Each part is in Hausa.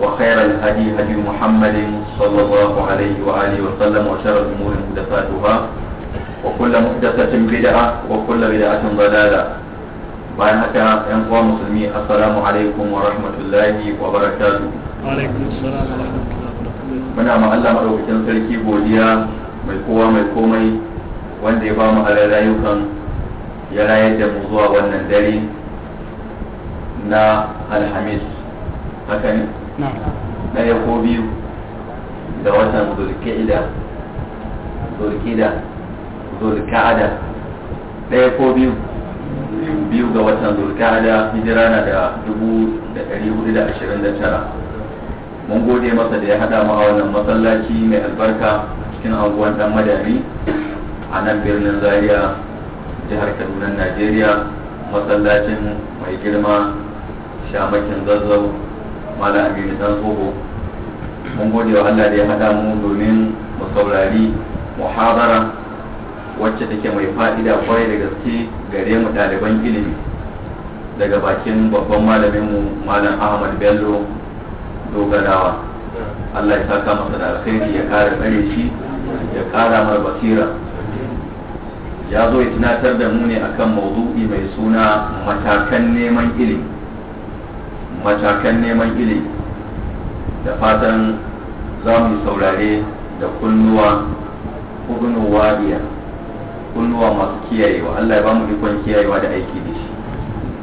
وخير الهدي هدي محمد صلى الله عليه وآله وسلم وشر الأمور مدفاتها وكل محدثة بدعة وكل بدعة ضلالة بعد حتى ينقوى مسلمي السلام عليكم ورحمة الله وبركاته عليكم السلام ورحمة الله وبركاته منا ما الله مروا بتنسلكي بوديا ملكوا ملكومي وانزي بام على لا يكن يلا يجب وضوع وانا na alhamis haka ɗaya ko biyu da watan zurkida zurkida zurkada ɗaya ko biyu biyu ga watan zurkada hijira na da dubu da ɗari hudu da ashirin da tara mun gode masa da ya haɗa mu a wannan masallaci mai albarka cikin anguwan dan madari a nan birnin zaria jihar kaduna najeriya masallacin mai girma shamakin zazzau mala da dan tsoho mun gode wa Allah da ya haɗa mu domin mu saurari muhabara wacce take mai fa'ida kwarai da gaske gare mu ɗaliban ilimi daga bakin babban malamin mu malam Ahmad Bello dogarawa Allah ya saka masa da alkhairi ya kare tsare shi ya kara mar basira ya zo ya tunatar da mu ne akan mawdu'i mai suna matakan neman ilimi matakan neman ilimi da fatan za mu saurare da kunnuwa hudunu wadiya kunnuwa masu kiyayewa Allah ya ba mu ikon kiyayewa da aiki da shi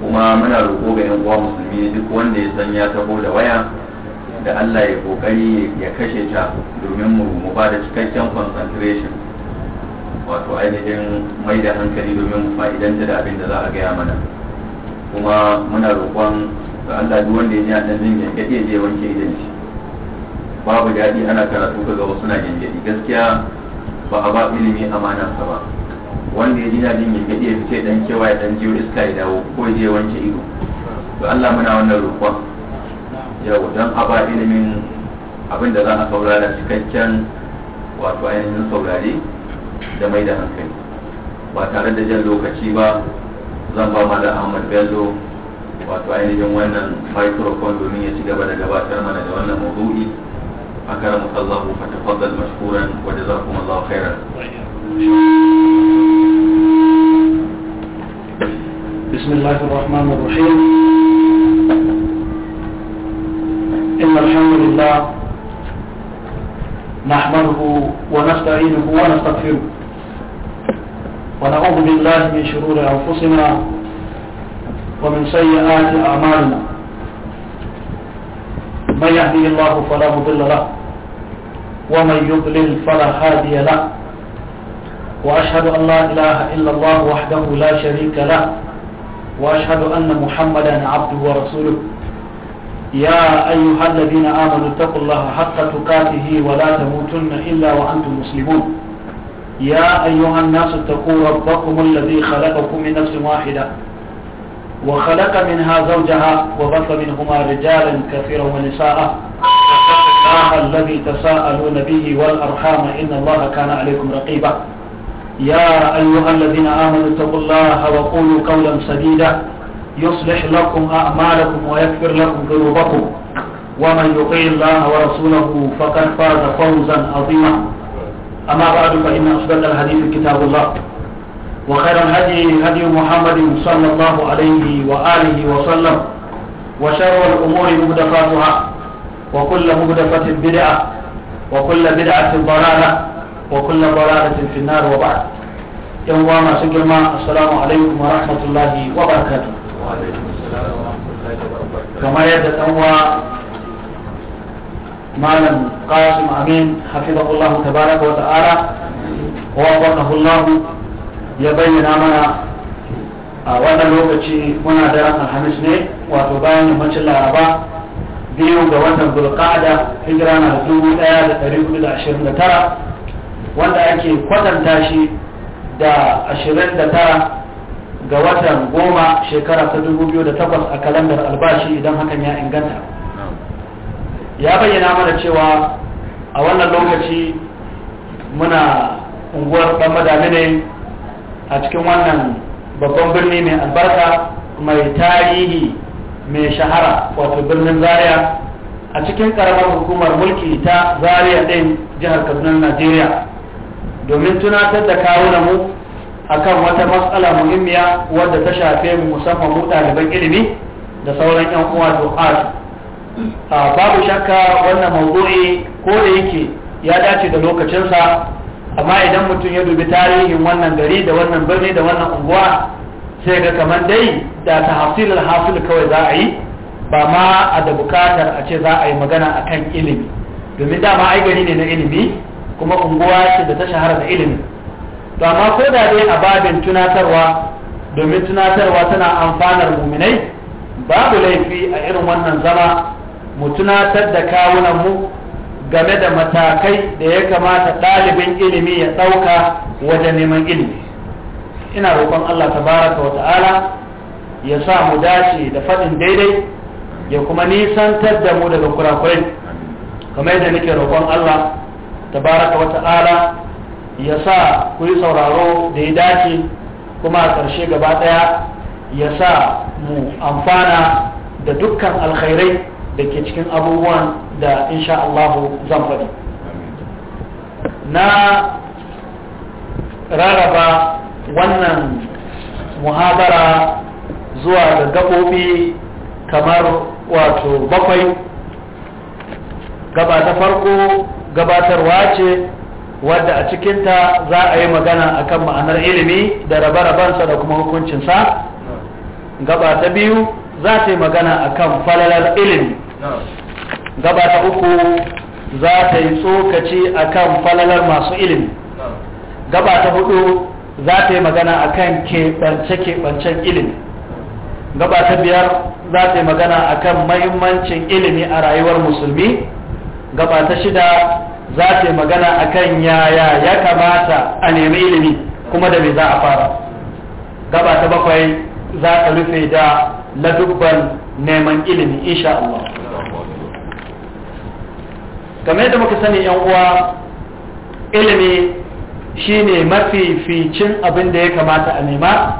kuma muna roƙo ga 'yan uwa musulmi duk wanda ya san ya taho da waya da Allah ya kokari ya kashe ta domin mu mu ba da cikakken concentration wato ainihin mai da hankali domin mu fa'idanta da abin da za a gaya mana kuma muna roƙon da Allah duk wanda ya ji annan jin gangadi ya wanke idan shi babu daɗi ana karatu ga wasu na gangadi gaskiya ba a ba ilimi amana sa ba wanda ya ji na jin gangadi ya fice dan kewa ya dan jiyo iska ya dawo ko ya wanke ido to Allah muna wannan roƙon yau dan a ba ilimin abin da za a saurara cikakken wato ainihin saurare da mai da hankali ba tare da jan lokaci ba zan ba malam Ahmad Bello wato ainihin wannan microphone domin ya ci gaba da gabatar mana da wannan maudu'i الله فتفضل مشكورا وجزاكم الله خيرا بسم الله الرحمن الرحيم إن الحمد لله نحمده ونستعينه ونستغفره ونعوذ بالله من شرور أنفسنا ومن سيئات أعمالنا من يهدي الله فلا مضل له ومن يضلل فلا هادي له وأشهد أن لا إله إلا الله وحده لا شريك له وأشهد أن محمدا عبده ورسوله يا أيها الذين آمنوا اتقوا الله حق تقاته ولا تموتن إلا وأنتم مسلمون يا أيها الناس اتقوا ربكم الذي خلقكم من نفس واحدة وخلق منها زوجها وبث منهما رجالا كثيرا ونساء الله الذي تساءلون به والأرحام إن الله كان عليكم رقيبا يا أيها الذين آمنوا اتقوا الله وقولوا قولا سديدا يصلح لكم أعمالكم ويكفر لكم ذنوبكم ومن يطيع الله ورسوله فقد فاز فوزا عظيما أما بعد فإن أصدق الحديث كتاب الله وخير الهدي هدي محمد صلى الله عليه وآله وسلم وشر الأمور مهدفاتها وكل مهدفة بدعة وكل بدعة ضلالة وكل ضلالة في النار وبعد يوم سجما السلام عليكم ورحمة الله وبركاته وعليكم السلام ورحمة الله وبركاته كما مالا قاسم أمين حفظه الله تبارك وتعالى ووفقه الله ya bayyana mana a wannan lokaci muna da ran alhamis ne wato bayan yammacin laraba biyu ga wannan bulkada hijira na dubu daya da dari hudu da ashirin da tara wanda ake kwatanta shi da ashirin da tara ga watan goma shekara ta dubu biyu da takwas a kalandar albashi idan hakan ya inganta ya bayyana mana cewa a wannan lokaci muna unguwar ɗan madami ne a cikin wannan babban birni mai albarka mai tarihi mai shahara wato birnin zaria a cikin karamar hukumar mulki ta zaria ɗin jihar kaduna najeriya domin tunatar da kawo mu a kan wata matsala muhimmiya wadda ta shafe mu musamman mu ɗaliban ilimi da sauran 'yan uwa du'ar babu shakka wannan mawdu'i ko da yake ya dace da lokacinsa amma idan mutum ya dubi tarihin wannan gari da wannan birni da wannan unguwa sai ga kamar dai da ta al-hasil kawai za a yi ba ma a da bukatar a ce za a yi magana a kan ilimi domin dama ai gari ne na ilimi kuma unguwa ce da ta shahara da ilimi to amma ko da dai a babin tunatarwa domin tunatarwa tana amfanar muminai babu laifi a irin wannan zama mu tunatar da kawunan mu game da matakai da ya kamata ɗalibin ilimi ya ɗauka wajen neman ilimi ina roƙon Allah tabaraka wa ta'ala ya sa mu dace da faɗin daidai ya kuma nisantar da mu daga kurakurai kamar yadda nake roƙon Allah tabaraka wa ta'ala ya sa ku yi sauraro da ya dace kuma a ƙarshe gaba ɗaya ya sa mu amfana da dukkan alkhairai da ke cikin abubuwan da insha Allah zan faɗi na raraba wannan muhabara zuwa ga gaɓoɓi kamar wato bakwai gaba ta farko gabatarwa ce wadda a cikinta za a yi magana akan ma'anar ilimi da rabe-rabensa da kuma hukuncinsa gaba ta biyu za ta yi magana akan falalar ilimi gaba uku za ta yi tsokaci akan falalar masu ilimi gaba ta hudu za ta yi magana a kan keɓance-keɓancen ilimi gaba ta biyar za ta yi magana a kan mahimmancin ilimi a rayuwar musulmi gaba ta shida za ta yi magana a kan yaya ya kamata a nemi ilimi kuma da me za a fara gaba ta bakwai za ta rufe da ladubban neman ilimi insha Allah kamar yadda muka sani yan uwa ilimi shine mafificin abin da ya kamata a nema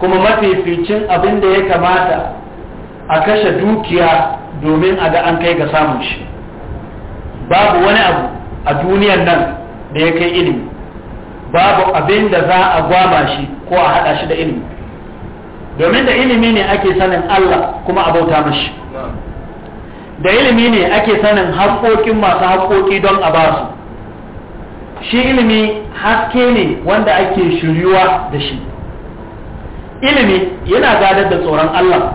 kuma mafificin abin da ya kamata a kashe dukiya domin a ga an kai ga samun shi babu wani abu a duniyar nan da ya kai ilimi babu abin da za a gwama shi ko a hada shi da ilimi domin da ilimi ne ake sanin Allah kuma a bauta mashi da ilimi ne ake sanin haƙoƙin masu haƙoƙi don a basu shi ilimi haske ne wanda ake shiryuwa da shi ilimi yana gadar da tsoron Allah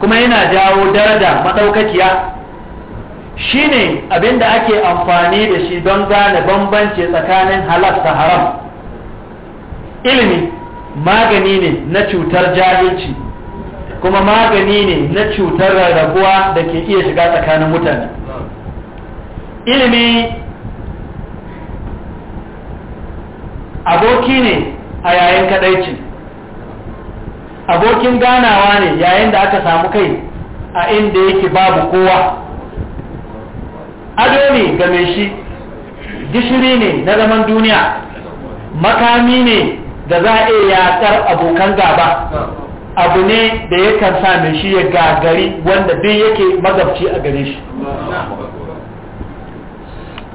kuma yana jawo daraja maɗaukaciya shi ne abinda ake amfani da shi don gane bambanci tsakanin halal da haram ilimi magani ne na cutar jahilci kuma magani ne na cutar rarrabuwa da ke iya shiga tsakanin mutane ilimi aboki ne a yayin kadaici abokin ganawa ne yayin da aka samu kai a inda yake babu kowa ado ne ga mai shi gishiri ne na zaman duniya makami ne da za a iya yatsar abokan gaba abu ne da yakan sa mai shi ya gagari wanda duk yake magabci a gare shi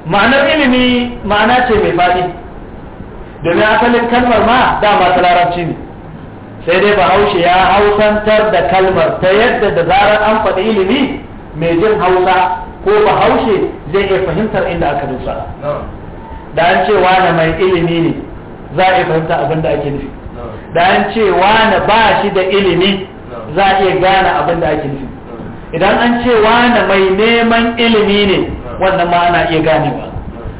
ma'anar ilimi ma'ana ce mai faɗi domin asalin kalmar ma dama ta larabci ne sai dai bahaushe ya hausantar da kalmar ta yadda da zarar an faɗi ilimi mai jin hausa ko bahaushe zai iya fahimtar inda aka dusa da an ce na mai ilimi ne za a iya fahimta abin da ake nufi da an ce wani ba shi da ilimi za a iya gane abin da ake nufi idan an ce wani mai neman ilimi ne wannan ma ana iya ganewa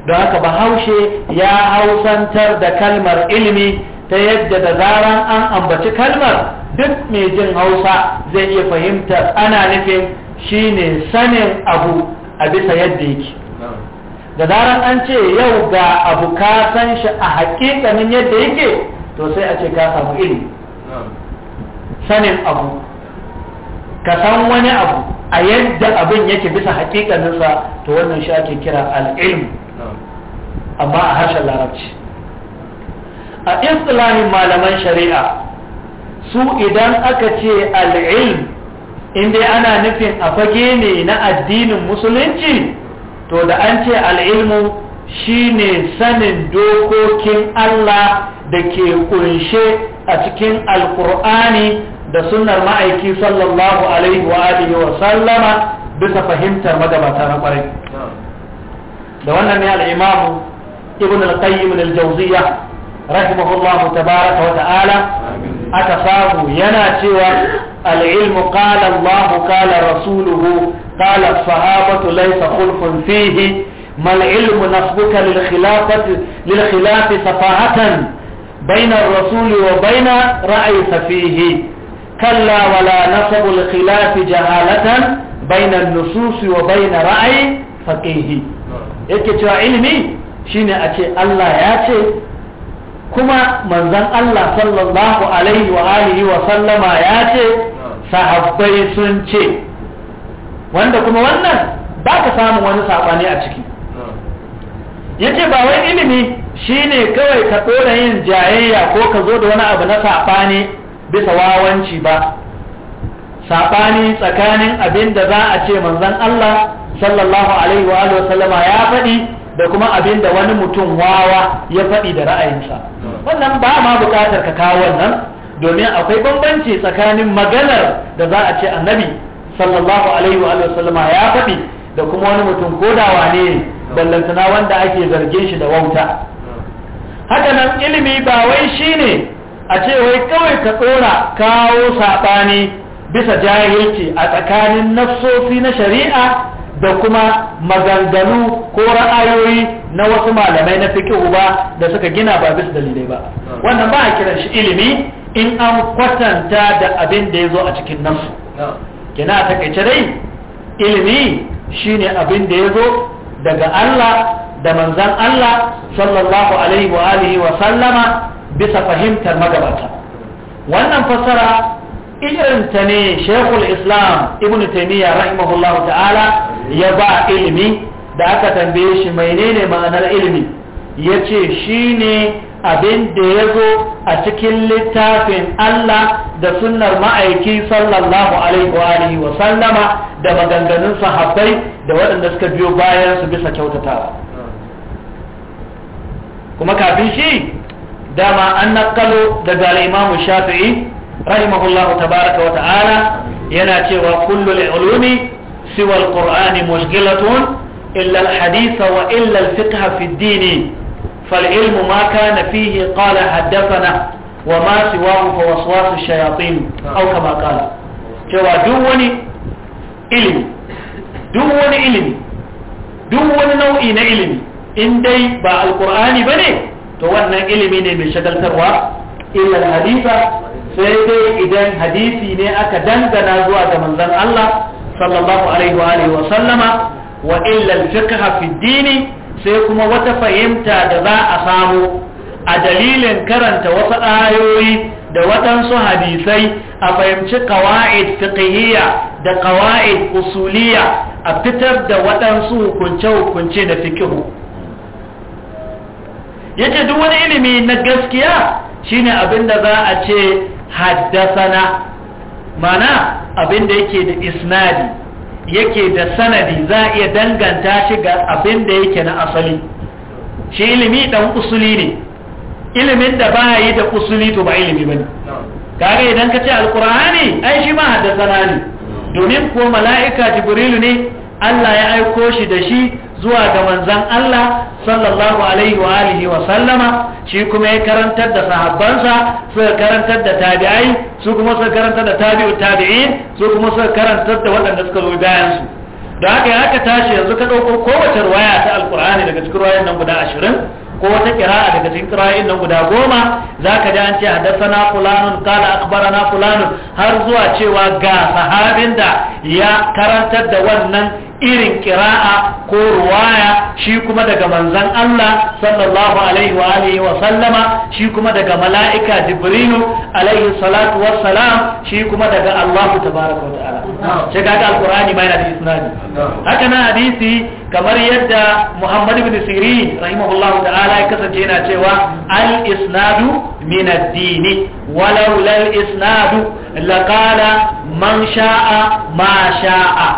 don haka bahaushe ya hausantar da kalmar ilimi ta yadda da zaran an ambaci kalmar duk mai jin hausa zai iya fahimtar ana nufin shine sanin abu a bisa yadda yake da zaran an ce yau ga abu ka san shi a haƙiƙanin yadda yake to sai a ce ka samu ilimi sanin abu ka san wani abu a yadda abin yake bisa hakikaninsa to wannan shi ake kira al'ilm amma a harshen larabci a islamin malaman shari'a su idan aka ce al'ilm inda ana nufin a fage ne na addinin musulunci to da an ce al'ilmu shi ne sanin dokokin Allah da ke kunshe a cikin alkur'ani da sunnar ma'aiki sallallahu alaihi wa alihi wa sallama bisa fahimtar magabata na kwarai da wannan ne al'imamu ibn al-qayyim al jawziya rahimahullah tabaraka wa ta'ala aka samu yana cewa al'ilmu ilmu qala Allah kala rasuluhu qala sahabatu laysa khulfun fihi ما العلم نصبك للخلافة, للخلاف صفاهة بين الرسول وبين رأي سفيه كلا ولا نصب الخلاف جهالة بين النصوص وبين رأي فقيه yake cewa ilimi shine a ce Allah ya ce kuma manzan Allah sallallahu alaihi wa wa sallama ya ce sahabbai sun ce wanda kuma wannan ba ka samun wani saɓani a ciki ce ba wai ilimi Shi ne kawai ka ɗora yin jayayya ko ka zo da wani abu na saɓani bisa wawanci ba saɓani tsakanin abin da za a ce manzon Allah sallallahu alaihi wa wasallama ya faɗi da kuma abin da wani mutum wawa ya faɗi da ra'ayinsa wannan ba ma buƙatar ka kawo wannan domin akwai bambanci tsakanin maganar da za a ce annabi sallallahu alaihi wa wasallama ya faɗi da kuma wani mutum ko da wane ne ballantana wanda ake zargin shi da wauta haka nan ilimi ba wai shine a ce wai kawai ka tsora kawo saɓani bisa jahilci a tsakanin nafsofi na shari'a da kuma maganganu ko ra'ayoyi na wasu malamai na fikihu ba da suka gina ba bisa dalilai ba wannan ba a kiran shi ilimi in an kwatanta da abin da ya zo a cikin nafsu kina a takaice dai ilimi shine abin da ya zo daga Allah da manzan Allah sallallahu alaihi wa alihi wa sallama bisa fahimtar magabata wannan fassara ta ne shekul islam ibn taimiyya rahimahullahu ta'ala ya ba ilimi da aka tambaye shi menene ma'anar ilimi ya ce shi ne abin da ya zo a cikin littafin Allah da sunnar ma'aiki sallallahu alaihi wa sallama da maganganun sahabbai da waɗanda suka biyo bayan su bisa kyautatawa kuma kafin shi dama an nakalo daga al'imamu shafi'i rahimahullahu tabaraka wa ta'ala yana cewa kullu al'ulumi siwa al mushkilatun illa wa illa al fi ad فالعلم ما كان فيه قال حدثنا وما سواه فوسواس الشياطين كما قال duk wani nau'i na ilimi in dai ba alkur'ani ba ne to wannan ilimi ne mai shagaltarwa ilal hadisa sai dai idan hadisi ne aka dangana zuwa ga manzon Allah sallallahu alaihi wa alihi wa sallama wa illal fiqh fi dini sai kuma wata fahimta da za a samu a dalilin karanta wasu ayoyi da waɗansu hadisai a fahimci kawa'id fiqhiyya da ƙawa'id usuliyya a fitar da waɗansu hukunce-hukunce da fikihu yace duk wani ilimi na gaskiya shine abin da za a ce haddasana mana abin da yake da isnadi yake da sanadi za a iya danganta shi ga abin da yake na asali shi ilimi dan usuli ne ilimin da ba yi da usuli to ba ilimi bane kare idan ka ce alkur'ani ai shi ma haddasana ne domin ko mala'ika jibrilu ne Allah ya aiko shi da shi zuwa ga manzan Allah sallallahu alaihi wa alihi wa sallama shi kuma ya karantar da sahabbansa suka karantar da tabi'ai su kuma suka karantar da tabi'u tabi'in su kuma suka karantar da waɗanda suka zo bayan su da haka ya haka tashi yanzu ka ɗauko kowace ruwaya ta alkur'ani daga cikin ruwayan nan guda ashirin ko wata kira'a daga cikin kira'in nan guda goma zaka ji an ce hadathana fulanun qala akbarana fulanun har zuwa cewa ga sahabin da ya karantar da wannan irin kira'a ko ruwaya shi kuma daga manzan Allah sallallahu alaihi wa alihi wa sallama shi kuma daga mala'ika jibrilu alaihi salatu wa salam shi kuma daga Allah tabaraka wa ta'ala sai kaga alqur'ani ma yana da isnadi haka na hadisi kamar yadda Muhammad ibn Sirin rahimahullahu ta'ala ya kasance yana cewa al isnadu min ad-din walau lal isnadu laqala man sha'a ma sha'a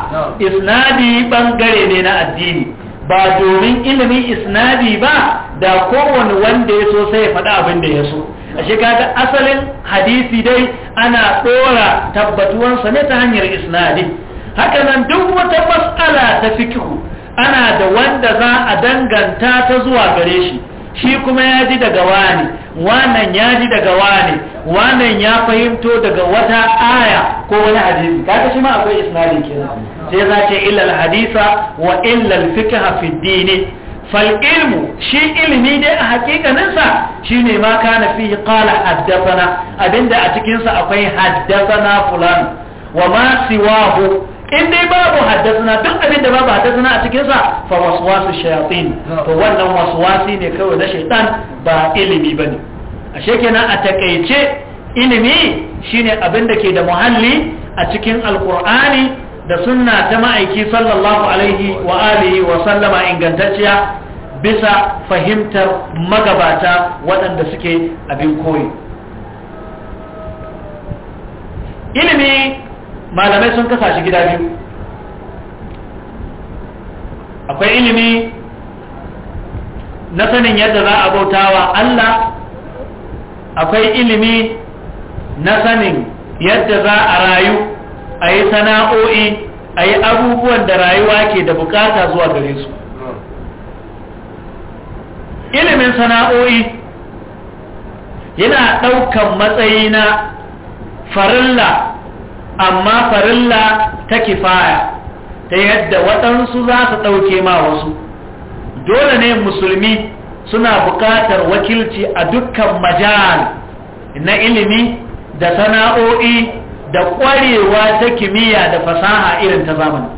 isnadi bangare ne na addini ba domin ilimin isnadi ba da kowane wanda ya so sai ya faɗi abin da ya so a kaga asalin hadisi dai ana tsora tabbatuwansa ne ta hanyar isnadi haka nan duk wata mas'ala ta fikihu ana da wanda za a danganta ta zuwa gare shi shi kuma ya ji daga wani wannan ya ji daga wani wannan ya fahimto daga wata aya ko wani hadisi kaga shi ma akwai isnadin kenan sai za ce hadisa alhadisa wa illa alfiqh fi dini fal ilmu shi ilimi dai a hakikanin shine ma kana fi qala haddathana abinda a cikin sa akwai haddathana fulan wa ma siwahu in dai babu haddathana duk abinda da babu haddathana a cikin sa fa waswasu shayatin to wannan waswasi ne kawai na shaytan ba ilimi ba ne. ashe kenan a takaice ilimi shine abin da ke da muhalli a cikin alkur'ani da sunna ta ma'aiki sallallahu alaihi wa alihi wa sallama ingantacciya bisa fahimtar magabata waɗanda suke abin koyi ilimi malamai sun kasa shi gida biyu akwai ilimi na sanin yadda za a bautawa Allah akwai ilimi na sanin yadda za a rayu a yi sana'o'i a yi abubuwan da rayuwa ke da bukata zuwa gare su ilimin sana'o'i yana ɗaukan matsayi na farilla amma farilla ta kifaya ta yadda waɗansu za su ɗauke ma wasu dole ne musulmi suna buƙatar wakilci a dukkan majal na ilimi da sana'o'i da ƙwarewa ta kimiyya da fasaha irin ta zamani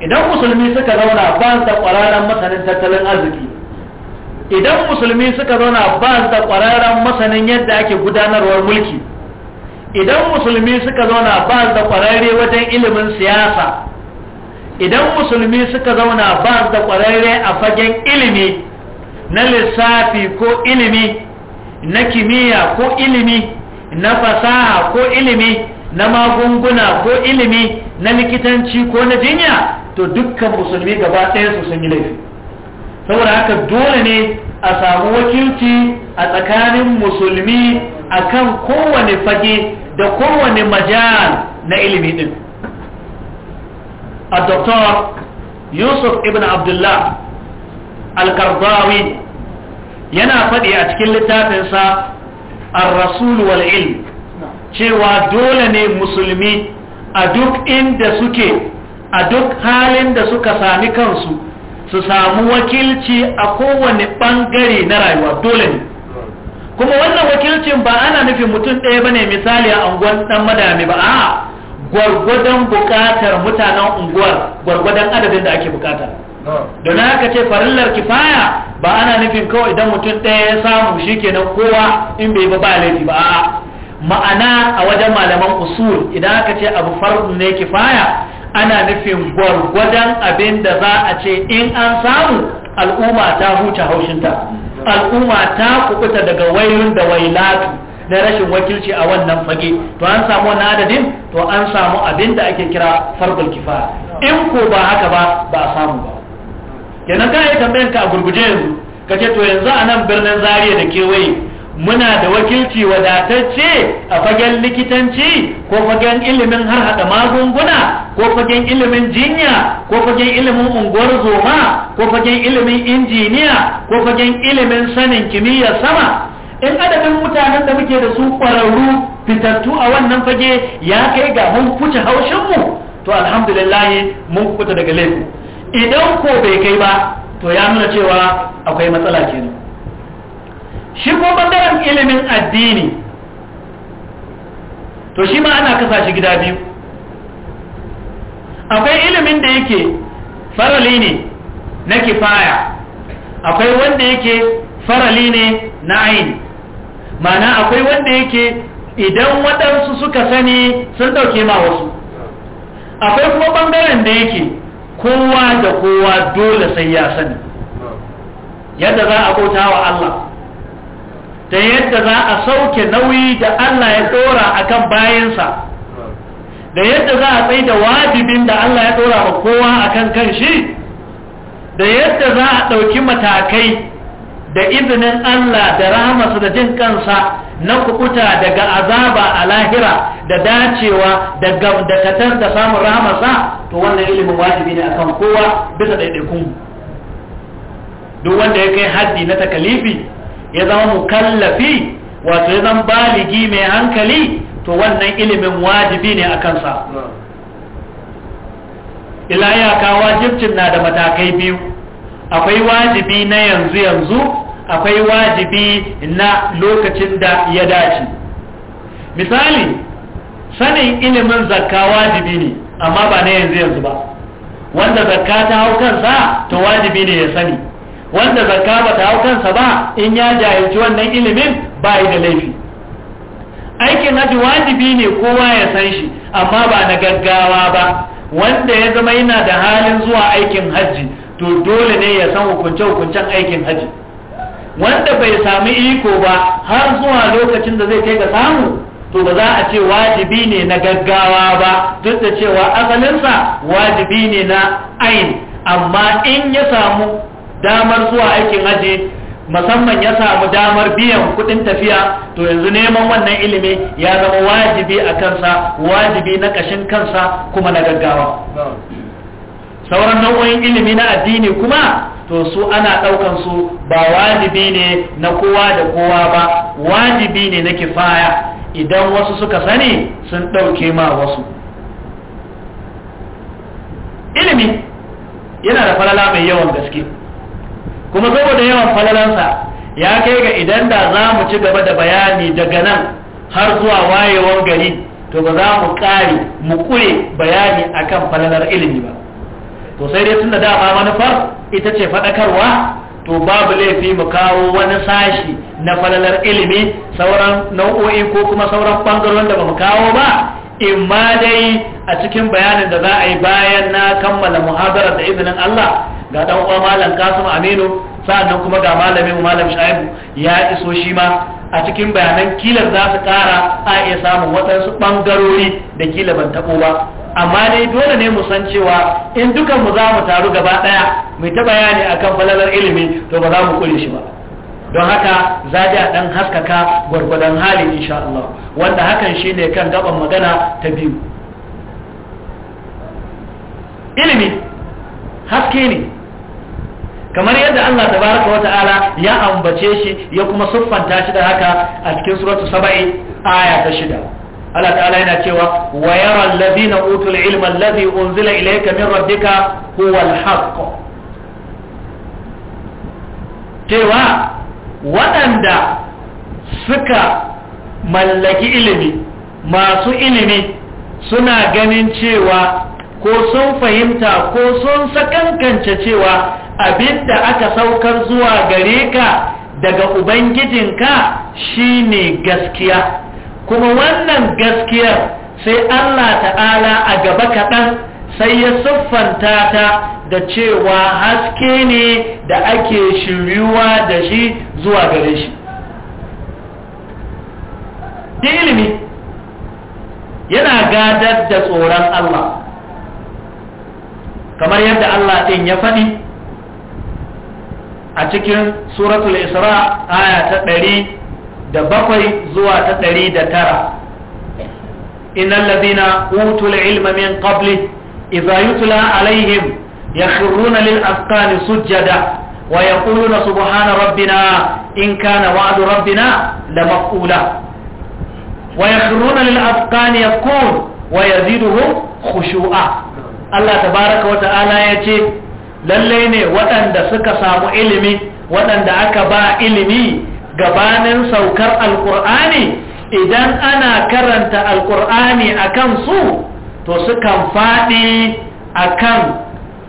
idan musulmi suka zauna ba da ƙwararren masanin tattalin arziki idan musulmi suka zauna ba da ƙwararren masanin yadda ake gudanarwar mulki idan musulmi suka zauna ba da ƙwararre wajen ilimin siyasa idan musulmi suka zauna ba da ƙwararre a fagen ilimi na lissafi ko ilimi na kimiyya ko ilimi na fasaha ko ilimi na magunguna ko ilimi na likitanci ko na jinya to dukkan musulmi gaba ɗaya su sun yi laifi saboda haka dole ne a samu wakilci a tsakanin musulmi akan kowane fage da kowane majal na ilimi din a doktor yusuf ibn abdullah al-qardawi yana faɗi a cikin littafinsa ar-rasul wal ilm cewa dole ne musulmi a duk inda suke a duk halin da suka sami kansu su samu wakilci a kowane bangare na rayuwa dole ne kuma wannan wakilcin ba ana nufin mutum ɗaya bane misali a unguwar ɗan madami ba aa gwargwadon buƙatar mutanen unguwar gwargwadon adadin da ake buƙata don haka ce farillar kifaya ba ana nufin kawai idan mutum ɗaya ya samu shi kenan kowa in bai ba ba laifi ba ma'ana a wajen malaman usul idan aka ce abu farin ne kifaya ana nufin gwargwadon abin da za a ce in an samu al'umma ta huce haushinta al'umma ta kubuta daga wailun da wailatu da rashin wakilci a wannan fage to an samu wani adadin to an samu abin da ake kira fardul kifaya in ko ba haka ba ba a samu ba kenan ka yi tambayan ka a gurguje yanzu ka ce to yanzu a nan birnin zariya da kewaye muna da wakilci wadatacce a fagen likitanci ko fagen ilimin har hada magunguna ko fagen ilimin jinya ko fagen ilimin unguwar zoma ko fagen ilimin injiniya ko fagen ilimin sanin kimiyyar sama in adadin mutanen da muke da su kwararru fitattu a wannan fage ya kai ga mun kuce haushinmu to alhamdulillah mun kuta daga laifin idan ko bai kai ba to ya nuna cewa akwai matsala kenan shi ko bangaren ilimin addini to shi ma ana kasa shi gida biyu akwai ilimin da yake farali ne na kifaya akwai wanda yake farali ne na aini mana akwai wanda yake idan waɗansu suka sani sun ɗauke ma wasu akwai kuma ɓangaren da yake kowa da kowa dole sai ya sani yadda za a bauta wa Allah da yadda za a sauke nauyi da Allah ya dora akan bayansa da yadda za a tsaye da wajibin da Allah ya dora wa kowa akan kan shi da yadda za a ɗauki matakai da izinin Allah da rahamarsa da jin kansa na kukuta daga azaba a lahira da dacewa da gamdakatar da samun rahamarsa to wannan ilimin wajibi ne akan kowa bisa ɗaiɗaikun duk wanda ya kai haddi na takalifi ya zama mukallafi wato ya zama baligi mai hankali to wannan ilimin wajibi ne a kansa ila yaka wajibcin na da matakai biyu akwai wajibi na yanzu yanzu akwai wajibi na lokacin da ya dace misali sanin ilimin zakka wajibi ne amma ba na yanzu yanzu ba wanda zakka ta hau kansa to wajibi ne ya sani wanda zakka ba ta hau kansa ba in ya jahilci wannan ilimin ba yi da laifi aikin haji wajibi ne kowa ya san shi amma ba na gaggawa ba wanda ya zama yana da halin zuwa aikin hajji to dole ne ya san hukunce hukuncen aikin haji wanda bai sami iko ba har zuwa lokacin da zai kai ga samu to ba za a ce wajibi ne na gaggawa ba duk da cewa asalinsa wajibi ne na ain amma in ya samu damar zuwa aikin haji musamman ya samu damar biyan kudin tafiya to yanzu neman wannan ilimi ya zama wajibi a kansa wajibi na kashin kansa kuma na gaggawa sauran nau'o'in ilimi na addini kuma to su ana ɗaukan su ba wajibi ne na kowa da kowa ba wajibi ne na kifaya idan wasu suka sani sun ɗauke ma wasu ilimi yana da falala mai yawan gaske kuma saboda yawan falalansa ya kai ga idan da za mu ci gaba da bayani daga nan har zuwa wayewan gari to ba za mu ƙare mu kure bayani akan falalar ilimi ba to sai dai tunda dama manufar ita ce faɗakarwa to babu laifi mu kawo wani sashi na falalar ilimi sauran nau'o'i ko kuma sauran ɓangaren da ba mu kawo ba imma dai a cikin bayanin da za a yi bayan na kammala muhazarar da izinin Allah ga dan uwa malam Kasim Aminu sannan kuma ga malamin malam Shaibu ya iso shi ma a cikin bayanan kilar za su kara a iya samun waɗansu ɓangarori da kila ban taɓo ba amma dai dole ne mu san cewa in dukan mu za mu taru gaba daya mu ta bayani akan falalar ilimi to ba za mu kure shi ba don haka za a dan haskaka gwargwadon hali insha Allah wanda hakan shine kan gaban magana ta biyu ilimi haske ne kamar yadda Allah tabaraka wata'ala ya ambace shi ya kuma siffanta shi da haka a cikin suratu saba'i aya ta shida Allah ta'ala yana cewa wa yara na utul ilma allazi unzila ilayka min rabbika huwa al cewa waɗanda suka mallaki ilimi masu ilimi suna ganin cewa ko sun fahimta ko sun sakankance cewa abinda aka saukar zuwa gare ka daga ubangijinka shine gaskiya kuma wannan gaskiyar sai Allah ta'ala a gaba kaɗan sai ya siffanta ta da cewa haske ne da ake shiryuwa da shi zuwa gare shi ilimi yana gadar da tsoron Allah kamar yadda Allah ɗin ya faɗi a cikin suratul isra aya ta ɗari da bakwai zuwa ta ɗari da tara innan labina utul ilma min qabli idza yutla alaihim yakhruna lil asqani sujjada wa yaquluna subhana rabbina in kana wa'du rabbina la maf'ula wa yakhruna lil ya yakun wa ziduhu khushu'a Allah tabaraka wa ta'ala yace lallai ne waɗanda suka samu ilimi waɗanda aka ba ilimi gabanin saukar alkur'ani idan ana karanta alkur'ani a kansu to sukan faɗi a kan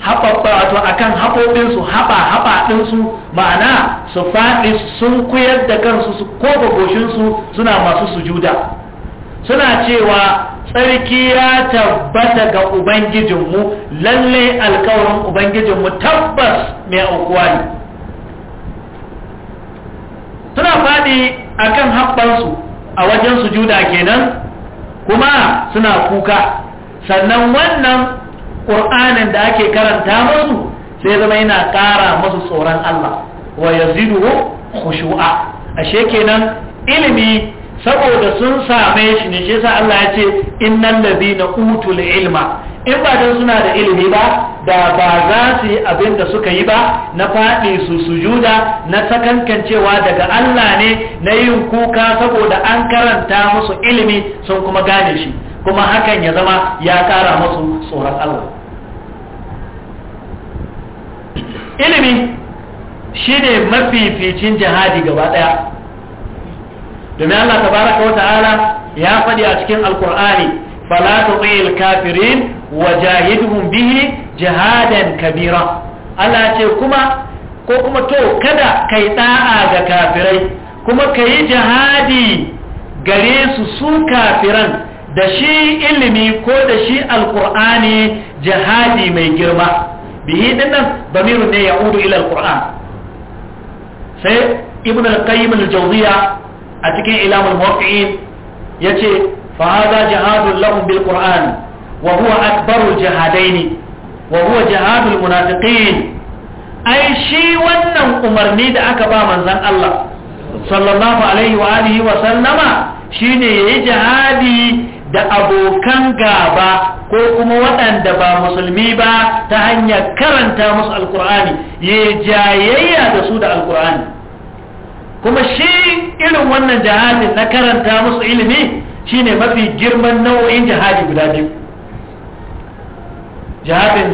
akan haɓoɓinsu haɓa-haɓa ɗinsu ma'ana su faɗi sun kuyar da kansu su kofa goshinsu suna masu sujuda suna cewa tsarki ya tabbata ga ubangijinmu lallai alkawarin ubangijinmu tabbas mai aukuwa ne suna faɗi kan haɓɓansu a wajen sujuda kenan kuma suna kuka sannan wannan ƙur'anin da ake karanta musu sai zama yana ƙara musu tsoron Allah wa yazidu shu'a ashe kenan ilimi saboda sun same shi ne shi yasa Allah ya ce innal ladina utul ilma in ba dan suna da ilimi ba da ba za su yi abin da suka yi ba na faɗi su sujuda na sakankancewa daga Allah ne na yin kuka saboda an karanta musu ilimi sun kuma gane shi kuma hakan ya zama ya kara musu tsoron Allah ilimi shine mafificin jihadi gaba daya domin Allah tabaraka wa ta'ala ya faɗi a cikin alkur'ani fala tuqil kafirin wajahidhum bihi jihadan kabira Allah ce kuma ko kuma to kada kai da'a ga kafirai kuma kai jihadi gare su su kafiran da shi ilimi ko da shi alkur'ani jihadi mai girma bihi dinnan bamirun ne ya udu ila alkur'an sai ibn qayyim al-jawziya a cikin ilamul muwaqqi'in yace fa hadha jihadul lahum bil qur'an wa huwa akbarul jihadain wa huwa jihadul munafiqin ai shi wannan umarni da aka ba manzon Allah sallallahu alaihi wa alihi wa sallama shine yayi jihadi da abokan gaba ko kuma waɗanda ba musulmi ba ta hanyar karanta musu alkur'ani ya jayayya da su da alkur'ani kuma shi irin wannan jihadi na karanta musu ilimi shine mafi girman nau'in jihadi guda biyu jihadin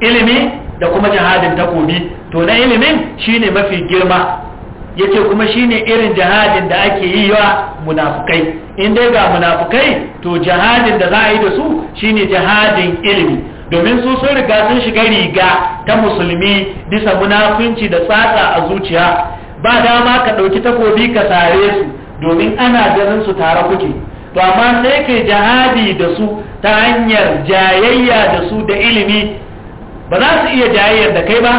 ilimi da kuma jihadin takobi to na ilimin shine mafi girma yace kuma shine irin jihadin da ake yi wa munafukai in dai ga munafukai to jihadin da za a yi da su shine jihadin ilimi domin su sun riga sun shiga riga ta musulmi bisa munafunci da tsatsa a zuciya ba dama ka ɗauki takobi ka sare su domin ana ganin su tare kuke to amma sai ke jihadi da su ta hanyar jayayya da su da ilimi ba za su iya jayayyar da kai ba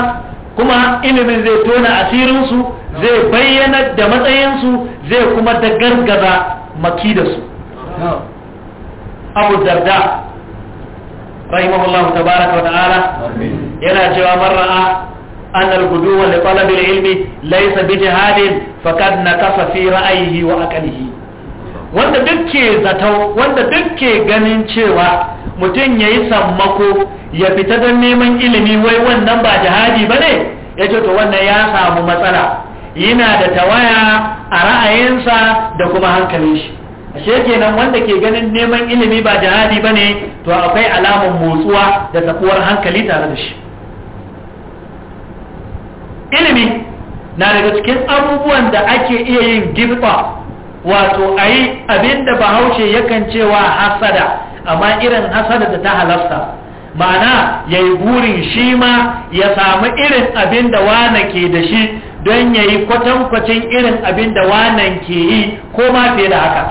kuma ilimin zai tona asirinsu zai bayyana da matsayinsu zai kuma da gargaza maki da su abu darda rahimahullahu tabaraka wa ta'ala yana cewa marra'a أن الغدو لطلب العلم ليس بجهاد فقد نقص في رأيه وأكله wanda dukke zato wanda dukke ganin cewa mutum ya yi sammako ya fita don neman ilimi wai wannan ba jihadi ba ne ya ce to wannan ya samu matsala yana da tawaya a ra'ayinsa da kuma hankalin shi ashe kenan wanda ke ganin neman ilimi ba jihadi ba ne to akwai alamun motsuwa da takuwar hankali tare da shi ilimi na daga cikin abubuwan da ake iya yin gibba wato a yi abinda bahaushe yakan cewa hasada amma irin hasada da ta halasta ma'ana ya yi burin shi ma ya samu irin abinda wane ke da shi don ya yi kwatankwacin irin abinda wanan ke yi ko ma fiye da haka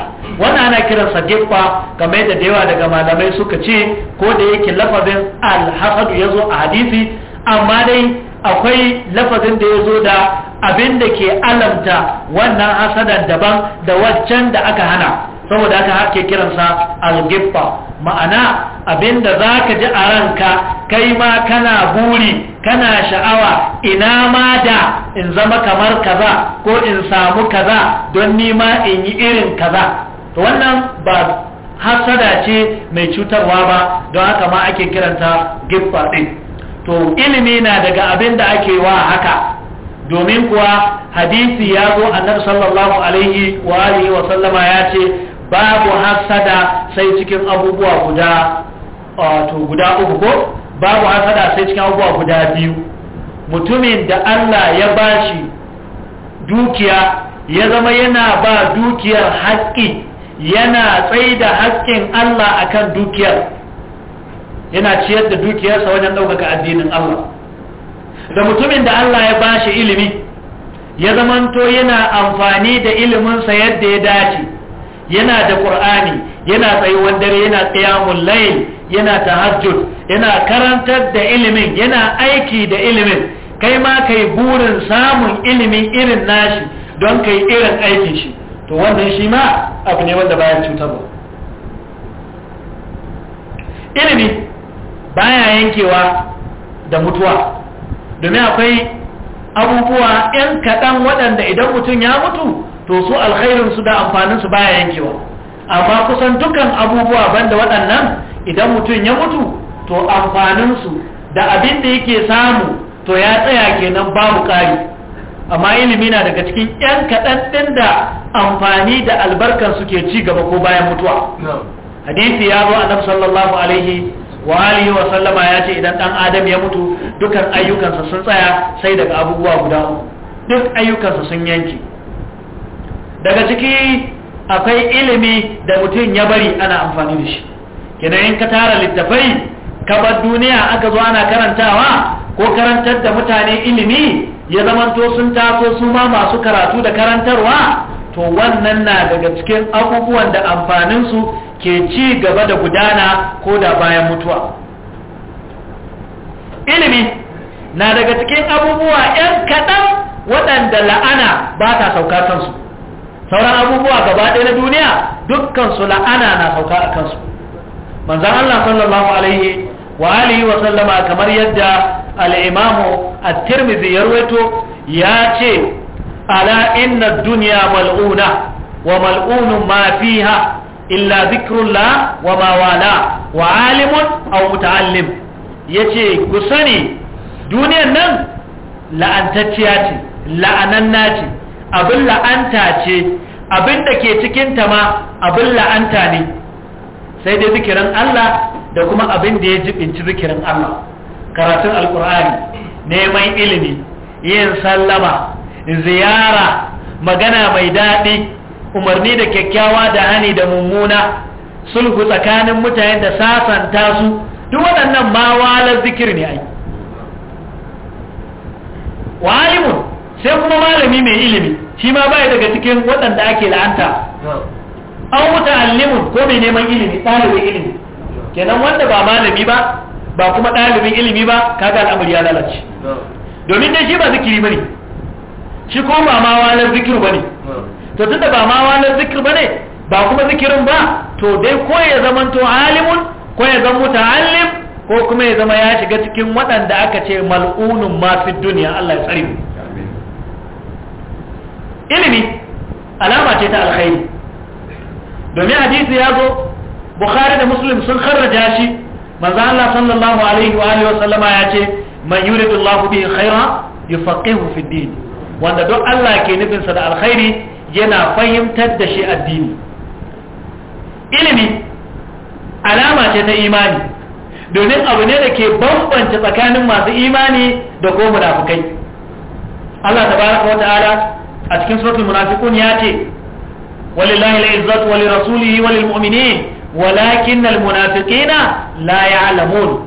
wannan ana kiransa gibba game da dewa daga malamai suka ce ko da yake lafazin alhasadu ya zo a hadisi amma dai akwai lafazin da ya zo da abin da ke alamta wannan hasadan daban da waccan da aka hana saboda haka hake kiransa algiffa ma'ana abin da za ka ji a ranka kai ma kana buri kana sha'awa ina ma da in zama kamar kaza ko in samu kaza don nima in yi irin kaza to wannan ba hasada ce mai cutarwa ba don haka ma ake kiranta gibba ɗin to ilimi na daga abin da ake wa haka domin kuwa hadisi ya zo annabi sallallahu alaihi wa alihi wa sallama ya ce babu hasada sai cikin abubuwa guda wato guda uku ko babu hasada sai cikin abubuwa guda biyu mutumin da Allah ya bashi dukiya ya zama yana ba dukiyar haƙƙi yana tsaida haƙƙin Allah akan dukiyar yana ciyar da dukiyarsa wajen ɗaukaka addinin Allah da mutumin da Allah ya bashi ilimi ya zamanto yana amfani da iliminsa yadda ya dace yana da ƙur'ani yana tsayuwar dare yana tsayamun layil yana tahajjud yana karantar da ilimin yana aiki da ilimin kai ma kai burin samun ilimin irin nashi don kai irin aikin shi to wannan shi ma abu ne wanda baya cutarwa ilimi baya yankewa da mutuwa domin akwai abubuwa yan kaɗan waɗanda idan mutum ya mutu to su alkhairinsu da amfaninsu baya yankewa amma kusan dukan abubuwa banda waɗannan idan mutum ya mutu to amfaninsu da abin da yake samu to ya tsaya kenan babu ƙari amma ilimi na daga cikin yan kaɗan ɗin da amfani da albarkar suke ci gaba ko bayan mutuwa hadisi ya zo annabi sallallahu alaihi wa alihi wa sallama ya ce idan dan adam ya mutu dukan ayyukansa sun tsaya sai daga abubuwa guda uku duk ayyukansa sun yanke. daga ciki akwai ilimi da mutum ya bari ana amfani da shi kenan in ka tara littafai ka bar duniya aka zo ana karantawa ko karantar da mutane ilimi ya zamanto sun taso su ma masu karatu da karantarwa to wannan na daga cikin abubuwan da amfanin su. ke ci gaba da gudana ko da bayan mutuwa ilimi na daga cikin abubuwa 'yan kaɗan waɗanda la'ana ba ta sauka kansu sauran abubuwa gaba ɗaya na duniya dukkansu la'ana na sauka a kansu manzan Allah sallallahu alaihi wa alihi wa sallama kamar yadda al'imamu a tirmidhi ya ruwaito ya ce ala inna duniya mal'una wa mal'unun ma fiha illa zikrullah wa ma wa alimun aw muta'allim yace ku sani duniyar nan la'antacciya ce la'ananna ce abin la'anta ce abin da ke cikin ta ma abin la'anta ne sai dai zikirin Allah da kuma abin da ya jibinci zikirin Allah karatun alkur'ani neman ilimi yin sallama ziyara magana mai daɗi umarni da kyakkyawa da hani da mummuna sulhu tsakanin mutane da sasanta su duk waɗannan ma walar zikir ne ai wa sai kuma malami mai ilimi shi ma bai daga cikin waɗanda ake la'anta an wuta alimun ko mai neman ilimi ɗalibin ilimi kenan wanda ba malami ba ba kuma ɗalibin ilimi ba kaga al'amur ya lalace domin dai shi ba zikiri ba ne shi ko ba ma walar zikir ba ne to tunda ba ma wani zikir bane ba kuma zikirin ba to dai ko ya zama to alimun ko ya zama muta'allim ko kuma ya zama ya shiga cikin waɗanda aka ce mal'unun ma fi duniya Allah ya tsare ilimi alama ce ta alkhairi domin hadisi ya zo bukhari da muslim sun kharraja shi manzo Allah sallallahu alaihi wa alihi wa sallama ya ce man yuridu Allahu bihi khaira yufaqihu fi din wanda duk Allah ke nufin sa da alkhairi yana fahimtar da shi addini ilimi alama ce ta imani domin abu ne da ke bambanta tsakanin masu imani da ko munafukai Allah tabaraka wa ta'ala a cikin suratul munafiqun ya ce walillahi al-izzatu wa lirasulihi wa lilmu'minin walakinnal munafiqina la ya'lamun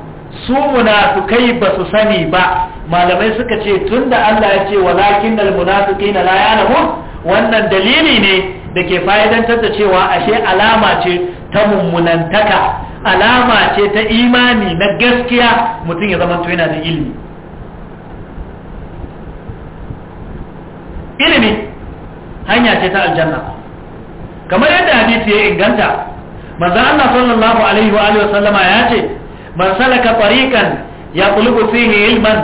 su munafukai ba su sani ba malamai suka ce tunda Allah ya ce walakinnal munafiqina la ya'lamun wannan dalili ne da ke fa'idantar da cewa ashe alama ce ta mummunantaka alama ce ta imani na gaskiya mutum ya zama yana da ilimi ilimi hanya ce ta aljanna kamar yadda hadisi ya inganta manzo Allah sallallahu alaihi wa alihi sallama ya ce man salaka tariqan yaqlubu fihi ilman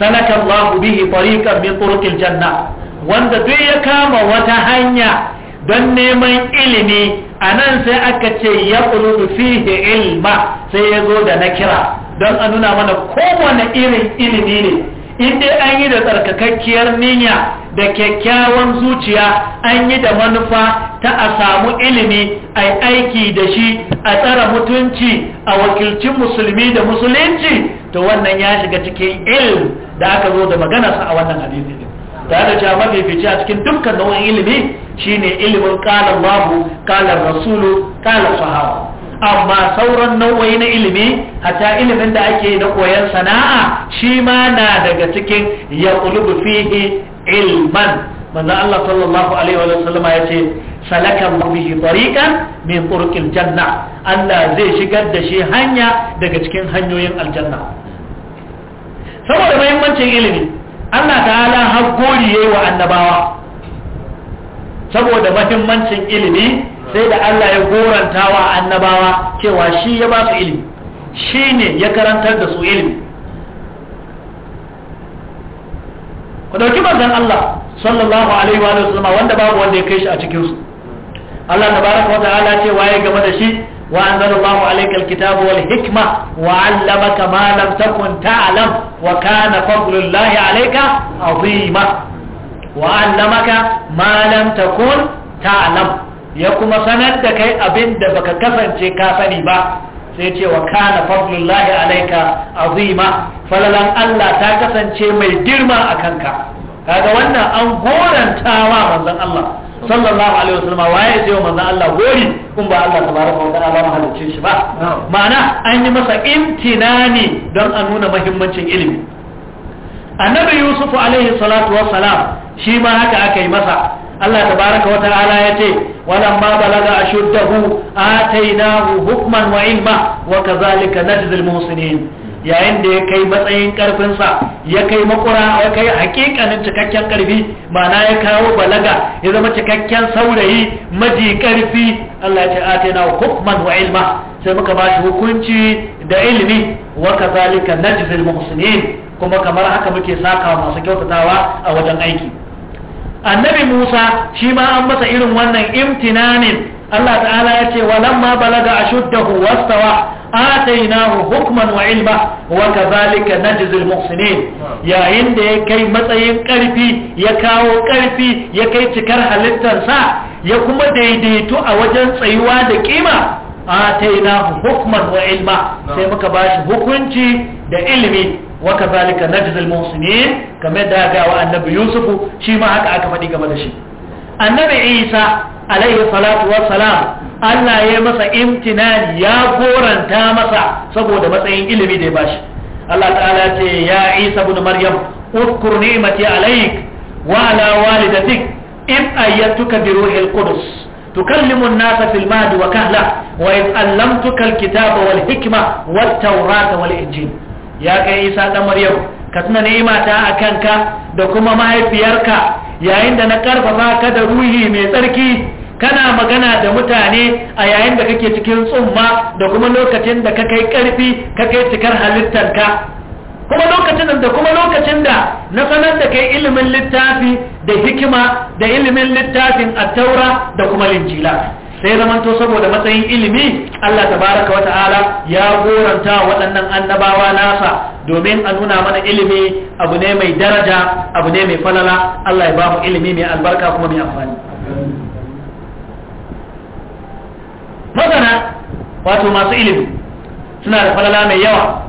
salaka Allah bihi tariqan min turuqil janna wanda duk ya kama wata hanya don neman ilimi a nan sai aka ce ya ƙulubu fihe ilma sai ya zo da na kira don a nuna mana kowane irin ilimi ne In dai an yi da tsarkakakkiyar niyya da kyakkyawan zuciya an yi da manufa ta a samu ilimi a aiki da shi a tsara mutunci a wakilcin musulmi da musulunci to wannan ya shiga cikin ilm da aka zo da maganarsa a wannan hadisi tare da cewa mafi fice a cikin dukkan nau'in ilimi shine ilimin qala Allahu qala Rasulu qala Sahaba amma sauran nau'o'i na ilimi hatta ilimin da ake na koyon sana'a shi ma na daga cikin ya kulubu fihi ilman manzo Allah sallallahu alaihi wa sallama yace salaka bihi tariqan min turuqil janna Allah zai shigar da shi hanya daga cikin hanyoyin aljanna saboda muhimmancin ilimi Allah ta'ala har ya yi wa annabawa saboda mahimmancin ilimi sai da Allah ya goranta wa annabawa cewa shi ya ba su ilimi shi ne ya karantar da su ilimi ku dauki manzon Allah sallallahu alaihi wa sallam wanda babu wanda ya kai shi a cikin su Allah tabaraka wa ta'ala ce waye gama da shi وأنزل الله عليك الكتاب والحكمة وعلمك ما لم تكن تعلم وكان فضل الله عليك عظيما وعلمك ما لم تكن تعلم يكما سندك أبن دبك كفن كافني با sai ce wa kana fadlullahi alaika azima falalan Allah ta kasance mai girma a kanka kaga wannan an gorantawa manzon Allah sallallahu alaihi wasallam waye ya ce wa manzon Allah gori kun ba Allah tabaraka wa ta'ala mahalicin shi ba ma'ana an yi masa imtinani don a nuna muhimmancin ilimi annabi yusuf alaihi salatu wassalam shi ma haka aka yi masa Allah tabaraka wa ta'ala ya ce walamma balaga ashuddahu atainahu hukman wa ilma wa kadhalika najzil muhsinin yayin da ya kai matsayin karfinsa ya kai makura ya kai hakikanin cikakken karfi ma'ana ya kawo balaga ya zama cikakken saurayi maji karfi Allah ya ce tana hukman wa ilma sai muka ba shi hukunci da ilimi wa kazalika najzil muhsinin kuma kamar haka muke saka masu kyautatawa a wajen aiki annabi Musa shi ma an masa irin wannan imtinanin Allah ta'ala ya ce walamma balaga ashuddahu wastawa atainahu hukman wa ilma wa kadhalika najzi yayin da ya kai matsayin karfi ya kawo karfi ya kai cikar halittarsa ya kuma daidaito a wajen tsayuwa da kima atainahu hukman wa ilma sai muka bashi hukunci da ilimi wa kadhalika najzi almuhsinin kamar da ga wa annabi Yusufu shi ma haka aka faɗi game da shi annabi isa alaihi salatu Allah ya masa imtinani ya goranta masa saboda matsayin ilimi da ya bashi Allah ta'ala ce ya Isa ibn Maryam uzkur ni'mati alayk wa ala walidatik in ayyatuka bi ruhil qudus tukallimu an-nasa fil mahdi wa kahla wa in allamtuka al-kitaba wal hikma wat tawrata wal injil ya kai Isa ɗan Maryam ka tuna ni'ima ta akanka da kuma mahaifiyarka yayin da na karfafa ka da ruhi mai tsarki kana magana da mutane a yayin da kake cikin tsumma da kuma lokacin da ka kai karfi ka kai cikar halittarka kuma lokacin da kuma lokacin da na sanar da kai ilimin littafi da hikima da ilimin littafin attaura da kuma linjila sai zaman to saboda matsayin ilimi Allah tabaraka wata'ala ya goranta waɗannan annabawa nasa domin a nuna mana ilimi abu ne mai daraja abu ne mai falala Allah ya ba mu ilimi mai albarka kuma mai amfani masana wato masu ilimi suna da falala mai yawa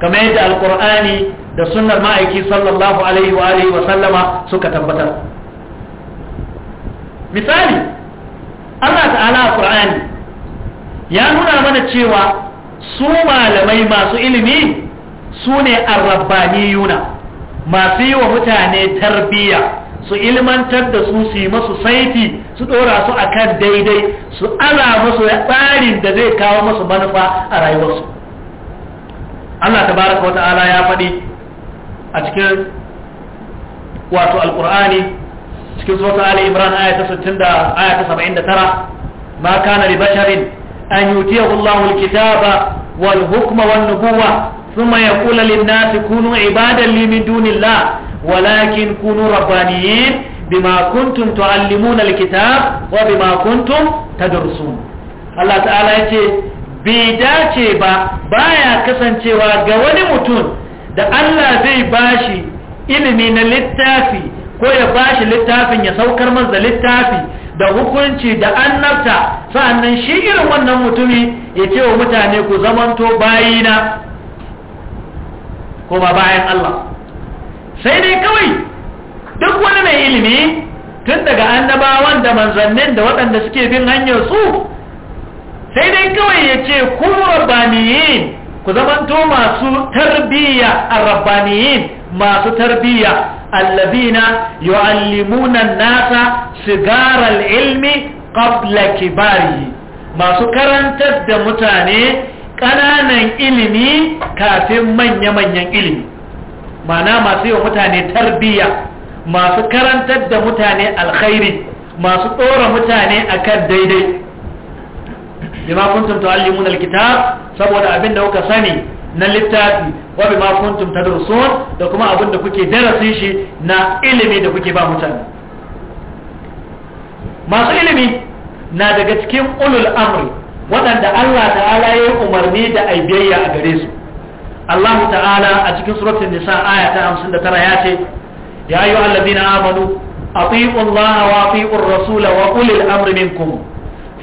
kamar yadda alkur'ani da sunnar ma'aiki sallallahu alaihi wa alihi wa sallama suka tabbatar misali Allah ta'ala a Qur'ani ya nuna mana cewa su malamai masu ilimi su ne arrabbaniyuna masu yi wa mutane tarbiyya su ilmantar da su su yi masu saiti su dora su akan daidai su ala masu tsarin da zai kawo masu manufa a rayuwarsu Allah tabaraka wa ta'ala ya faɗi a cikin wato Alƙur'ani. cikin sura Ali Imran aya ta da 79 ma kana li basharin an yutiyahu Allahu al-kitaba wal hukma nubuwa thumma yaqulu lin kunu ibadan li min dunillah walakin kunu rabbaniyin bima kuntum tuallimuna al-kitab wa bima kuntum tadrusun Allah ta'ala ce bai dace ba baya kasancewa ga wani mutum da Allah zai bashi ilimi na littafi ko ya bashi littafin ya saukar masa littafi da hukunci da annabta sa'annan shi irin wannan mutumi ya ce wa mutane ku zamanto bayina ba bayan Allah sai dai kawai duk wani mai ilimi tun daga annabawan da manzannin da waɗanda suke bin hanyar su sai dai kawai ya ce ku rabbaniyin ku zamanto masu tarbiyya a rabbaniyin masu tarbiyya allazina yu'allimuna an-nasa sigaral ilmi qabla kibari masu karantar da mutane kananan ilimi kafin manya-manyan ilimi mana masu yi mutane tarbiyya masu karantar da mutane alkhairi masu ɗora mutane akan daidai lima kuntum tu'allimuna alkitab saboda abin da kuka sani na littafi wa bima kuntum tadrusun da kuma abin da kuke darasin shi na ilimi da kuke ba mutane masu ilimi na daga cikin ulul amri waɗanda Allah ta'ala ya umarni da aibiyayya a gare su Allah ta'ala a cikin suratul nisa aya ta 59 ya ce ya ayu allazina amanu atiiu Allah wa atiiu ar-rasul wa ulil amri minkum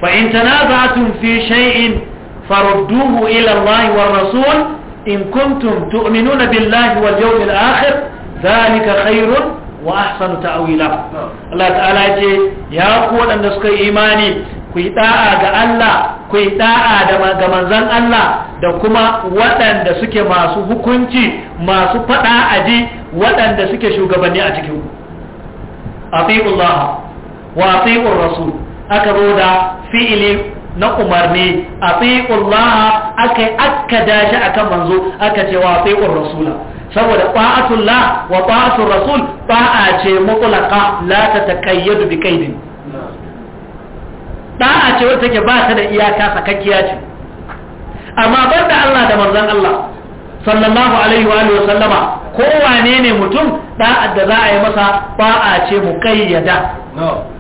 fa in tanaza'tum fi shay'in farudduhu ila Allah war rasul إن كنتم تؤمنون بالله واليوم الآخر ذلك خير وأحسن تأويلا الله تعالى يجي يا أقول أن نسك إيماني كي تاعة دا الله كي تاعة دا منزان الله دا كما وطن دا سكي ماسو هكونتي ماسو فتا أجي وطن دا سكي شو قبني أجيكو أطيب الله وأطيب الرسول أكبر دا فئلي na umarni a tsiƙullaha aka aka dashi a kan manzo aka ce wa tsiƙun rasula saboda ba'atullah wa ba'atun rasul ba'a ce mutulaka la ta takayyadu bi kaidin da'a ce wata take ba ta da iyaka sakakkiya ce amma ban da Allah da manzon Allah sallallahu alaihi wa alihi sallama wane ne mutum da'a da za a yi masa ba'a ce muqayyada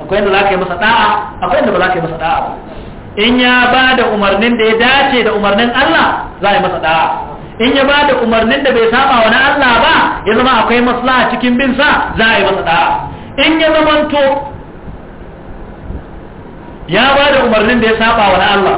akwai inda za ka yi masa da'a akwai inda ba za ka yi masa da'a ba in ya ba da umarnin da ya dace da umarnin Allah za a yi masa da'a in ya ba da umarnin da bai saba wani Allah ba ya zama akwai maslaha cikin bin sa za a yi masa da'a in ya zamanto ya ba da umarnin da ya saba wani Allah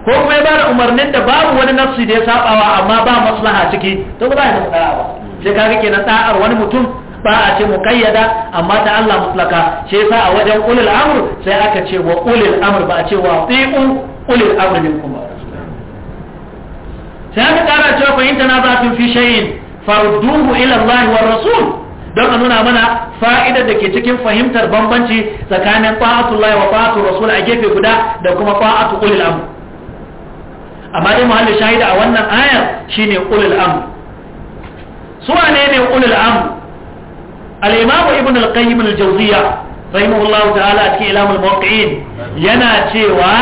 ko kuma ya ba da umarnin da babu wani nafsi da ya saba wa amma ba maslaha ciki to ba za a yi masa da'a ba sai kaga kenan da'ar wani mutum ba a ce muqayyada amma ta Allah mutlaka shi yasa a wajen ulul amr sai aka ce wa ulul amr ba a ce wa tiqu ulul amr kuma. sai aka kara cewa fa intana ba tun fi shay'in farudduhu ila Allah wa rasul don a nuna mana fa'idar da ke cikin fahimtar bambanci tsakanin ta'atullahi wa ta'atul rasul a gefe guda da kuma ta'atu ulul amr amma dai muhallin shahida a wannan ayar shine ulul amr su Wanene ne ulul amr al-imam ibn al-qayyim al-jawziya rahimahullahu ta'ala a cikin ilamul muwaqqi'in yana cewa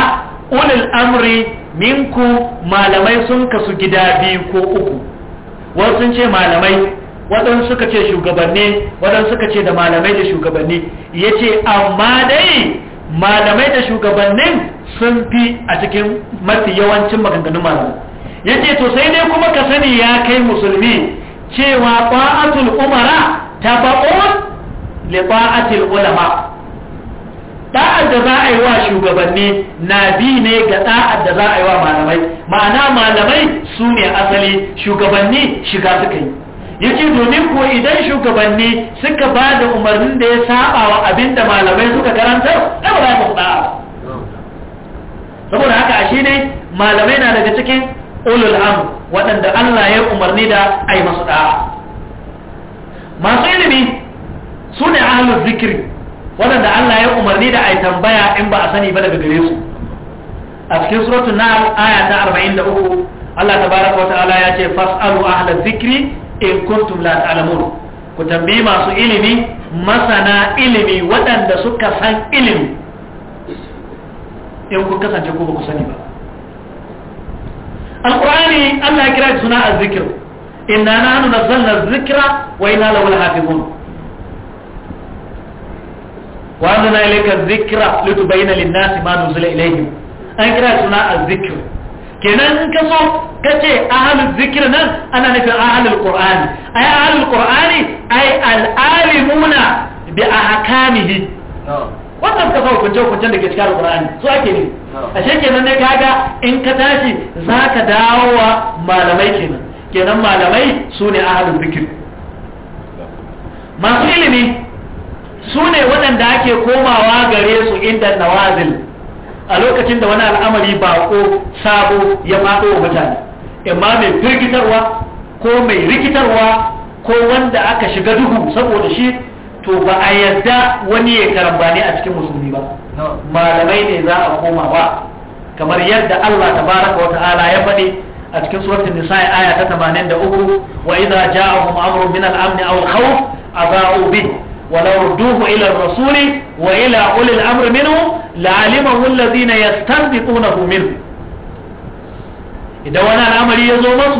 ulul amri minku malamai sun kasu gida biyu ko uku wasu sun ce malamai waɗansu suka ce shugabanni waɗansu suka ce da malamai da shugabanni yace amma dai malamai da shugabannin sun fi a cikin mafi yawancin maganganun malamai ya ce to sai dai kuma ka sani ya kai musulmi cewa ƙwa'atul umara tabaqun li ulama da'ar da za a yi wa shugabanni na bi ne ga da'ar da za a yi wa malamai ma'ana malamai su ne asali shugabanni shiga suka yi yake domin ko idan shugabanni suka ba da umarnin da ya saba wa abin da malamai suka karanta na ba za da'a saboda haka a shi ne malamai na daga cikin ulul waɗanda Allah ya umarni da a yi masu da'a masu ilimi su ne ahalus zikiri waɗanda Allah ya umarni da a tambaya in ba a sani ba daga gare su a cikin suratun na aya ta 43 Allah wa ta'ala ya ce fas'alu ahlaz zikri in kuntum la ta'lamun ku tambayi masu ilimi masana ilimi waɗanda suka san ilimi in kun kasance ko ba ku sani ba Alƙur'ani Allah ya kira suna azzikr inna nahnu nazzalna wai wa inna lahu lahafizun wa anzalna ilayka dhikra litubayyana lin-nasi ma nuzila ilayhim an kira suna az kenan in ka so kace ahlul zikr nan ana nufin ahlul qur'ani ay ahlul qur'ani ay al-alimuna bi ahkamihi wannan ka sauka ce can da ke cikin alkur'ani su ake ne a shekenan ne kaga in ka tashi za ka dawo wa malamai kenan kenan malamai su ne ahalin zikir masu ilimi su ne waɗanda ake komawa gare su inda nawazil a lokacin da wani al'amari bako sabo ya faɗo wa mutane amma mai firgitarwa ko mai rikitarwa ko wanda aka shiga duhu saboda shi to ba a yadda wani ya karambani a cikin musulmi ba malamai ne za a komawa kamar yadda Allah tabaraka wa ta'ala ya faɗi a cikin suratul nisa'i aya ta 83 wa idza ja'ahum amru min al-amn aw al ولو ردوه إلى الرسول وإلى أولي الأمر منه لعلمه الذين يستنبطونه منه إذا وانا الأمر يزومه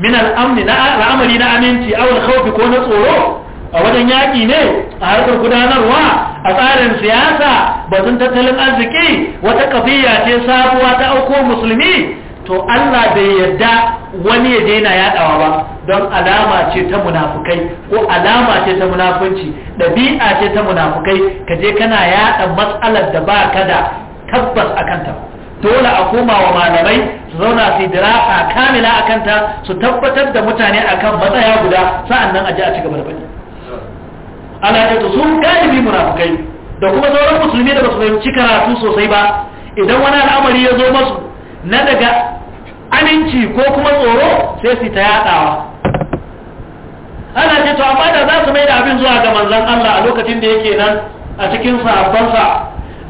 من الأمن الأمر نأمنتي أو الخوف كون tsoro. a wajen yaƙi ne a harkar gudanarwa a tsarin siyasa batun tattalin arziki wata kafiya ce sabuwa ta auko musulmi to Allah bai yarda wani ya daina yadawa ba don alama ce ta munafukai ko alama ce ta munafunci ɗabi'a ce ta munafukai ka je kana yada matsalar da ba ka da tabbas a kanta dole a koma wa malamai su zauna su a kamila a kanta su tabbatar da mutane akan matsaya guda sa'annan a ji a ci gaba da faɗi Allah sun galibi munafukai da kuma sauran musulmi da ba su fahimci karatu sosai ba idan wani al'amari ya zo masu na daga aminci ko kuma tsoro sai su ta yadawa ana ce to amma da za su mai da abin zuwa ga manzan Allah a lokacin da yake nan a cikin sahabbansa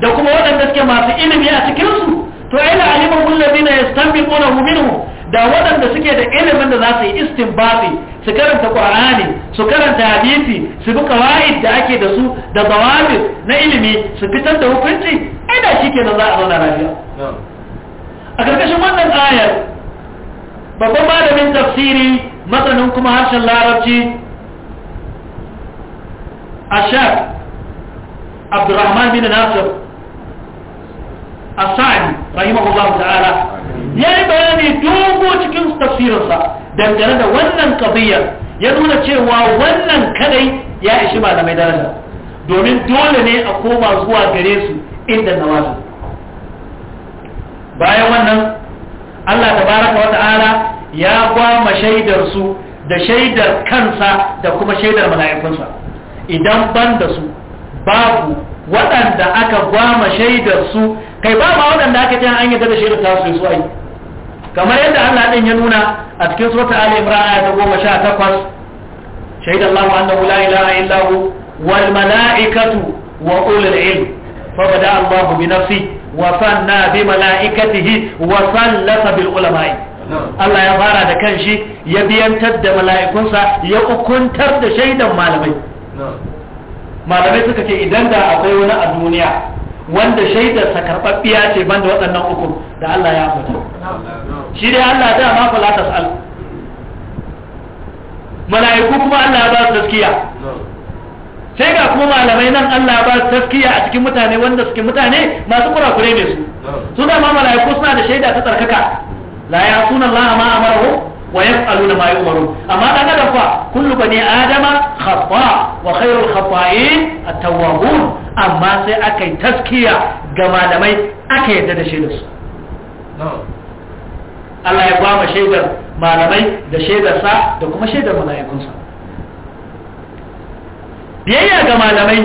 da kuma waɗanda suke masu ilimi a cikinsu to aina alimin kullabi na ya stambi minhu da waɗanda suke da ilimin da za su yi istinbati su karanta ƙwarani su karanta hadisi su bi kawa'id da ake da su da zawabin na ilimi su fitar da hukunci ai da shi kenan za a zauna lafiya a ƙarƙashin wannan ayar babban malamin tafsiri matsanin kuma harshen larabci ashab abdurrahman bin nasir asani rahimahullah ta'ala ya yi bayani dogo cikin tafsirinsa dangane da wannan kabiyar ya nuna cewa wannan kadai ya ishi malamai daraja domin dole ne a koma zuwa gare su inda nawazu bayan wannan Allah tabaraka wa ta'ala ya gwama shaidar su da shaidar kansa da kuma shaidar mala'ikunsa idan ban da su babu waɗanda aka gwama shaidar su kai ba ma waɗanda aka ce an yadda da shaidar tasu su ai kamar yadda Allah din ya nuna a cikin surata ali imran aya ta 18 shaida Allah annahu la ilaha illa hu wal mala'ikatu wa ulul ilm fa bada Allah bi nafsihi وصنى بملائكته lasabin بالعلماء Allah ya fara da kanshi ya biyantar da mala'ikunsa ya hukuntar da shaidan malamai. Malamai suka ce idan da akwai wani a duniya wanda shaidarsa karɓaɓɓiya ce banda waɗannan uku da Allah ya fito. Shi dai Allah da ma kula ta Mala'iku kuma Allah ya basu gaskiya. sai ga kuma malamai nan Allah ba taskiya a cikin mutane wanda suke mutane masu kurakure ne su su da ma malaiku suna da shaida ta tsarkaka la ya suna Allah ma amaru wa yaf'aluna ma yu'maru amma dan adam fa kullu bani adama khata wa khairul khata'in at-tawwabun amma sai aka yi taskiya ga malamai aka yadda da shaidar su Allah ya ba shaidar malamai da shaidar sa da kuma shaidar malaikunsa biyayya ga malamai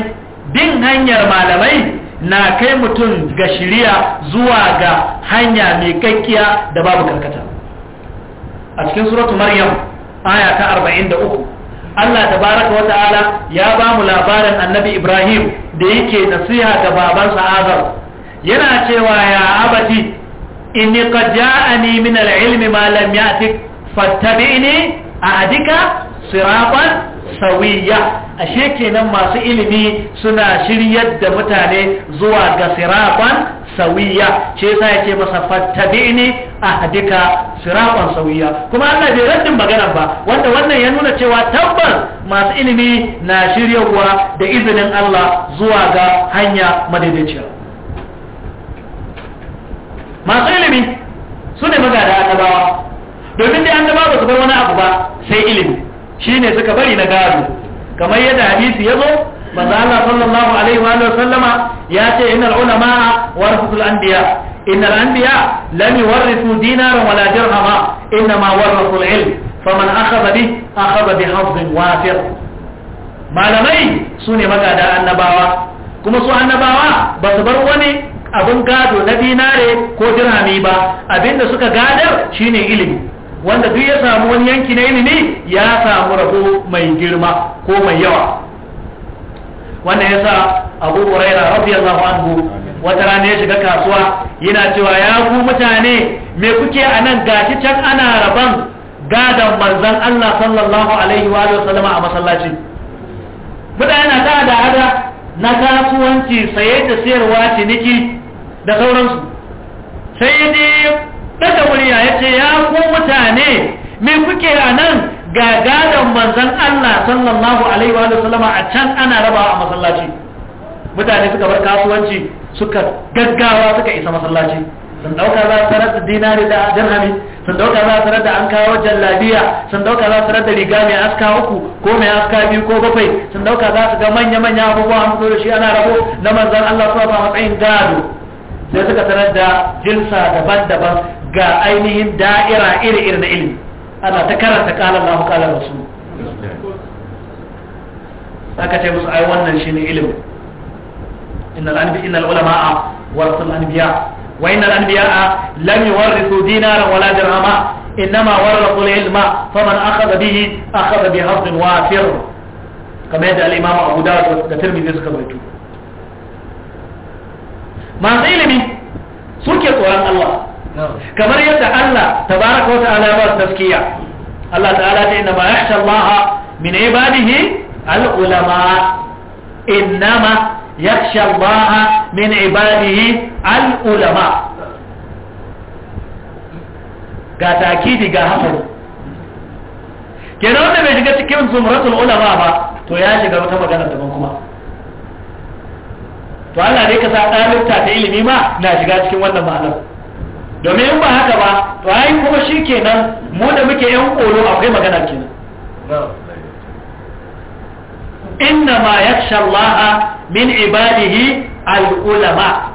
bin hanyar malamai na kai mutum ga shirya zuwa ga hanya mai kakkiya da babu karkata a cikin suratu maryam aya ta 43 Allah tabaraka wa ta'ala ya ba mu labarin annabi Ibrahim da yake nasiha ga babansa Azar yana cewa ya abati inni qad ja'ani min al-ilmi ma lam ya'tik fattabi'ni a'dika siratan sawiya ashe kenan masu ilimi suna shiryar da mutane zuwa ga siratan sawiya ce yasa yake masa fattabini ahdika siratan sawiya kuma Allah bai raddin magana ba wanda wannan ya nuna cewa tabbas masu ilimi na shiryarwa da izinin Allah zuwa ga hanya madaidaiciya masu ilimi su ne magada gabawa, domin dai an annabawa ba su bar wani abu ba sai ilimi shine suka bari na gado kamar yadda hadisi ya zo manzo Allah sallallahu alaihi wa sallama ya ce innal ulama warathul anbiya innal anbiya lam yuwarithu dinaran wala dirhama inma warathul ilm faman akhadha bi akhadha bi hazzin wafir malamai ne magada annabawa kuma su annabawa ba su bar wani abin gado na dinare ko dirhami ba abinda suka gadar shine ilimi wanda duk ya samu wani yanki na ilimi ya samu rabo mai girma ko mai yawa wanda ya sa abu huraira radiyallahu anhu wata rana ya shiga kasuwa yana cewa ya ku mutane me kuke a nan gashi can ana rabon gadon manzan Allah sallallahu alaihi wa sallama a masallaci mutane na da hada na kasuwanci saye da sayarwa ciniki da sauransu sai dai daga murya ya ce ya ku mutane me kuke a nan ga gadon manzan Allah sallallahu alaihi wa sallama a can ana rabawa a masallaci mutane suka bar kasuwanci suka gaggawa suka isa masallaci sun dauka za su tarar da dinari da dirhami sun dauka za su tarar da an kawo jallabiya sun dauka za su tarar da riga mai aska uku ko mai aska biyu ko bakwai sun dauka za su ga manya manya abubuwa an fito da shi ana rabo na manzan Allah sallallahu alaihi wa matsayin gado sai suka tarar da jinsa daban-daban ga ainihin da'ira iri-iri na ilimi ana ta karanta kalan lahu kalan rasu aka ce musu ai wannan shi ne ilimi Inna innal anbi innal ulama'a warasul anbiya wa inna innal anbiya'a lam yuwarrisu dinara wala dirhama innama warra al-ilma faman akhadha bihi akhadha bi hadhin wafir kamar yadda al-imam Abu Dawud da Tirmidhi suka rubuta masu ilimi suke tsoron Allah kamar yadda Allah tabaraka wa ta'ala ba taskiya Allah ta'ala ta inna ma yahsha Allah min ibadihi al-ulama ma yahsha Allah min ibadihi al-ulama ga takidi ga hafaru kenan wanda bai shiga cikin zumratul ulama ba to ya shiga wata magana daban kuma to Allah dai ka sa dalibta ta ilimi ma na shiga cikin wannan ma'anar domin in ba haka ba to ai kuma shi kenan mu da muke yan kolo akwai magana kenan inna ma yakhsha Allah min ibadihi al-ulama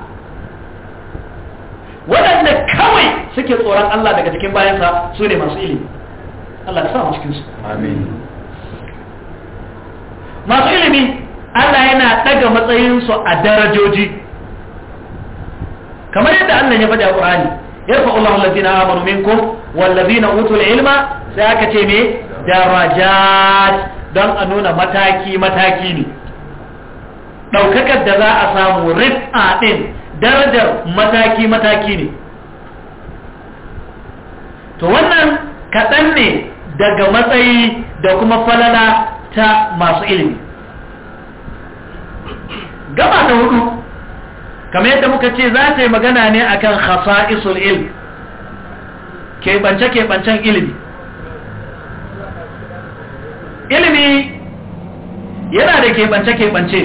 waɗanda kawai suke tsoron Allah daga cikin bayansa su ne masu ilimi Allah ya sa cikin su masu ilimi Allah yana ɗaga matsayinsu a darajoji kamar yadda Allah ya faɗi a ƙurani yarfa Allah allazina amanu minkum wallazina utul ilma sai aka ce me darajat dan a nuna mataki mataki ne daukakar da za a samu rif'a din darajar mataki mataki ne to wannan kaɗan ne daga matsayi da kuma falala ta masu ilimi gaba ta hudu kamar yadda muka ce za ta yi magana ne akan khasa'isul ilm keɓance keɓancen ilimi ilimi yana da keɓance keɓance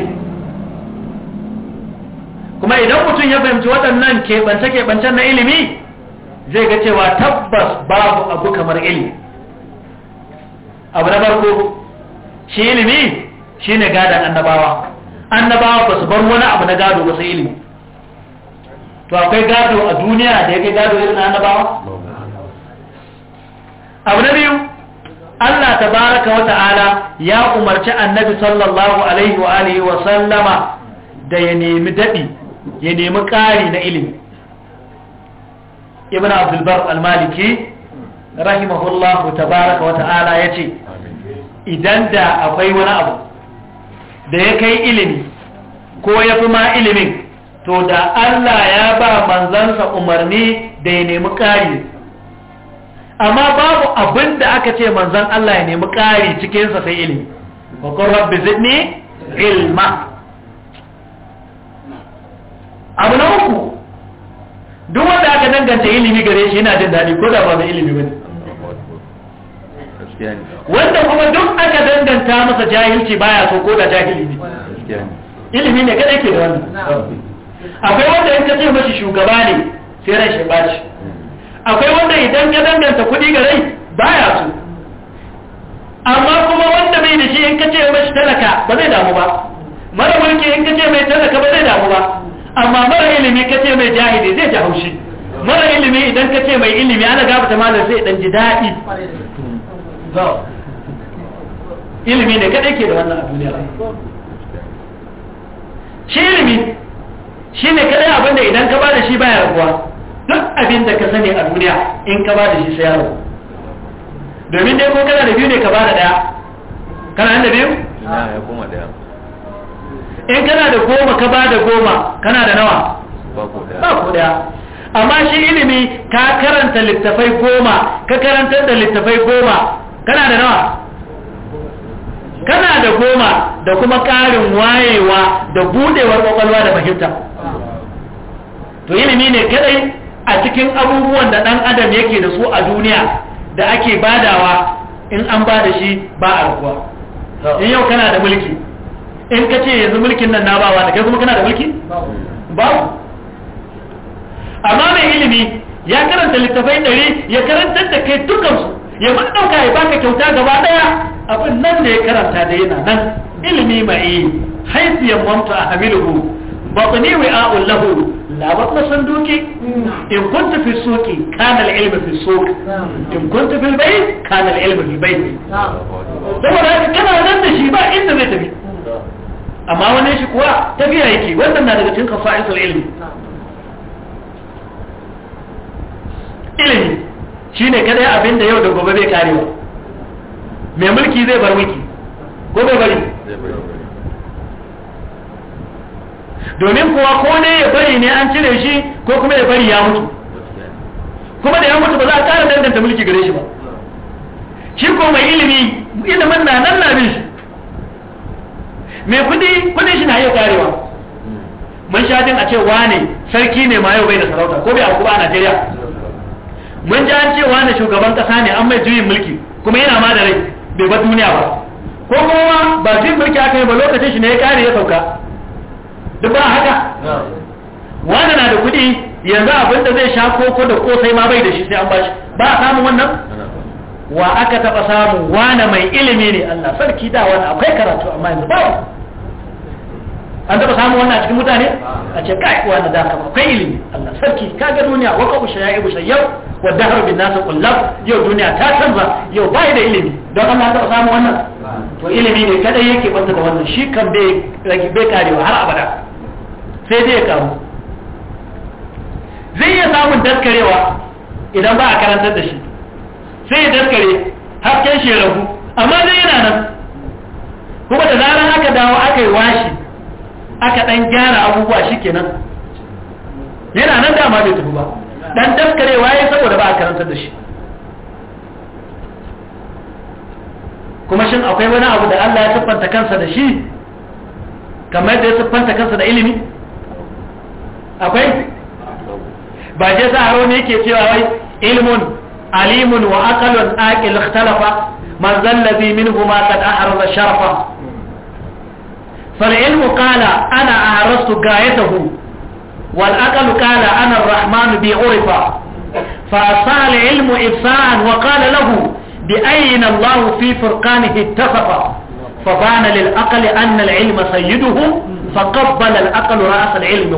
kuma idan mutum ya fahimci waɗannan keɓance keɓancen na ilimi zai ga cewa tabbas babu abu kamar ilimi abu na farko shi ilimi shi ne gadon annabawa annabawa ba su bar wani abu na gado wasu ilimi to akwai gado a duniya da ya kai gado irin annabawa abu na biyu Allah tabaraka wa ta'ala ya umarci annabi sallallahu alaihi wa alihi wa sallama da ya nemi dadi ya nemi ƙari na ilimi ibn Abdulbar bar al-maliki rahimahullahu tabaraka wa ta'ala ce idan da akwai wani abu da ya kai ilimi ko ya fi ma ilimin to da Allah ya ba manzansa umarni da ya nemi ƙari amma babu abin da aka ce manzan Allah ya nemi ƙari cikinsa sai ilimi bakon rabbi zidni ilma abu na uku duk wanda aka danganta ilimi gare shi yana jin daɗi ko da ba mai ilimi bane wanda kuma duk aka danganta masa jahilci baya so ko da jahili ne ilimi ne kada ke da wannan akwai wanda in ka ce mashi shugaba ne sai ran shi shi akwai wanda idan ka danganta kuɗi ga rai baya su amma kuma wanda bai da shi in ka ce mashi talaka ba zai damu ba mara mulki in ka ce mai talaka ba zai damu ba amma mara ilimi ka ce mai jahili zai ji haushi mara ilimi idan ka ce mai ilimi ana gabata malam zai dan ji daɗi ilimi ne kadai ke da wannan a duniya shi ilimi shi ne kadai abin da idan ka ba da shi baya rabuwa duk abin da ka sani a duniya in ka ba da shi sai ya rabu domin dai ko kana da biyu ne ka ba da daya kana da biyu ya kuma daya in kana da goma ka ba da goma kana da nawa ba ko daya amma shi ilimi ka karanta littafai goma ka karantar da littafai goma kana da nawa kana da goma da kuma karin wayewa da budewar kwakwalwa da fahimta to ilimi ne kadai a cikin abubuwan da dan adam yake da su a duniya da ake badawa in an ba da shi ba a rukuwa in yau kana da mulki in ka ce yanzu mulkin nan na bawa da kai kuma kana da mulki ba amma mai ilimi ya karanta littafai ɗari ya karanta da kai dukansu ya ma ɗauka ya baka kyauta gaba ɗaya abin nan da ya karanta da yana nan ilimi mai haifiyan mamta a hamiluhu batni wi'a'un lahu لا بطن صندوق إن كنت في السوق كان العلم في السوق إن كنت في البيت كان العلم في البيت saboda haka kana nan da shi ba inda zai tafi hmm. amma wani shi kuwa tafiya yake wannan na daga cikin fa'isul ilmi hmm. ilimi shine kada abinda yau da gobe bai karewa mai mulki zai bar mulki gobe bari domin kuwa ko ne ya bari ne an cire shi ko kuma ya bari ya mutu kuma da ya mutu ba za a ƙara danganta mulki gare shi ba shi ko mai ilimi ilimin na nan na bin shi mai kudi kudin shi na iya karewa mun sha jin a ce wane sarki ne ma yau bai da sarauta ko bai a kuma a Najeriya mun ji an ce wane shugaban kasa ne an mai juyin mulki kuma yana ma da rai bai bar duniya ba ko kuma ba juyin mulki aka yi ba lokacin shi ne ya kare ya sauka duk ba haka wani na da kuɗi yanzu abin da zai sha koko da kosai ma bai da shi sai an bashi ba a samun wannan wa aka taɓa samu wani mai ilimi ne Allah sarki da wani akwai karatu amma yanzu ba an taɓa samun wannan a cikin mutane a ce kai wani da akwai ilimi Allah sarki ka ga duniya wa kabu shaya ibu shayau wa dahar bin nasa kullab yau duniya ta canza yau bai da ilimi don Allah taɓa samun wannan to ilimi ne kadai yake banta da wannan shi kan bai karewa har abada sai dai ya karu zai iya samun daskarewa idan ba a karantar da shi sai ya daskare hasken shi ya ragu amma zai yana nan kuma da zarar aka dawo aka yi washi aka dan gyara abubuwa shi kenan yana nan dama bai tafi ba dan daskarewa ya saboda ba a karantar da shi kuma shin akwai wani abu da Allah ya siffanta kansa da shi kamar da ya siffanta kansa da ilimi akwai ba je sa haro ne yake cewa wai ilmun alimun wa aqalun aqil ikhtalafa man zal zallazi minhuma qad ahraza sharafa fal ilmu qala ana ahrastu gayatahu wal aqalu qala ana arrahman bi urifa fa sal ilmu ifsan wa qala lahu bi ayna allah fi furqanihi ittafa fa bana lil aqli anna al ilma sayyiduhu فقبل الأقل رأس العلم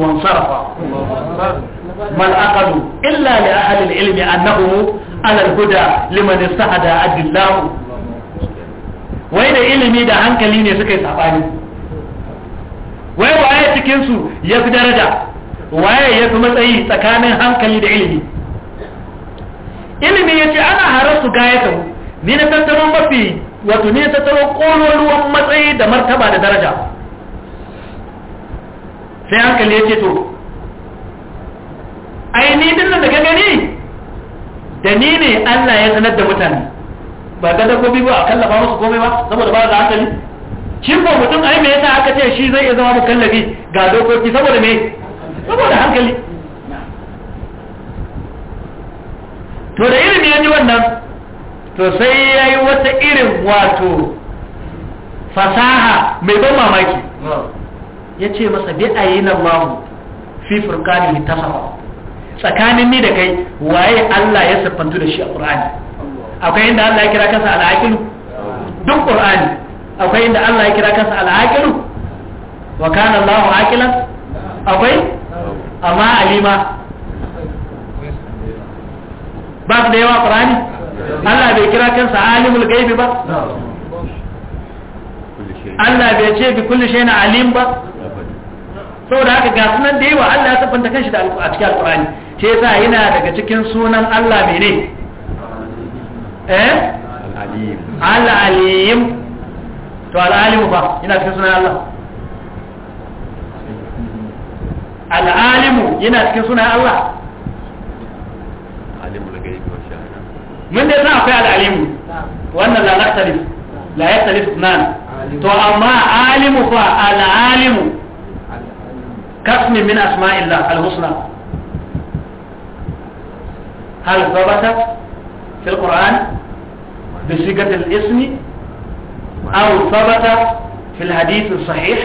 ilimi da hankali ne suka yi sabani wai waye cikinsu ya fi daraja waye ya fi matsayi tsakanin hankali da ilimi ilimi ya ce ana harar su gayatan ni na mafi wato ni na tattaro ƙololuwan matsayi da martaba da daraja sai hankali ya ce to ai ni din da ka gani da ni ne Allah ya sanar da mutane ba ga dabbobi ba a kallafa musu komai ba saboda ba da hankali shin ba mutum ai me yasa aka ce shi zai iya zama mukallafi ga dokoki saboda me saboda hankali to da irin ya ji wannan to sai ya yi wata irin wato fasaha mai ban mamaki ya ce masa bi a yi nan mahu fi furkani ta sama tsakanin ni da kai waye Allah ya siffantu da shi a ƙur'ani akwai inda Allah ya kira kansa al'aƙilu duk ƙur'ani akwai inda Allah ya kira kansa al'aƙilu wa kana Allahu aqilan akwai amma alima ba su da yawa ƙur'ani Allah bai kira kansa alimul gaibi ba Allah bai ce bi kulli shay'in alim ba saboda haka ga sunan da yawa Allah ya sabanta kanshi da a cikin alkurani ce yasa yana daga cikin sunan Allah mene eh al-alim to al-alim ba yana cikin sunan Allah al-alim yana cikin sunan Allah alimul ghaib wa shahada mun da yasa akwai al-alim wannan la naqtarif la yaqtarif nan to amma alimu fa al-alimu كاسم من أسماء الله الحسنى هل ثبتت في القرآن بصيغة الاسم أو ثبت في الحديث الصحيح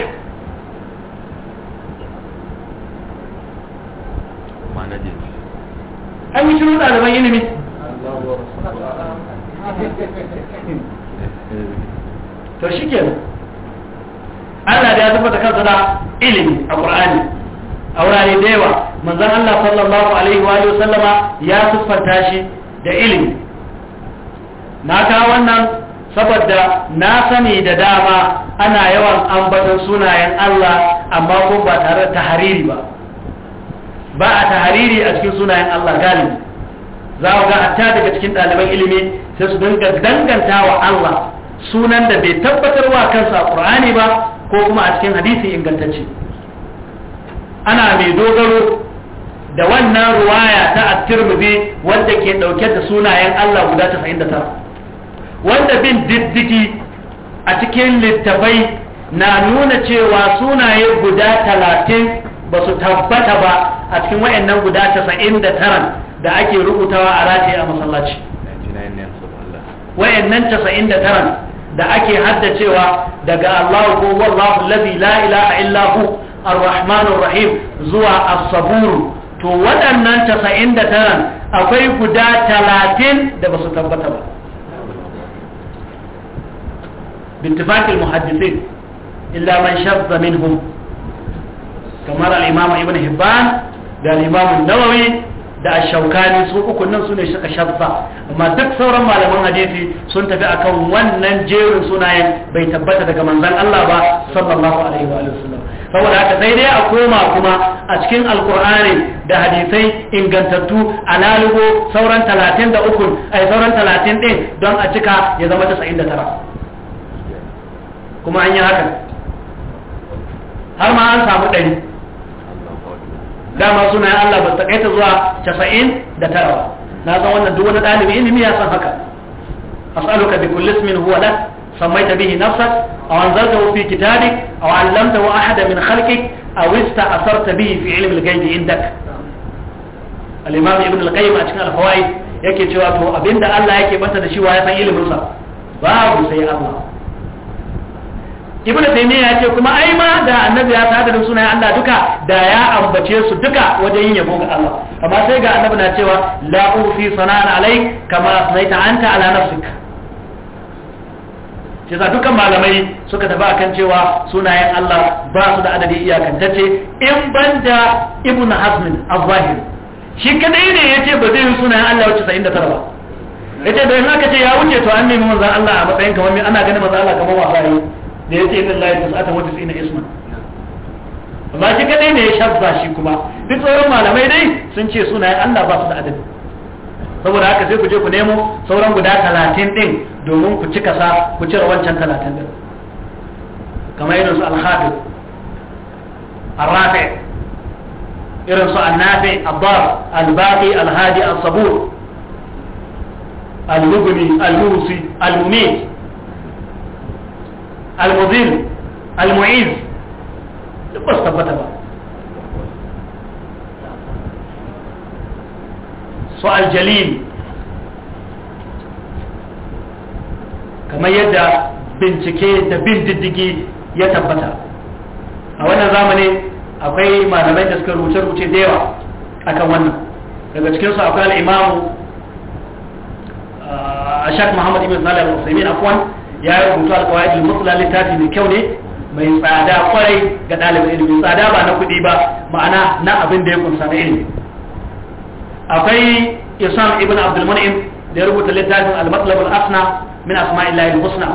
أي شروط هذا بين منه to shi Allah da ya zuba kansa da ilimi a Qur'ani a wurare da yawa manzon Allah sallallahu alaihi wa sallama ya siffanta shi da ilimi na ka wannan saboda na sani da dama ana yawan ambaton sunayen Allah amma ko ba tare da tahariri ba ba a tahariri a cikin sunayen Allah galibi za ku ga hatta daga cikin ɗaliban ilimi sai su danganta wa Allah sunan da bai tabbatar wa kansa a Qur'ani ba ko kuma a cikin hadisi ingantacce ana mai dogaro da wannan ruwaya ta at-tirmidhi wanda ke dauke da sunayen Allah guda 99 wanda bin diddiki a cikin littafai na nuna cewa sunaye guda 30 ba su tabbata ba a cikin wayannan guda 99 da ake rubutawa a rataye a masallaci wayannan 99 da ake haddacewa daga allahu ko wallahu lafi la’ila a illahu ar-rahmanun rahim zuwa as to waɗannan tasa'in da taran akwai guda talatin da ba su tabbata ba bintifakil muhajjifin ilaman shabba minhum kamar al’imamun ibn hibban da al’imamun nawawi da ashaukani su uku nan su ne suka shafza amma duk sauran malaman hadisi sun tafi akan wannan jerin sunayen bai tabbata daga manzon Allah ba sallallahu alaihi wa sallam saboda haka sai dai a koma kuma a cikin alkur'ani da hadisai ingantattu a lalubo sauran talatin da 33 a sauran talatin ɗin don a cika ya zama 99 kuma an yi haka har ma an samu ɗari. dama suna Allah ba ta kaita zuwa casa'in da tara na san wannan duk wani ɗalibi ilimi ya san haka as'aluka bi kulli ismin huwa lak sammaita bihi nafsak aw anzaltahu fi kitabik aw 'allamtahu ahada min khalqik aw ista'sarta bihi fi 'ilmi al-ghaib indak al-imam ibn al-qayyim a cikin al-fawaid yake cewa to abinda Allah yake banta da shi wa ya san ilimin sa babu sai Allah ibnu taymiya ya ce kuma ai ma da annabi ya sada da sunayen Allah duka da ya ambace su duka wajen yin yabo ga Allah amma sai ga annabi na cewa la ufi sanan alai kama asnaita anta ala nafsik ce za dukkan malamai suka tafi akan cewa sunayen Allah ba su da adadi iyakantacce in banda ibnu hazmin az-zahir shi kadai ne yace ba zai yi sunayen Allah wuce 99 ba yace da in aka ce ya wuce to an nemi manzon Allah a matsayin kamar ana ganin manzon Allah kamar wasa da yace inna lillahi tis'ata wa tis'ina isma ba shi kadai ne ya shazza shi kuma duk sauran malamai dai sun ce sunayen Allah ba su da adadi saboda haka sai ku je ku nemo sauran guda 30 din domin ku cika sa ku cire wancan 30 din kamar irin su al-khatib ar-rafi irin su an-nafi abbar al-baqi al-hadi al sabur al lubni al lusi al-mumit al-mudil al-mu'iz duk ba su tabbata ba su al-jalil kamar yadda bincike da bin diddigi ya tabbata a wannan zamani akwai malamai da suka rubuce-rubuce da yawa a kan wannan daga cikinsu akwai al'imamu a shak muhammad ibn salih al-usaimi afwan ya yi rubutu alƙawaidul littafi mai kyau ne mai tsada kwarai ga ɗalibin ilimi tsada ba na kuɗi ba ma'ana na abin da ya kunsa na ilimi akwai isam ibn abdul da ya rubuta littafin al asna min asma'illahi al-husna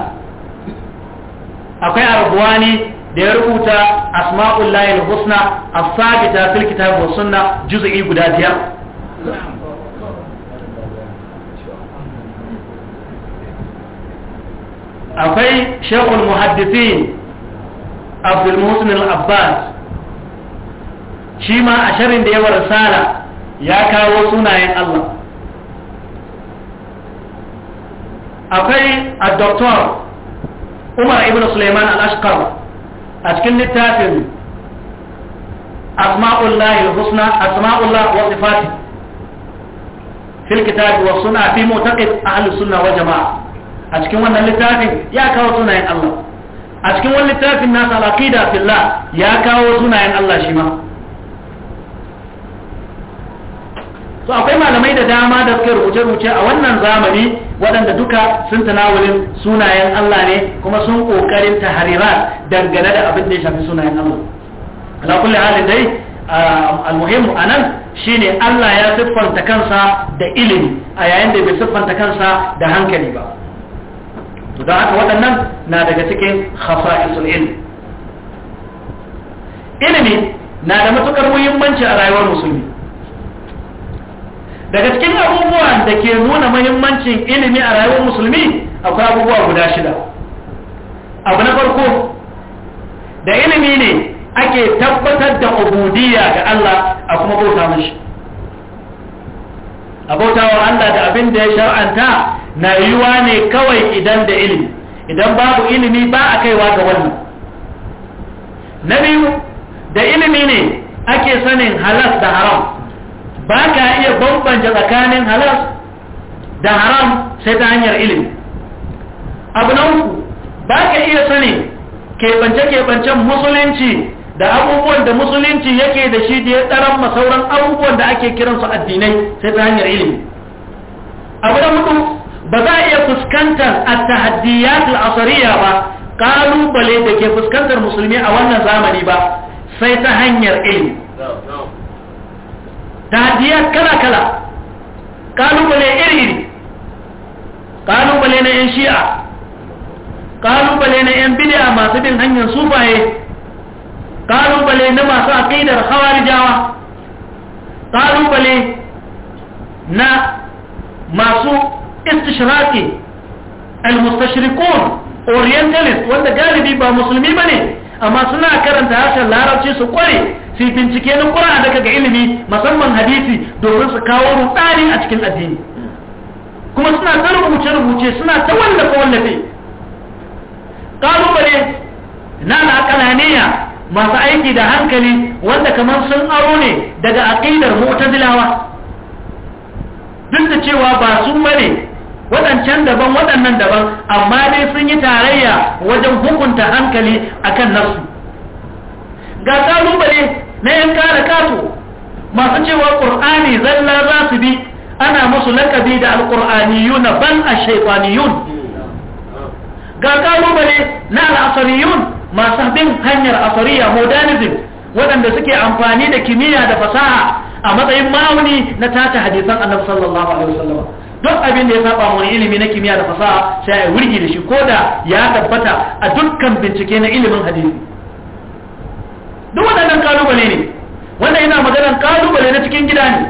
akwai arbuwani da ya rubuta asma'ullahi al-husna as-sabita fil kitab was sunna juz'i guda biyar akwai shekul muhaddisin abdulmusin al-abbas shi ma a shirin da yawa Sala ya kawo sunayen allah akwai a doktor umar ibn suleiman al-ashkar a cikin littafin asma'ullahi al-husna asma'ullah wa sifati fil kitab wa sunna fi mu'taqid ahli sunna jama'a a cikin wannan littafin ya kawo sunayen Allah a cikin wannan littafin nasa al-aqida fillah ya kawo sunayen Allah shi ma to akwai malamai da dama da suka rubuce-rubuce a wannan zamani waɗanda duka sun tanawulin sunayen Allah ne kuma sun ƙoƙarin taharira dangane da abin da ya shafi sunayen Allah ala kulli hali dai almuhimmu a nan shine Allah ya siffanta kansa da ilimi a yayin da bai siffanta kansa da hankali ba to da haka waɗannan na daga cikin khasa'isul ilm ilimi na da matukar muhimmanci a rayuwar musulmi daga cikin abubuwan da ke nuna muhimmancin ilimi a rayuwar musulmi akwai abubuwa guda shida abu na farko da ilimi ne ake tabbatar da ubudiyya ga Allah a kuma bauta mashi a wa Allah da abin da ya shar'anta na yiwuwa ne kawai idan da ilimi idan babu ilimi ba a kaiwa ga wannan na biyu da ilimi ne ake sanin halas da haram ba ka iya bambance tsakanin halas da haram sai ta hanyar ilimi abu na uku ba ka iya sanin keɓance-keɓancen musulunci da abubuwan da musulunci yake da shi da ya tsaran masauran abubuwan da ake kiransu addinai sai ta hanyar ilimi abu da hudu ba za a iya fuskantar a tahaddiyat al'asariya ba kalubale da ke fuskantar musulmi a wannan zamani ba sai ta hanyar ilimi tahaddiyat kala-kala kalubale iri iri kalubale na 'yan shi'a kalubale na 'yan bidiya masu bin hanyar sufaye kalubale na masu aqidar khawarijawa kalubale na masu istishraki al-mustashrikun orientalist wanda galibi ba musulmi bane amma suna karanta harshen larabci su kware su bincike na kura daga ga ilimi musamman hadisi domin su kawo rudani a cikin addini kuma suna ta rubuce-rubuce suna ta wallafe-wallafe kalubale na na kananiya masu aiki da hankali wanda kamar sun aro ne daga aqidar mu'tazilawa duk da cewa ba su bane waɗancan daban waɗannan daban amma dai sun yi tarayya wajen hukunta hankali akan nasu ga ƙalubale na yan kare kato masu cewa ƙur'ani zalla za su bi ana musu lakabi da alƙur'aniyun ban a ga kalubale na al'asariyun masu bin hanyar asariya modernism waɗanda suke amfani da kimiyya da fasaha a matsayin ma'auni na tace hadisan annabi sallallahu alaihi wasallam duk abin da ya saba wani ilimi na kimiyya da fasaha sai ya wurgi da shi koda ya tabbata a dukkan bincike na ilimin hadisi duk waɗannan kalubale ne wannan ina maganar kalubale na cikin gida ne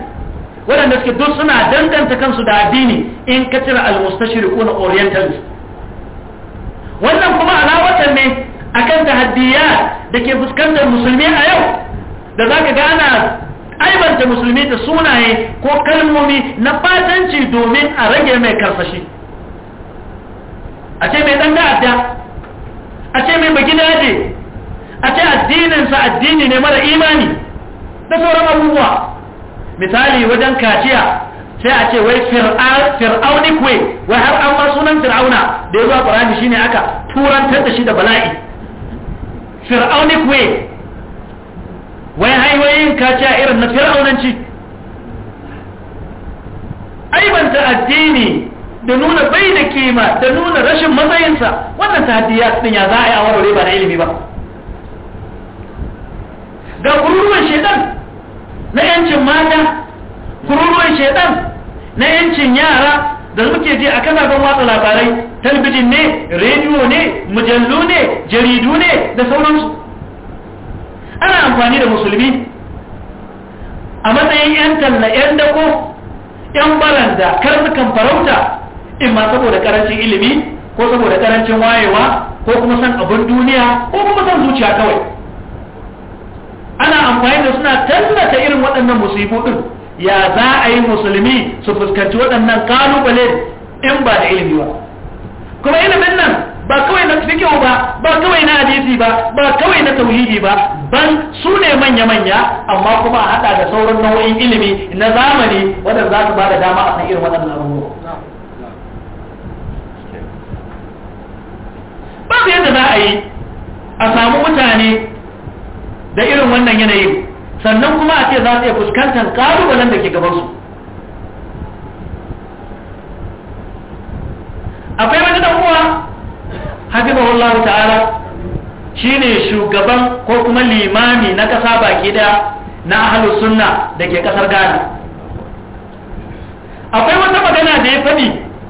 waɗanda suke duk suna danganta kansu da addini in ka cire al-mustashriqun orientalist wannan kuma alawatan ne akan tahaddiya da ke fuskantar musulmi a yau da za ka gana aibarta musulmi da sunaye ko kalmomi na fatanci domin a rage mai karfashi a ce mai dan da'adda a ce mai baki daje a ce addininsa addini ne mara imani da sauran abubuwa misali wajen kaciya sai a ce wai fir'aunik wai har an sunan fir'auna da ya zuwa ƙwararri shi ne aka turantar da shi da bala'i fir'aunic way wai hanyoyin kaciya irin na fir'aunanci aibanta addini da nuna bai da kima da nuna rashin matsayinsa wannan ta hadiya din ya za a yi a warware ba da ilimi ba Da gururuwan shedan na yancin mata gururuwan shedan na yancin yara da muke ji a kasafin watsa labarai talbijin ne rediyo ne mujallu ne jaridu ne da sauransu ana amfani da musulmi a matsayin 'yan talla 'yan dako 'yan baranda karnukan farauta in ma saboda karancin ilimi ko saboda karancin wayewa ko kuma san abin duniya ko kuma san zuciya kawai ana amfani da suna tallata irin waɗannan musibu ya za a yi musulmi su fuskanci waɗannan kalubale in ba da ilimi ba kuma ilimin nan ba kawai na fikihu ba ba kawai na hadisi ba ba kawai na tauhidi ba ban su ne manya-manya amma kuma a hada da sauran nau'in ilimi na zamani wadda za su ba da dama a san irin waɗannan abubuwa ba su yadda za a yi a samu mutane da irin wannan yanayin sannan kuma a ce za su iya fuskantar ƙalubalen da ke gabansu akwai wani dan uwa hafizahullahu ta'ala shine shugaban ko kuma limami na kasa baki da na ahlus sunna da ke kasar Ghana akwai wata magana da ya faɗi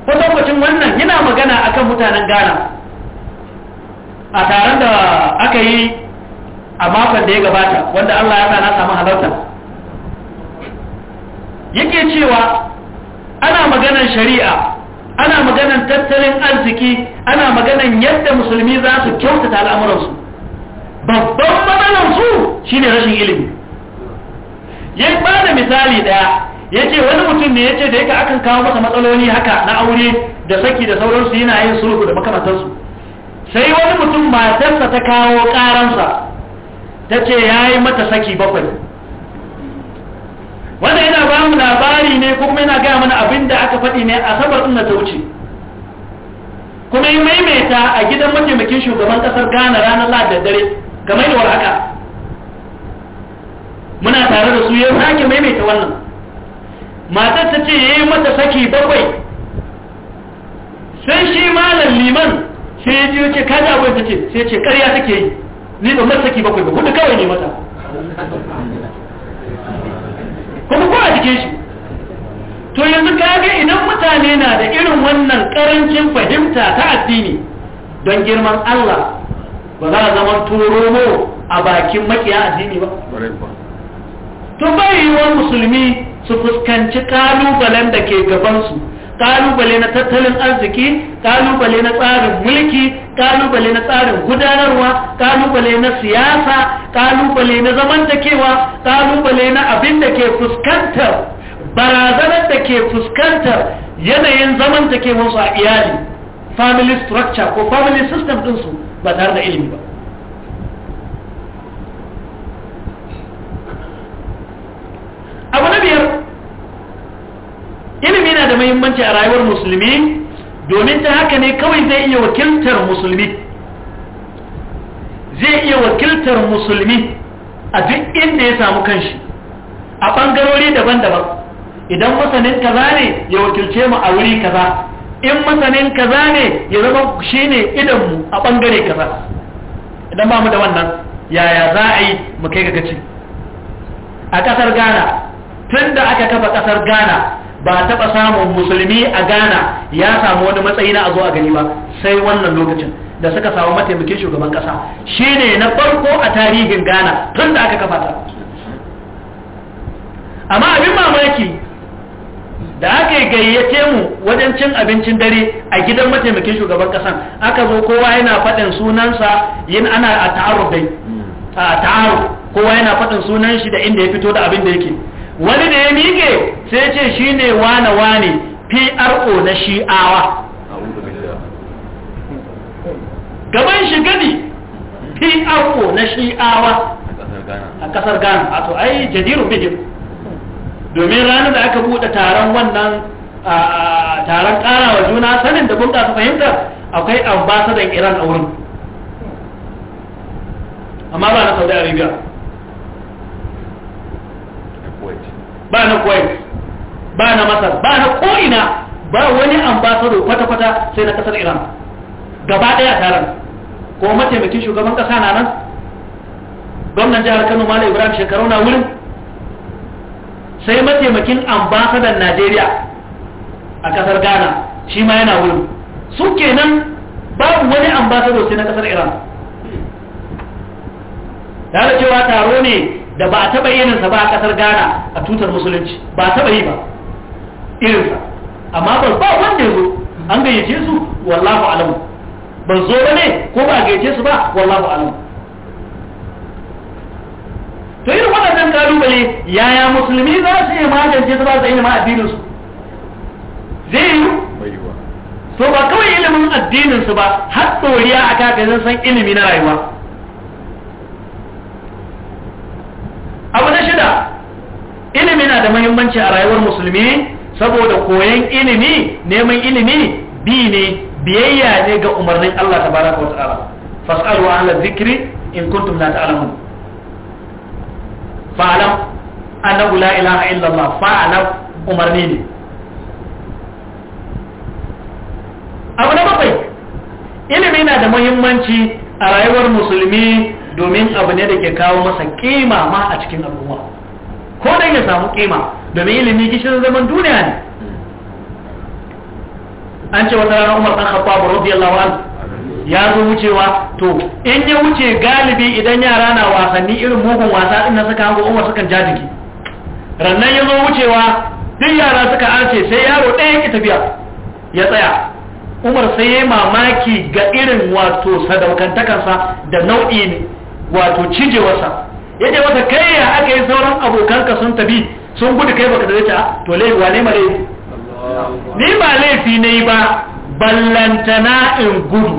ko lokacin wannan yana magana akan mutanen Ghana a taron da aka yi a makon da ya gabata wanda Allah ya sa na samu halarta yake cewa ana maganar shari'a ana maganan tattalin arziki ana maganan yadda musulmi za su kyautata al'amuransu babban matsalarsu shine rashin ilimi ya ba da misali daya ya ce wani mutum ne ya ce da yake akan kawo masa matsaloli haka na aure da saki da sauransu yana yin sulhu da makamantarsu sai wani mutum matarsa ta kawo karansa ta ce ya yi mata saki bakwai wannan yana ba mu labari ne ko kuma yana gaya mana abin da aka faɗi ne a sabar ɗin ta wuce kuma yi maimaita a gidan mataimakin shugaban ƙasar ghana ranar lahadar dare game da warhaka muna tare da su ya sake maimaita wannan matar ta ce ya yi mata saki bakwai sai shi malam liman sai ya jiyo ce kaji abin ta ce sai ce karya take yi ni ba mata saki bakwai ba kudu kawai ne mata kuma ko a jikin shi to yanzu kaga idan mutane na da irin wannan karancin fahimta ta addini don girman Allah ba za a zama turo a bakin makiya addini ba to bai yiwuwar musulmi su fuskanci kalubalen da ke gabansu kalubale na tattalin arziki kalubale na tsarin mulki kalubale na tsarin gudanarwa kalubale na siyasa kalubale na zamantakewa kalubale na abin da ke fuskantar barazanar da ke fuskantar yanayin zamantakewarsu a iyali family structure ko family system ɗinsu ba tare da ilimi ba abu na biyar ilimi na da muhimmanci a rayuwar musulmi domin ta haka ne kawai zai iya wakiltar musulmi zai iya wakiltar musulmi a duk inda ya samu kanshi a ɓangarori daban-daban idan masanin kaza ne ya wakilce mu a wuri kaza in masanin kaza ne ya zama shi ne idanmu a ɓangare kaza idan ba mu da wannan yaya za a yi mu kai ga gaci a ƙasar ghana tun da aka kafa ƙasar ghana ba taɓa samun musulmi a ghana ya samu wani matsayi na a zo a gani ba sai wannan lokacin da suka samu mataimakin shugaban ƙasa ne na farko a tarihin ghana tun da aka kafa ta amma abin mamaki da aka gayyace mu wajen cin abincin dare a gidan mataimakin shugaban ƙasan aka zo kowa yana faɗin sunansa yin ana a ta'aruf a kowa yana faɗin sunan shi da inda ya fito da abin da yake wani da ya miƙe sai ce shi ne wane wane pro na shi'awa gaban shi gani pro na shi'awa a kasar ghana a to ai jadirun bijir domin ranar da aka buɗe taron wannan taron ƙarawa juna sanin da bunƙasa fahimta akwai ambasadan iran a wurin amma ba na saudi arabia ba na kuwait ba na masar ba na ko'ina ba wani ambasado kwata-kwata sai na kasar iran gaba daya taron ko mataimakin shugaban kasa na nan gwamnan jihar kano malam ibrahim shekaru na wurin sai mataimakin ambasadan najeriya a kasar ghana shi ma yana wurin su kenan babu wani ambasado sai na kasar iran da cewa taro ne da ba a taɓa irinsa ba a ƙasar ghana a tutar musulunci ba a taɓa yi ba irinsa amma ba ba wanda ya zo an gayyace su wallahu alamu ban zo ba ne ko ba a gayyace su ba wallahu alamu to irin waɗannan kalubale yaya musulmi za su iya magance su ba su addinin su? zai yi to ba kawai ilimin addininsu ba har ɗoriya a kakasin san ilimi na rayuwa da mahimmanci a rayuwar musulmi saboda koyon ilimi neman ilimi bi ne biyayya ne ga umarnin Allah tabaraka wata'ala fas'alu ahla zikri in kuntum la ta'lamun fa'lam annahu la ilaha illa Allah fa'lam umarni ne abu na bakwai ilimi na da muhimmanci a rayuwar musulmi domin abu ne da ke kawo masa kima ma a cikin al'umma ko dai ya samu kima domin ilimi gishirin zaman duniya ne an ce wata rana umar dan khattab radiyallahu anhu ya zo wucewa to in ya wuce galibi idan yara na wasanni irin mugun wasa din na suka hango umar sukan jajiki rannan ya zo wucewa duk yara suka arce sai yaro ɗaya ki tafiya ya tsaya umar sai ya mamaki ga irin wato sadaukantakarsa da ne wato cijewarsa ya ce wata kai ya aka yi sauran abokanka sun tafi sun gudu kai baka da ta ah, to lai wa ne malai ni ba laifi ne ba ballantana in gudu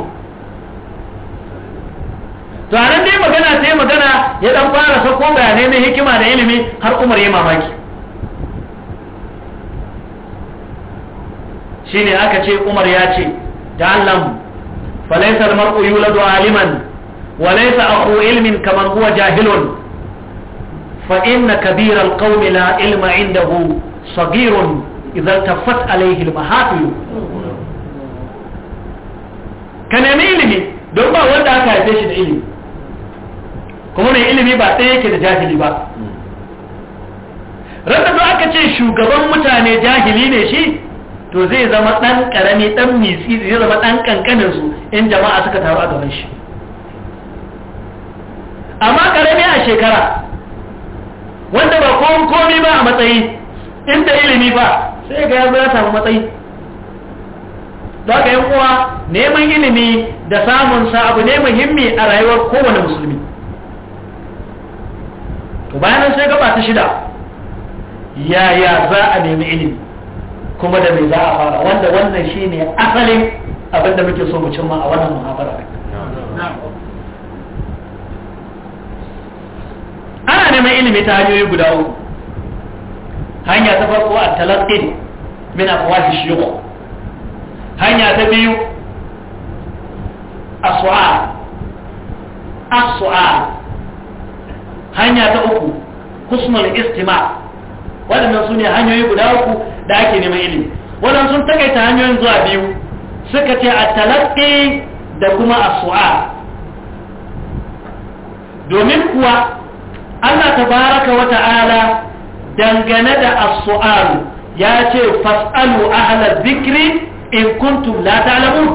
to a nan dai magana sai magana ya dan fara sako bayanai na hikima da ilimi har umar ya mamaki shine aka ce umar ya ce da allahn falaisar al-mar'u yuladu aliman wa laysa akhu ilmin kaman huwa jahilun فإن كبير القوم لا علم عنده صغير إذا التفت عليه المحافل كان ilimi don ba wanda aka haife shi da ilimi kuma mai ilimi ba ɗaya yake da jahili ba rasa da aka ce shugaban mutane jahili ne shi to zai zama ɗan ƙarami ɗan mitsi zai zama ɗan ƙanƙanin su in jama'a suka taru a gaban shi amma ƙarami a shekara wanda ba ko komi ba a matsayi inda ilimi ba sai ga ya ya samu matsayi daga haka yan uwa neman ilimi da samun sa abu ne muhimmi a rayuwar kowane musulmi to bayanan sai gaba ta shida yaya za a nemi ilimi kuma da mai za a fara wanda wannan shine asalin abinda muke so mu cimma a wannan muhabara ana neman ilimi ta hanyoyi guda uku hanya ta farko a talaqqin min afwahi shuyukh hanya ta biyu a, su'ar as-su'al hanya ta uku husnul istima' waɗannan su ne hanyoyi guda uku da ake neman ilimi waɗannan sun takaita hanyoyin zuwa biyu suka ce a talaƙi da kuma a su'a domin kuwa Allah tabaraka wa ta'ala dangane da as-su'al ya ce fas'alu ahla dhikri in kuntum la ta'lamun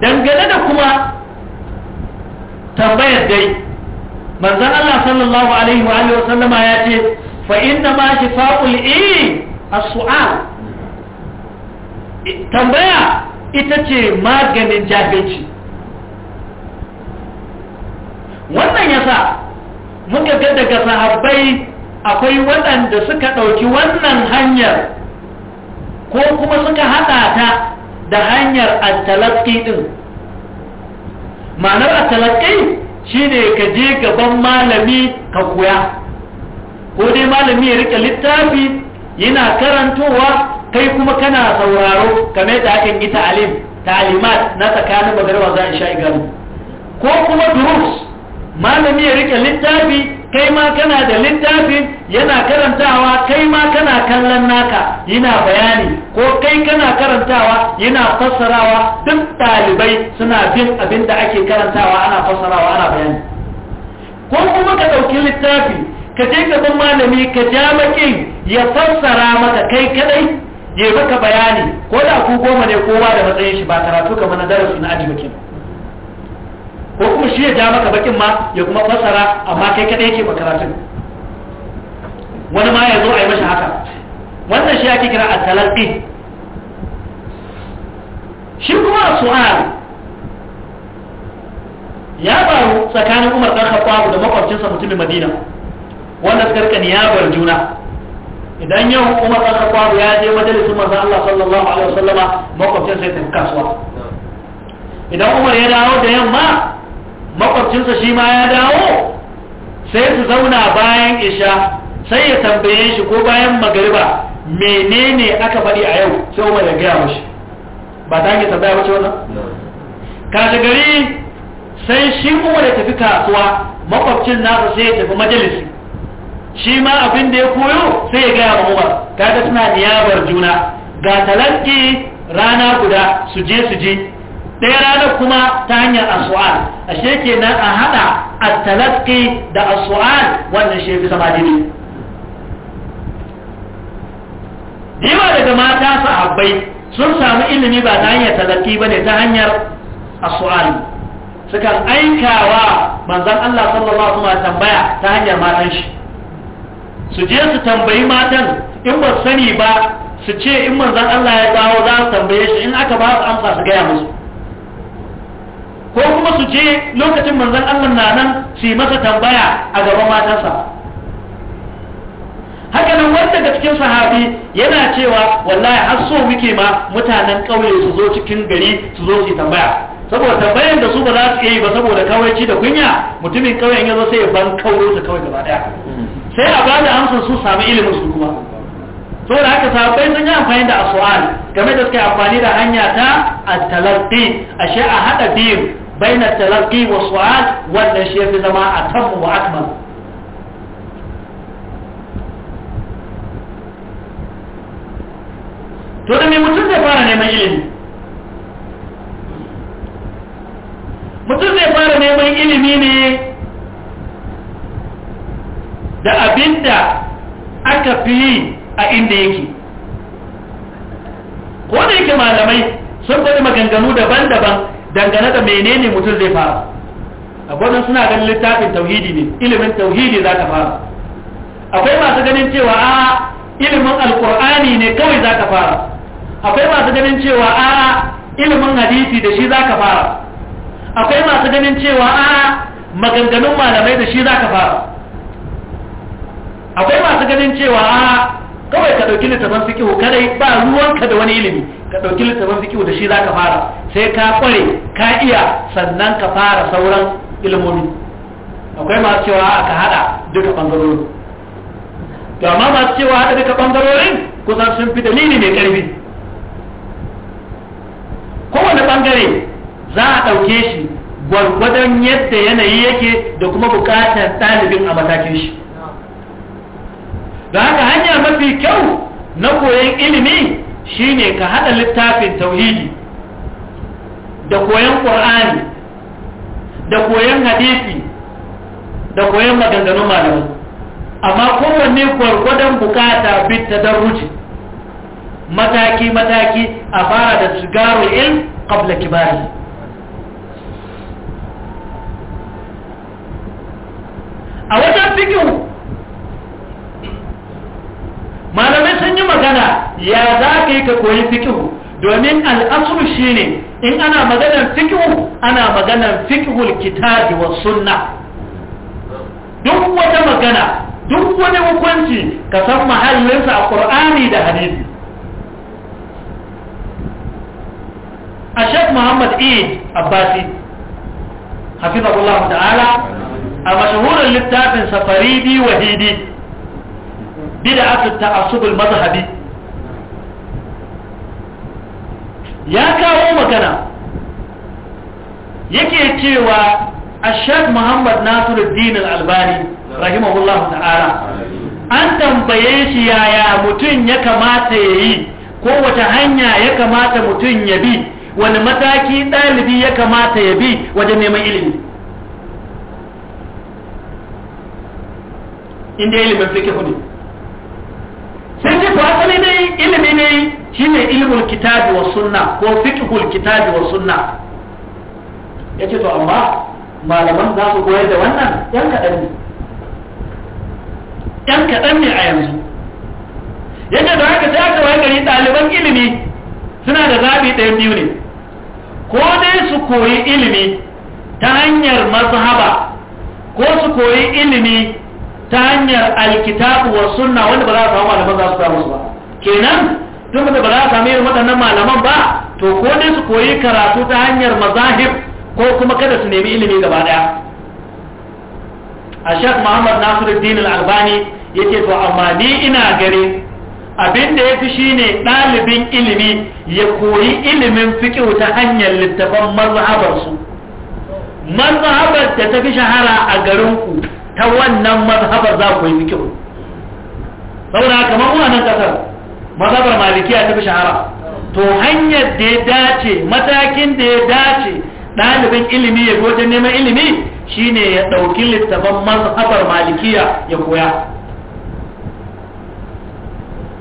dangane da kuma tambayar dai manzon Allah sallallahu alaihi wa alihi wa sallama ya ce fa inna ma shifa'ul ilmi as-su'al tambaya ita ce maganin jahilci wannan ya sa muka ga daga sahabbai akwai waɗanda suka ɗauki wannan hanyar ko kuma suka haɗa ta da hanyar attalafki ɗin ma'anar attalafki shi ne ka je gaban malami ka koya ko dai malami ya rika littafi yana karantowa kai kuma kana sauraro game da hakan yi ta'alim ta'alimat na tsakanin magarba za a sha ko kuma durus malami ya rike littafi kai ma kana da littafin yana karantawa kai ma kana kallon naka yana bayani ko kai kana karantawa yana fassarawa duk ɗalibai suna bin abin da ake karantawa ana fassarawa ana bayani ko kuma ka ɗauki littafi ka je gaban malami ka ja makin ya fassara maka kai kadai ya maka bayani ko da ku goma ne kowa da matsayin shi ba karatu kamar na darasi na aji ko kuma shi ya ja maka bakin ma ya kuma fassara amma kai kada yake makaratun wani ma ya zo a yi mashi haka wannan shi ake kira at-talaqqi shi kuma su'al ya faru tsakanin Umar dan Khattab da makwabcinsa mutumin Madina wanda suka rika niyabar juna idan yau Umar dan Khattab ya je Majalisun manzo Allah sallallahu alaihi wasallama makwabcinsa ya tafi kasuwa idan Umar ya dawo da yamma makwabcinsa shi ma ya dawo sai su zauna bayan isha sai ya tambaye shi ko bayan magariba menene aka faɗi a yau sai umar ya gaya mashi ba ta hanyar tambaya mace wannan kashi gari sai shi umar ya tafi kasuwa makwabcin nasa sai ya tafi majalisi shi ma abin da ya koyo sai ya gaya ma umar kaga suna niyabar juna ga talarki rana guda su je su je ɗaya ranar kuma ta hanyar asu'al a sheke nan a haɗa attalaki da asu'al wannan shefi zama daidai yawa daga mata sahabbai sun samu ilimi ba ta hanyar talaki ba ne ta hanyar asu'al sukan aikawa manzan Allah sallallahu alaihi tambaya ta hanyar matan shi su je su tambayi matan in ba sani ba su ce in manzan Allah ya dawo za su tambaye shi in aka ba su amsa su gaya musu ko kuma su je lokacin manzon Allah na nan su yi masa tambaya a gaban matansa haka nan wani daga cikin sahabi yana cewa wallahi har so muke ma mutanen ƙauye su zo cikin gari su zo su tambaya saboda tambayan da su ba za su iya yi ba saboda kawaici da kunya mutumin ƙauyen ya zo sai ya ban kauro su kawai gaba daya sai a bada amsar su sami ilimin su kuma saboda haka sahabbai sun yi amfani da asu'al game da suka amfani da hanya ta at-talaqqi ashe a haɗa biyu بين التلقي والسؤال والنشير في زمان أتم وأكمل to da mutum zai fara neman ilimi mutum zai fara neman ilimi ne da abinda aka fi yi a inda yake ko da yake malamai sun faɗi maganganu daban-daban dangane da menene mutum zai fara akwai suna ganin littafin tauhidi ne ilimin tauhidi za ka fara akwai masu ganin cewa a ilimin alkur'ani ne kawai za ka fara akwai masu ganin cewa a ilimin hadisi da shi za ka fara akwai masu ganin cewa a maganganun malamai da shi za ka fara akwai masu ganin cewa a kawai ka ɗauki littafin fikihu kadai ba ruwanka da wani ilimi ka ɗauki littafin fikihu da shi za ka fara sai ka kware ka iya sannan ka fara sauran ilmomi akwai masu cewa aka haɗa duka ɓangarori to amma masu cewa haɗa duka ɓangarorin kusan sun fi dalili mai ƙarfi kowane ɓangare za a ɗauke shi gwargwadon yadda yanayi yake da kuma buƙatar ɗalibin a matakin shi da haka hanya mafi kyau na koyon ilimi shine ka hada littafin tauhidi da koyon qur'ani da koyon hadisi da koyon maganganun malamai amma kowanne gwargwadon bukata bit tadarruji mataki mataki a fara da sigaru ilm qabla kibari a wajen fikin malamai sun yi magana ya za ka yi ka koyi fikihu domin al'asuru shi ne in ana maganar fikihu ana maganar fikihul kitabi wa sunna duk wata magana duk wani hukunci ka san mahallinsa a ƙur'ani da hadisi a shek muhammad eid abbasi hafizahullahu ta'ala a mashahurin littafin safaridi wahidi bid'atu ta'assubul mazhabi ya kawo magana yake cewa ashad muhammad nasiruddin al-albani rahimahullahu ta'ala an tambaye shi yaya mutum ya kamata ya yi ko wata hanya ya kamata mutum ya bi wani mataki ɗalibi ya kamata ya bi wajen neman ilimi inda ilimin ne sai ce to asali ne ilimi ne shine ilmul kitabi wa sunna ko fiqhul kitabi wa sunna yace to amma malaman za su koyar da wannan yan kaɗan ne yan kaɗan ne a yanzu yace da haka sai aka waye gari ɗaliban ilimi suna da zaɓi ɗaya biyu ne ko dai su koyi ilimi ta hanyar mazhaba ko su koyi ilimi ta hanyar alkitabu wa sunna wanda ba za a samu malaman za su samu su ba kenan duk da ba za a samu irin waɗannan malaman ba to ko dai su koyi karatu ta hanyar mazahib ko kuma kada su nemi ilimi gaba daya a shek muhammad nasiruddin al-albani yake to amma ni ina gare abin da ya fi shi ne ɗalibin ilimi ya koyi ilimin fiƙi ta hanyar littafan mazhabarsu mazhabar da ta fi shahara a garinku ta wannan mazhabar za ku yi fikihu saboda kamar kuma nan kasar mazhabar malikiya ta fi shahara to hanyar da ya dace matakin da ya dace ɗalibin ilimi ya goje neman ilimi shine ya ɗauki littafan mazhabar malikiya ya koya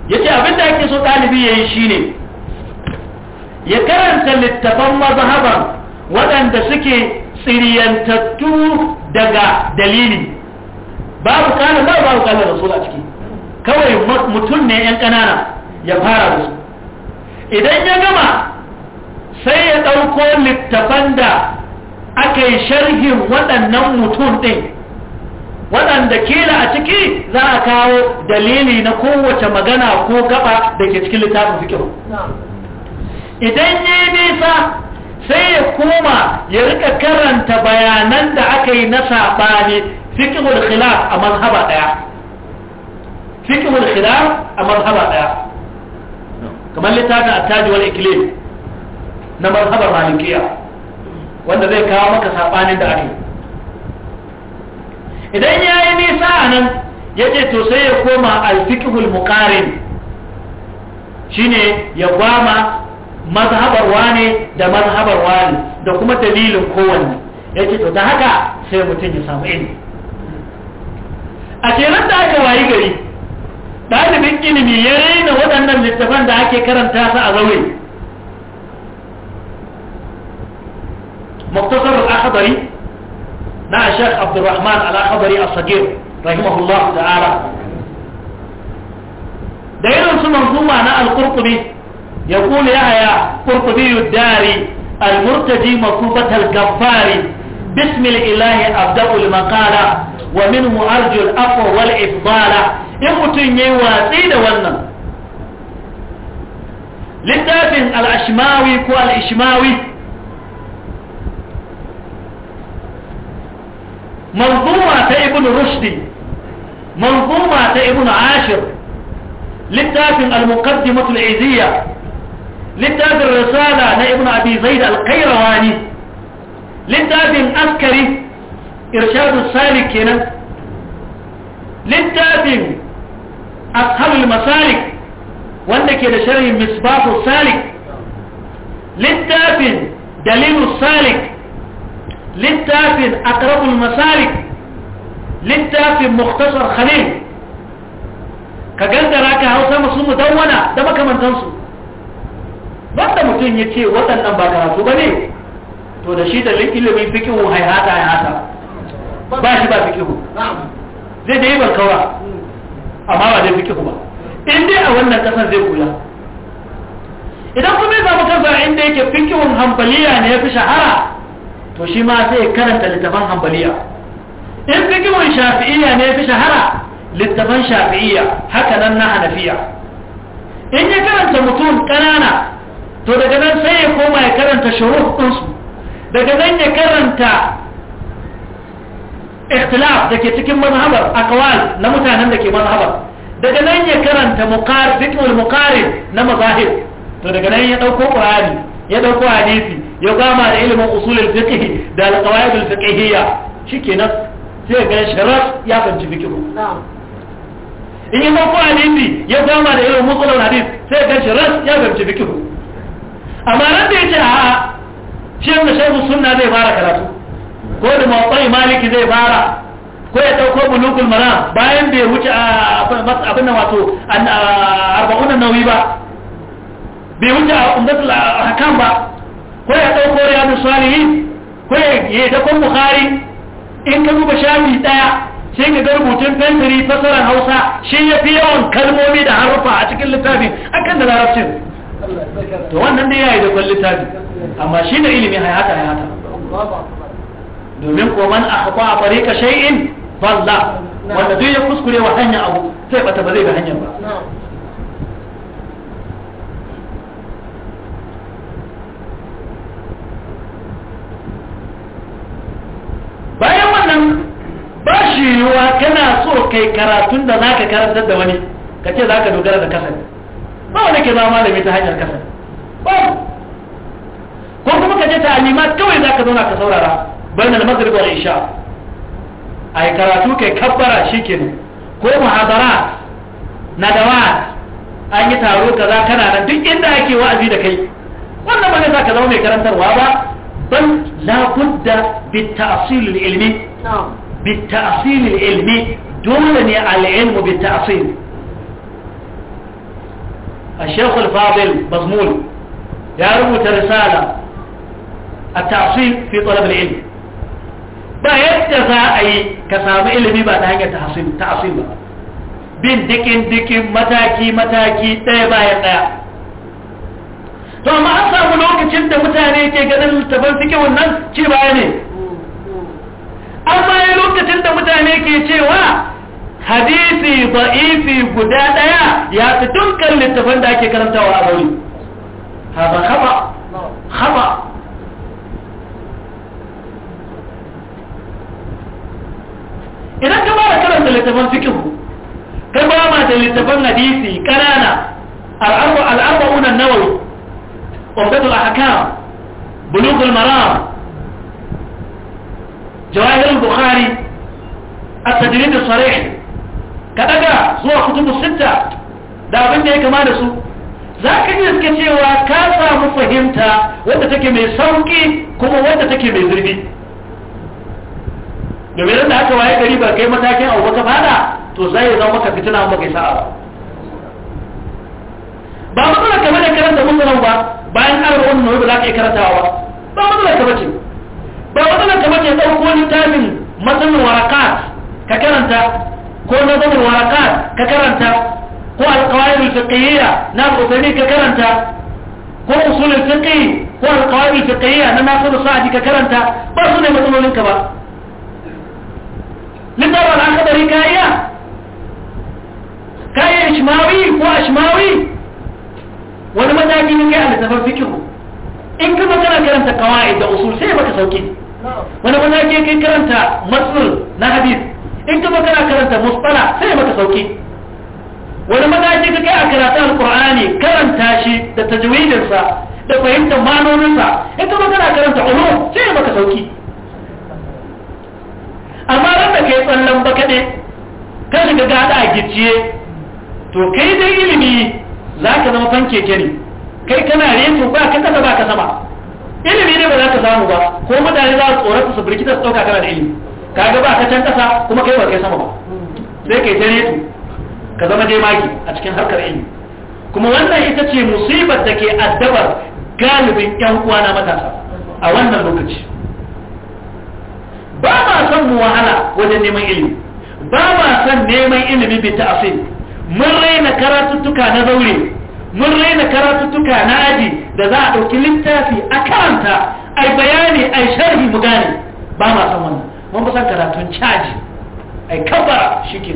ya ce abinda ake so ɗalibi ya yi shine ya karanta littafan mazhabar waɗanda suke tsiriyantattu daga dalili babu kana ba babu kana rasul a ciki kawai mutum ne yan kanana ya fara da su idan ya gama sai ya ɗauko littafan da aka yi sharhin waɗannan mutum ɗin waɗanda kila a ciki za a kawo dalili na kowace magana ko gaba da ke cikin littafin fikiru idan ya nisa sai ya koma ya rika karanta bayanan da aka yi na saɓani fiqhul khilaf a mazhaba daya fiqhul khilaf a mazhaba daya kamar littafin attaji wal iklim na mazhabar malikiya wanda zai kawo maka sabanin da ake idan ya yi nisa a nan ya ce to sai ya koma alfikihul mukarin shine ya gwama mazhabar wane da mazhabar wane da kuma dalilin kowanne ya ce to ta haka sai mutum ya samu ilimi a ce nan da aka wayi gari ɗalibin ilimi عبد الرحمن الأخضري الصغير رحمه الله تعالى دائرة منظومة القرطبي يقول يا يا قرطبي الداري المرتدي مصوبة الكفاري بسم الإله أبدأ المقالة wa minhu arjul aqwa wal ifdala in mutum yayi watsi da wannan littafin al-ashmawi ko al-ishmawi منظومة ابن رشد منظومة ابن عاشر للتافن المقدمة العزية للتافن الرسالة ابن أبي زيد القيرواني للتافن أذكره irshadu salik kenan littafin ashabul masalik wanda ke da sharhin misbahu salik littafin dalilu salik littafin aqrabul masalik littafin mukhtasar khalil ka gangara ka hausa masu mudawwana da makamantansu Wanda mutum ya ce waɗannan ba karatu ba ne to da shi da ilimi fikin haihata haihata ba shi ba fikihu zai da yi barkawa amma ba zai fikihu ba in dai a wannan kasan zai kula idan kuma ya samu kansa inda yake fikihun hambaliya ne ya fi shahara to shi ma sai karanta littafan hambaliya in fikihun shafi'iyya ne ya fi shahara littafan shafi'iyya haka nan na hanafiya in ya karanta mutum ƙanana to daga nan sai ya koma ya karanta shuruf ɗinsu daga nan ya karanta ikhtilaf da ke cikin mazhabar akwal na mutanen da ke mazhabar daga nan ya karanta muqar fiqhul muqarin na mazahib to daga nan ya dauko qur'ani ya dauko hadisi ya gama da ilimin usulul fiqh da alqawaid alfiqhiyya shikenan sai ga sharar ya fanci fiqh in ya dauko hadisi ya gama da ilimin musulul hadis sai ga sharar ya fanci fiqh amma ran da yace a'a, shi ne shehu sunna zai fara karatu ko da mawai maliki zai fara ko ya dauko bulugul mara bayan bai wuce abin nan wato arba'un nawi ba bai wuce umdatul hakan ba ko ya dauko riyadu salihin ko ya dauko bukhari in ka zuba shafi daya sai ka ga rubutun fensiri fasarar hausa shi ya fi yawan kalmomi da harufa a cikin littafin akan da larabcin to wannan dai ya yi da littafi amma shi da ilimi hayata hayata domin ko man ahqa a tariqa shay'in balla wanda duk ya kuskure wa hanya abu sai bata ba zai ga hanyar ba bayan wannan ba shi yiwuwa kana so kai karatun da zaka karantar da wani ka ce zaka dogara da kasar ba wani ke zama malami ta hanyar kasar ba ko kuma ka je ta alimat kawai zaka zauna ka saurara بين المغرب والعشاء اي كراتوك كبر شكل كو محاضرات ندوات اي تارو كذا كان انا دك اندا اكي واعظي دا كاي وانا ما نسا كذا مي كرنتوا با بل لا بد بالتاصيل العلمي نعم. بالتاصيل العلمي دولني العلم بالتاصيل الشيخ الفاضل بزمول يا رب رسالة التأصيل في طلب العلم ba yadda za a yi ka samu ilimi ba ta hanyar ta'asim ba bin dikin dikin mataki mataki ɗaya bayan ɗaya to amma an samu lokacin da mutane ke ganin littafin suke wannan ce baya ne amma ya lokacin da mutane ke cewa hadisi ba'ifi guda ɗaya ya fi dukkan littafin da ake karantawa a bari ha ba haɓa haɓa idan ka fara karanta littafan fikihu ka ba da littafin hadisi ƙanana al'arba'un an-nawawi umdatul ahkam bulugh al-maram jawahir al-bukhari a tajrid da sarih ka daga zuwa kutubu sitta da abin da ya kama da su za ka iya cewa ka samu fahimta wadda take mai sauki kuma wadda take mai zurfi domin da aka waye gari ba kai matakin abu ka fada to zai ya zama maka fitina ba kai sa'a ba matsala kamar da karanta nan ba bayan arba'un nawa ba za ka yi karantawa ba ba matsala kamar ce ba matsala kamar ce ɗauko littafin matsalin warakat ka karanta ko nazarin warakat ka karanta ko alƙawarin fiqhiyya na ƙoƙari ka karanta ko usulul fiqh ko alƙawarin fiqhiyya na nasarar sa'adi ka karanta ba su ne matsalolinka ba littafin al'akadari kariya kayan ishmawi ko ashmawi wani mataki ne kai a littafin fikiru in kuma kana karanta kawai da usul sai baka sauki wani mataki kai karanta masul na hadith in kuma kana karanta mustala sai baka sauki wani mataki kai a karatu alqur'ani karanta shi da tajwidinsa da fahimtar manoninsa in kuma kana karanta sai amma ran da kai tsallan ba kaɗe ka shiga gada a gicciye to kai dai ilimi za ka zama fanke keke ne kai kana reto ba ka kasa ba ka sama ilimi ne ba za ka samu ba ko mutane za su tsorata su birkita su ɗauka kana da ilimi kaga ba ka can kasa kuma kai ba kai sama ba sai kai ta reto ka zama dai maki a cikin harkar ilimi kuma wannan ita ce musibar da ke addabar galibin 'yan uwa na matasa a wannan lokaci ba ma son mu wahala wajen neman ilimi ba ma son neman ilimi bi ta'asir mun raina karatuttuka na zaure mun raina karatuttuka na aji da za a ɗauki littafi a karanta ai bayani ai sharhi mu gane ba ma son wannan mun fi son karatun caji ai kaba shike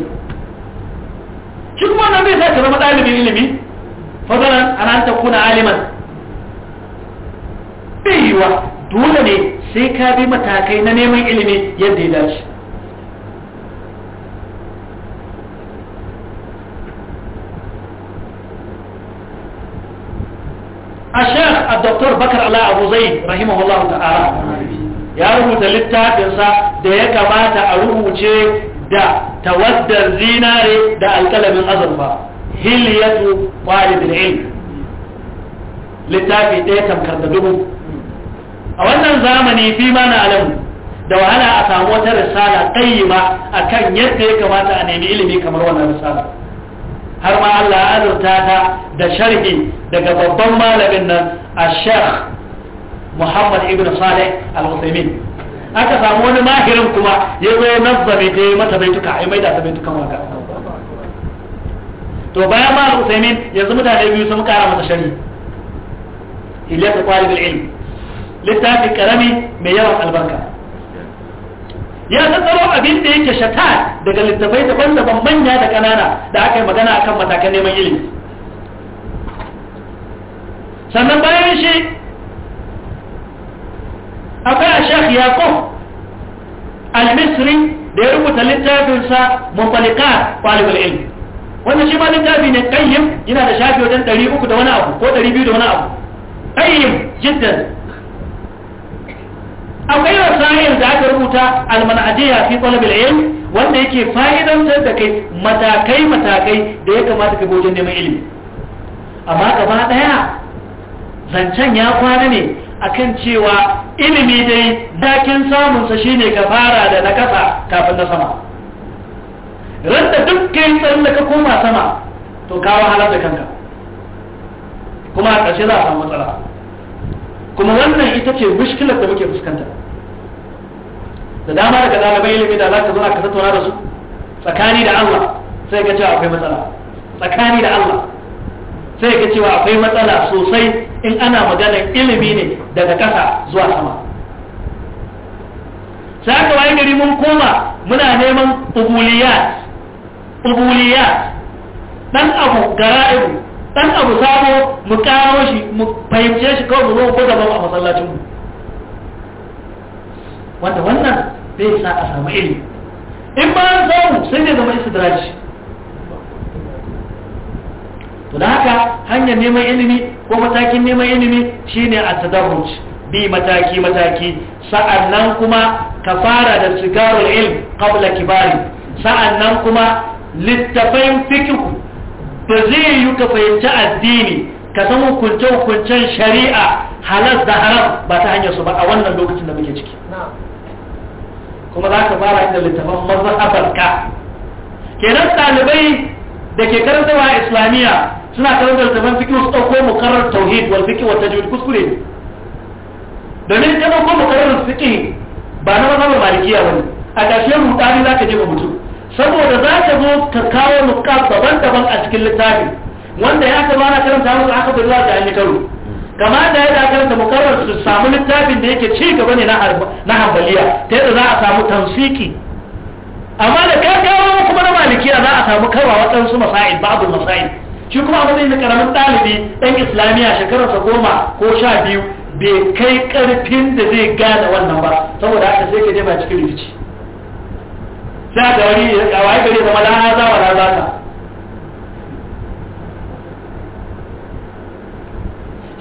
kuma wannan bai sa ka zama ɗalibin ilimi fadalan an ta kuna aliman dole ne sai ka bi matakai na neman ilimi yadda ya dace الشيخ الدكتور بكر الله أبو زيد رحمه الله تعالى ya rubuta littafinsa da ya kamata a rubuce da tawaddar zinare da alkalamin azurfa hiliyatu ƙwalibin ilm ɗaya tamkar da dubu a wannan zamani fi ma na alamu da wahala a samu wata risala a kan yadda ya kamata a nemi ilimi kamar wannan risala har ma Allah azurta ta da sharhi daga babban malamin nan a sheikh Muhammad ibn Saleh al-Uthaymeen aka samu wani mahirin kuma ya zo da mata mata baituka ai da ta baitukan waka to bayan ma al-Uthaymeen yanzu mutane biyu sun kara masa sharhi ilaka qalibul ilm littafi karami mai yawan albarka ya tattaro abin da yake shata daga littafai daban-daban manya da kanana da aka yi magana akan matakan neman ilimi sannan bayan shi akwai a shekh yakub al da ya rubuta littafinsa mutsalika kwalibul ilimi. wannan shi ma littafi ne kayyim yana da shafi wajen 300 da wani abu ko 200 da wani abu kayyim jiddan akwai wasa'il da aka rubuta almanajiya fi talabil ilm wanda yake fa'idantar da kai matakai matakai da ya kamata ka gojin neman ilimi amma gaba daya zancen ya kwana ne kan cewa ilimi dai dakin samunsa sa shine ka fara da na kasa kafin na sama randa duk kai tsarin da ka koma sama to ka wahalar da kanka kuma a ƙarshe za a samu matsala kuma wannan ita ce mushkilar da muke fuskanta da dama daga dalibai ilimi da za ka zauna ka tattauna da su tsakani da Allah sai ka cewa akwai matsala tsakani da Allah sai ka cewa akwai matsala sosai in ana maganar ilimi ne daga ƙasa zuwa sama sai aka waye gari mun koma muna neman ubuliyat ubuliyat dan abu gara'ibu dan abu sabo mu karo shi mu fahimce shi kawai mu zo ko da a masallacin mu wanda wannan zai sa a samu ilimi in ba an samu sai ne zama to da haka hanyar neman ilimi ko matakin neman ilimi shine a tadarruj bi mataki mataki sa'annan kuma ka fara da sigarul ilm qabla kibari sa'annan kuma littafin fikhu ba zai yi ka fahimci addini ka san hukunce-hukuncen shari'a halas da haram ba ta hanyar su ba a wannan lokacin da muke ciki kuma za ka fara inda littafan mazhabarka kenan ɗalibai da ke karantarwa a islamiyya suna karanta littafan fiƙi su ɗauko mukarar tauhid wal fiƙi wata tajwid kuskure ne domin ka ɗauko mukarar fiƙi ba na mazhabar malikiya ba ne a ƙarshen rudani za ka je ba mutum saboda za ka zo ka kawo nukaf daban-daban a cikin littafin wanda ya kama na karanta musu aka bi zuwa da an yi karo kama da ya karanta mukarrar su samu littafin da yake ci gaba ne na hambaliya ta yadda za a samu tansiki amma da ka kawo kuma na malikiya za a samu karwa waɗansu masa'il babu masa'il shi kuma a matsayin karamin ɗalibi ɗan islamiyya shekararsa goma ko sha biyu bai kai ƙarfin da zai gane wannan ba saboda haka sai ka je ba cikin rikici sai ga wani ya kawai gari kuma la haza wa la zaka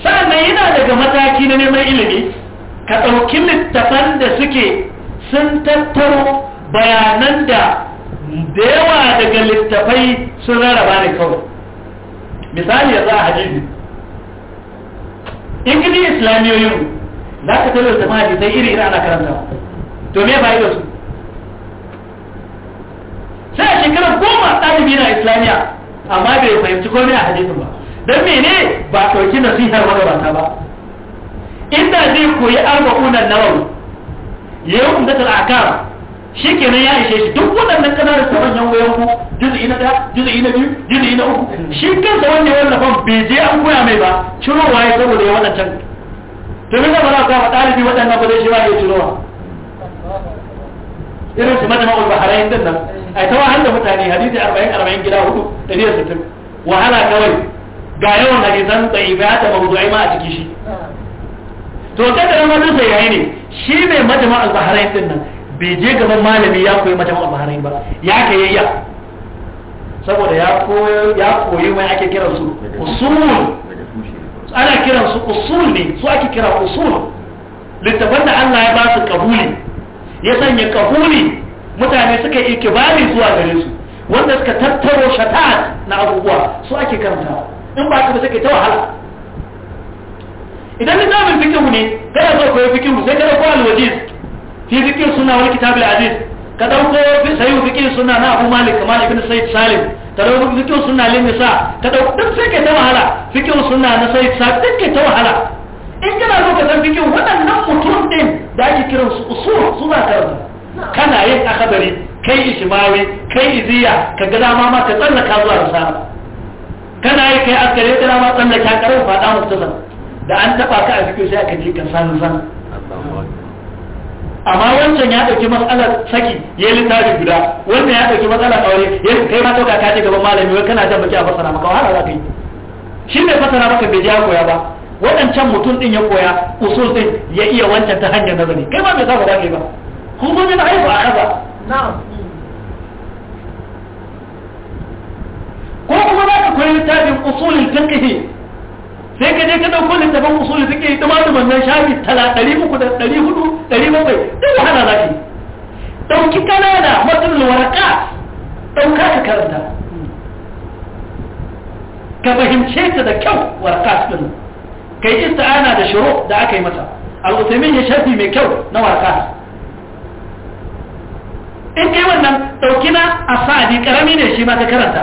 sannan yana daga mataki na neman ilimi ka ɗauki littafan da suke sun tattaro bayanan da da yawa daga littafai sun rarraba ne kawai misali ya za a hajji in islamiyoyin za ka talo da mahadi sai iri iri ana karanta to me fa'ido su sai a shekarar goma ɗalibi na islamiyya amma bai fahimci komai a hadisin ba don mene ba ɗauki nasihar magabata ba inda zai koyi arba'unan nawawi yau umdatul akara shi kenan ya ishe shi duk waɗannan ƙananan saman yan wayan ku juzu'i na ɗaya juzu'i na biyu juzu'i na uku shi kansa wanda ya wallafa bai je an koya mai ba cirowa ya saboda ya waɗancan to me zama za ka ɗalibi waɗannan ba zai shi ba ya cirowa irin su majma'ul bahrain din nan ai ta wahal da mutane hadisi 40 40 gida hudu 160 wahala kawai ga yawan hadisan da'iba da mawdu'ai ma a ciki shi to kada ran wannan sai yayi ne shi ne majma'ul bahrain din nan bai je gaban malami ya koyi majma'ul bahrain ba ya kayayya saboda ya koyo ya koyi mai ake kiran su usul ana kiran su usul ne su ake kira usul littafan da Allah ya ba su kabuli ya sanya kahuli mutane suka yi kibari zuwa gare su wanda suka tattaro shata'at na abubuwa su ake karanta in ba su ba suke ta wahala idan littafin fikihu ne kada zo koyi fikihu sai kada kowa alwajiz fi fikihu suna wani kitabul aziz ka dauko sayu fikihu suna na abu malik kamar ibn sayyid salim ka dauko fikihu suna lin nisa ka dauko duk sai ta wahala fikihu suna na sayyid salim duk ke ta wahala in kana so ka san fikin waɗannan mutum ɗin da ake kiran su usul suna karatu kana yin akabari kai ishimawi kai iziya ka ga dama ma ka tsallaka zuwa sa kana yi kai askare kana ma tsallaka karin faɗa mustazan da an taɓa ka a cikin sai aka ce ka san san amma wancan ya ɗauki matsalar saki ya yi littafi guda wannan ya ɗauki matsalar aure ya kai ma ɗauka ka ce gaban malami wai kana jan baki a fasara maka wahala za ka yi shi mai fasara maka bai ja koya ba waɗancan mutum ɗin ya koya usul ɗin ya iya wancan ta hanyar nazari kai ba mai saba ba ba kuma ne na haifa a raba ko kuma za ka koyi littafin usulin fiqh sai ka je ka dauko littafin usulin fiqh dama da wannan shafi 300 da 400 700 duk wahala zaki dauki kanana matul waraka dauka ka karanta ka fahimce ta da kyau waraka din kai ista'ana da shuru da aka yi masa al ya shafi mai kyau na waka in kai wannan dauki na asadi karami ne shi ma ka karanta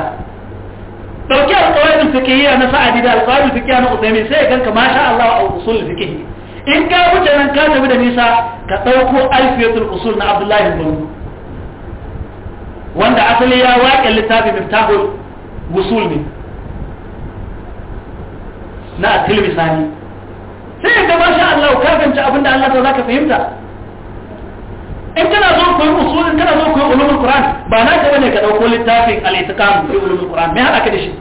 dauki al-qawaid fiqhiyya na sa'adi da al-qawaid fiqhiyya na usaimin sai ganka masha Allah a usul fiqhi in ka wuce nan ka tafi da nisa ka dauko alfiyatul usul na Abdullahi ibn wanda asali ya waƙe littafin miftahul usul ne na misali. sai ka ba shi Allah ka fahimci abin da Allah ta zaka fahimta in kana zo koyi usulin kana zo koyi ulumul Qur'an ba na ka bane ka dauko littafin al-itqam fi ulumul Qur'an me haka da shi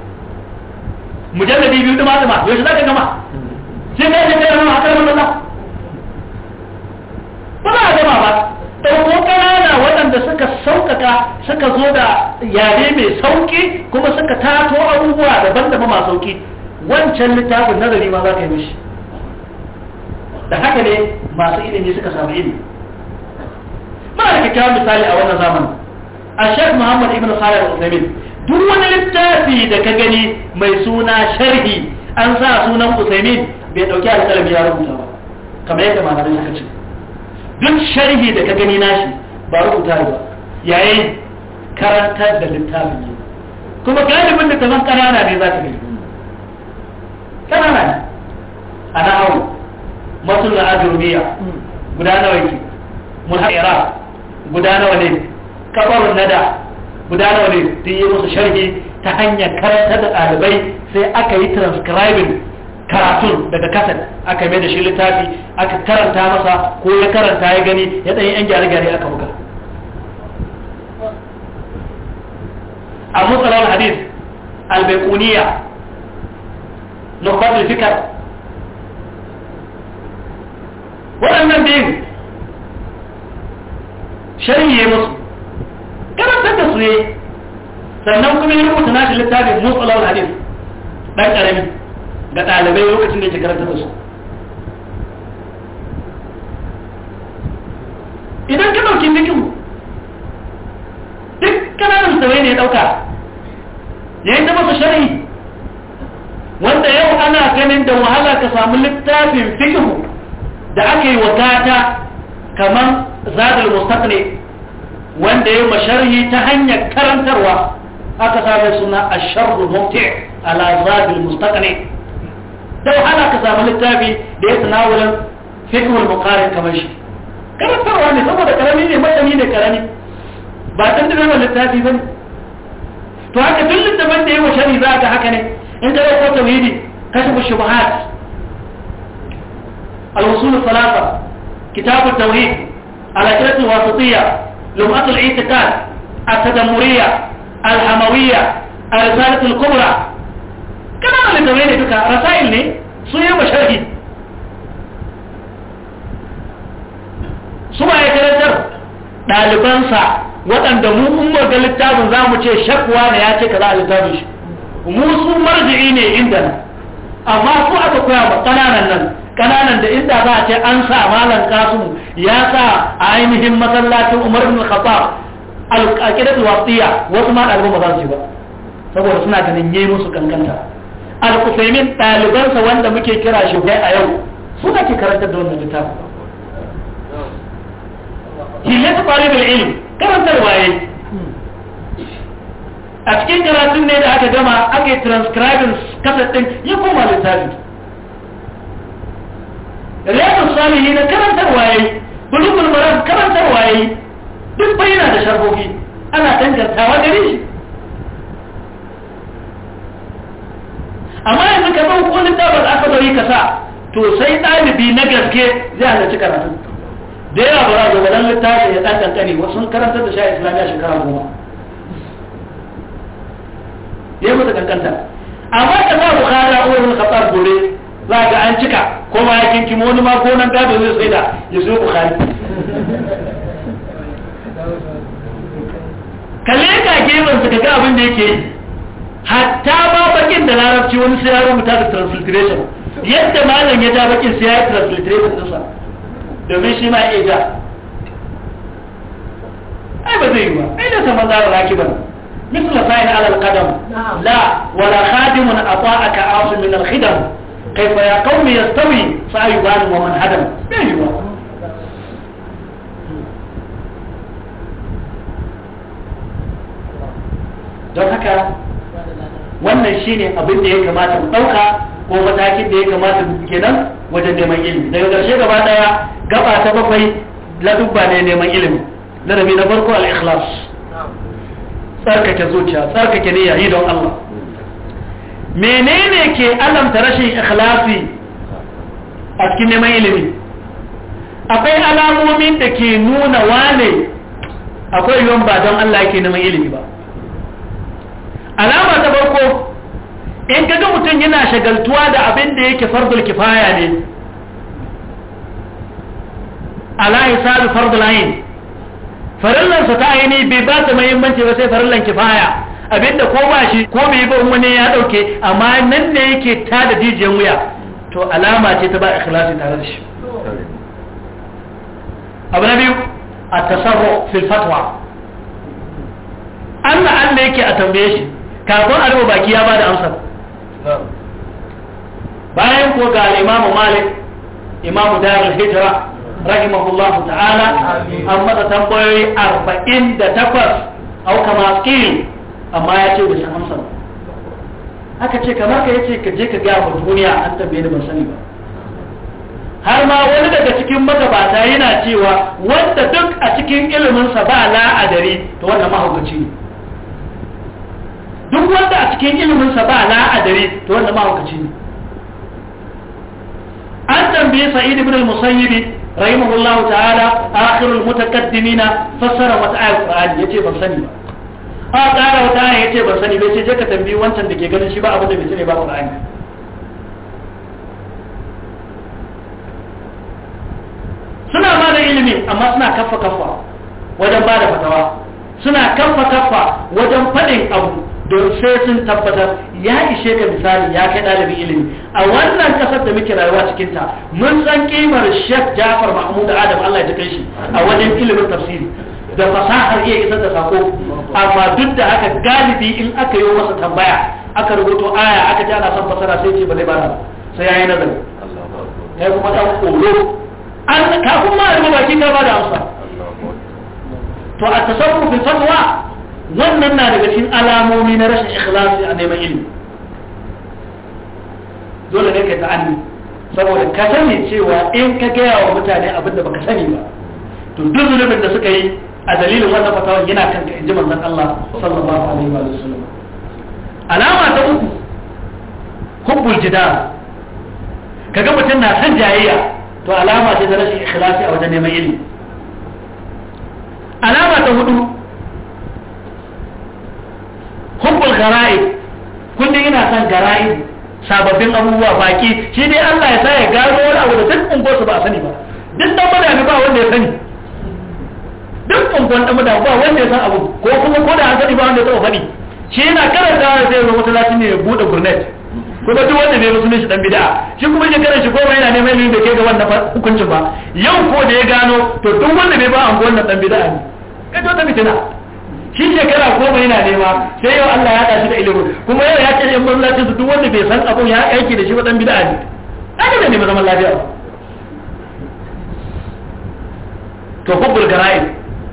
mujalladi biyu da malama yau zaka gama sai ka je ka rama akan Allah ba za a gama ba dauko na waɗanda suka sauƙaƙa suka zo da yare mai sauƙi kuma suka tato abubuwa daban-daban masu sauƙi wancan littafin nazari ma za ka yi mishi da haka ne masu ilimi suka samu ilimi muna da kyakkyawan misali a wannan zamanin a shek muhammad ibn salih al-usamin duk wani littafi da ka gani mai suna sharhi an sa sunan usamin bai dauki alƙalami ya rubuta ba kamar yadda malamin suka ce duk sharhi da ka gani nashi ba rubuta ba yayin karantar da littafin ne kuma galibin da kaman ƙanana ne za ka gani tana nan a masu masul al'adurmiya guda nawa yake mulhaira guda nawa ne kabarun nada guda nawa ne duk yi musu sharhi ta hanyar karanta da ɗalibai sai aka yi transcribing karatun daga kasar aka mai da shi littafi aka karanta masa ko ya karanta ya gani ya yi 'yan gyare-gyare aka buga a mutsalar hadis albaikuniya nukwar fikar waɗannan biyun shari'i musu karantar da su yi sannan kuma ya rubuta nashi littafin mutsalawar hadis ɗan ƙarami ga ɗalibai lokacin da ya karanta da su idan ka ɗauki fikin duk kananan tsawai ne ya ɗauka ya yi ta masu shari'i wanda yau ana ganin da wahala ka samu littafin fikihu da ake yi wakata kamar zadal mustaqni wanda ya masharhi ta hanyar karantarwa aka samu suna a asharru mumti ala zadal mustaqni da wahala ka samu littafi da ya tunawulan fikihul muqarin kamar shi karantarwa ne saboda karami ne matani ne karami ba tantance littafi bane to haka duk littafin da ya masharhi za ka haka ne انت لو قلت ويدي كتب الشبهات الوصول الثلاثة كتاب التوحيد على ل الواسطية ج لغه الاعتقاد ا ل ت د م ر ي ة ا ل ح م و ي ة ا ل ر س ا ل ة الكبرى كما ا ل ت و ي ن بك رسائل لي صيغ بشرهي mu su marji'i ne inda nan amma su aka koya ba kananan nan kananan da inda za a ce an sa malam kasu ya sa a ainihin masallacin umar ibn khattab alqaqidatul wasiya wasu ma ɗaliban ba za su ci ba saboda suna ganin yayi musu kankanta al-Qusaymin ɗalibansa wanda muke kira shi bai a yau suna ke karanta da wannan littafin hilatu talibul ilm da waye a cikin karatun ne da aka gama aka yi transcribing kasar ɗin ya koma littafi riyadun salihi na karantar waye yi bulugul karantar waye, duk yi duk bayyana da sharhohi ana dangantawa gare shi amma yanzu ka zan ko littafin da aka bari ka sa to sai ɗalibi na gaske zai halarci karatun da yawa ba za a zo littafin ya ɗan ƙanƙani wasu karantar da sha islamiyya shekara goma ya masa kankanta amma da za ku kara umar bin khattab gore za ga an cika ko ma yakin kinkimo wani ma ko nan gado zai sai da ya zo bukhari kalle ka gefen su ga abin da yake yi hatta ba bakin da larabci wani sai ya rubuta da transliteration yadda malam ya ja bakin sai ya yi transliteration sa domin shi ma ya ja ai ba zai yi ba ai da sama zara laki ba مثل فاعل على القدم لا ولا خادم أطاعك عاص من الخدم كيف يا قوم يستوي فأيوان ومن هدم أيوة don haka wannan shi ne abin da ya kamata mu ɗauka ko matakin da ya kamata mu kenan wajen neman ilimi daga ƙarshe gaba ɗaya gaba ta bakwai ladubba ne neman ilimi ladabi na farko al-ikhlas tsarkake zuciya tsarkake ne yayi don Allah menene ke alamta rashin ikhlasi a cikin neman ilimi akwai alamomin da ke nuna wane akwai yawan ba don Allah yake neman ilimi ba alama ta farko in kaga mutum yana shagaltuwa da abin da yake fardul kifaya ne ala hisabi fardul ayin farallan sa ta aini bai ba ta muhimmanci ba sai farallan kifaya abinda ko ba shi ko bai ba wani ya dauke amma nan ne yake ta da dijiyan wuya to alama ce ta ba ikhlasi tare da shi abu na biyu at-tasarru fil fatwa Allah Allah yake a tambaye shi kafin a rubuta baki ya bada amsar bayan ko ga imamu malik imamu darul hijra rahimahullahu ta'ala an masa tambayoyi arba'in da takwas au kama qil amma ya ce bai san amsa ba aka ce kamar ka yace ka je ka ga wa duniya an tambaye ni ban sani ba har ma wani daga cikin magabata yana cewa wanda duk a cikin iliminsa ba la'adari to wannan mahaukaci ne duk wanda a cikin iliminsa ba la'adari to wannan mahaukaci ne an tambaye sa'id ibn al-musayyib rahimahullahu ta'ala akhirul mutakaddimina fassara wata ayar qur'ani yace ban sani ba a ƙara wata ayar yace ban sani ba yace je tambayi wancan da ke ganin shi ba abin da bai sani ba qur'ani suna ba ilimi amma suna kaffa wajen fatawa suna wajen faɗin abu don sai sun tabbatar ya ishe ka misali ya kai ɗalibin ilimi a wannan ƙasar da muke rayuwa cikin ta mun san kimar Sheikh Jafar Mahmud Adam Allah ya kai shi a wajen ilimin tafsiri da fasahar iya isar da sako amma duk da haka galibi in aka yi masa tambaya aka rubuto aya aka ji ana son fasara sai ce ba zai bada sai yayi nazari kai kuma dan koro an ka kuma rubuta baki ka da amsa to a tasarrufi fatwa wannan na daga cikin alamomi na rashin ikhlasi a neman ilimi dole ne ka ta'anni saboda ka sani cewa in ka gaya wa mutane abin da baka sani ba to duk zunubin da suka yi a dalilin wannan fatawa yana kanka in ji manzon Allah sallallahu alaihi wa sallam alama ta uku hubbul jidal kaga mutum na san jayayya to alama ce ta rashin ikhlasi a wajen neman ilimi alama ta hudu hubbul Kun dai ina son gara'id sababbin abubuwa baki shi dai Allah ya sa ya gano wani abu da duk ungo su ba a sani ba duk dan ne ba wanda ya sani duk ungon dan madami ba wanda ya san abu ko kuma ko da an sani ba wanda ya taba sani shi yana karanta sai zai zo masallaci ne ya bude gurnet kuma duk wanda bai musulun shi dan bid'a shi kuma yake karanta shi goma yana neman yin da ke ga wannan hukuncin ba yau ko da ya gano to duk wanda bai ba an wannan dan bid'a ne kai to ta fitina shi shekara goma yana nema sai yau Allah ya tashi da ilimin kuma yau ya ce yan masallacin su duk wanda bai san abun ya aiki da shi wadan bid'a ne aka da nema zaman lafiya to hubbul gara'ib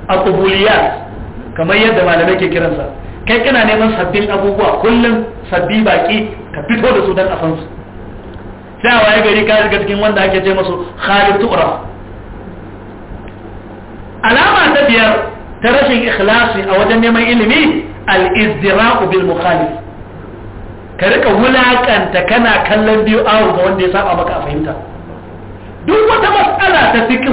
a kamar yadda malamai ke kiransa kai kana neman sabbin abubuwa kullum sabbi baki ka fito da su dan a san su sai a waye gari ka shiga cikin wanda ake ce masu khalid tu'ra alama ta biyar ta rashin ikhlasi a wajen neman ilimi al-izdira'u bil mukhalif ka rika wulakanta kana kallon biyu awu ga wanda ya saba maka a fahimta duk wata mas'ala ta fiqh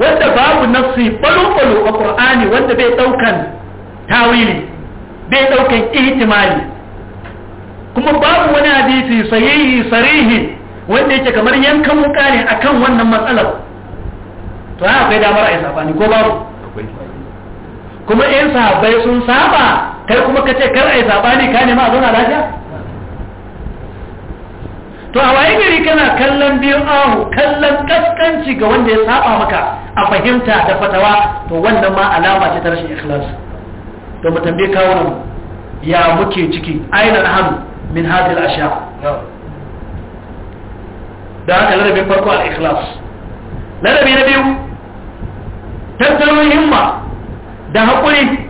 wanda babu nafsi balu-balu a Kur'ani, wanda bai ɗaukan tawili bai ɗaukan ihtimali kuma babu wani hadisi sahihi sarihi wanda yake kamar yankan wuka ne akan wannan matsalar to ya akwai damar a yi ko babu kuma yan sahabbai sun saba kai kuma ka ce kar a yi sabani ka nema a zauna lafiya to a waye gari kana kallon biyun ahu kallon kaskanci ga wanda ya saba maka a fahimta da fatawa to wannan ma alama ce ta rashin ikhlas to mu tambaye kawo ya muke ciki aina alhamdu min hadhihi al da haka ladabin farko al-ikhlas ladabi na biyu tattalin himma da haƙuri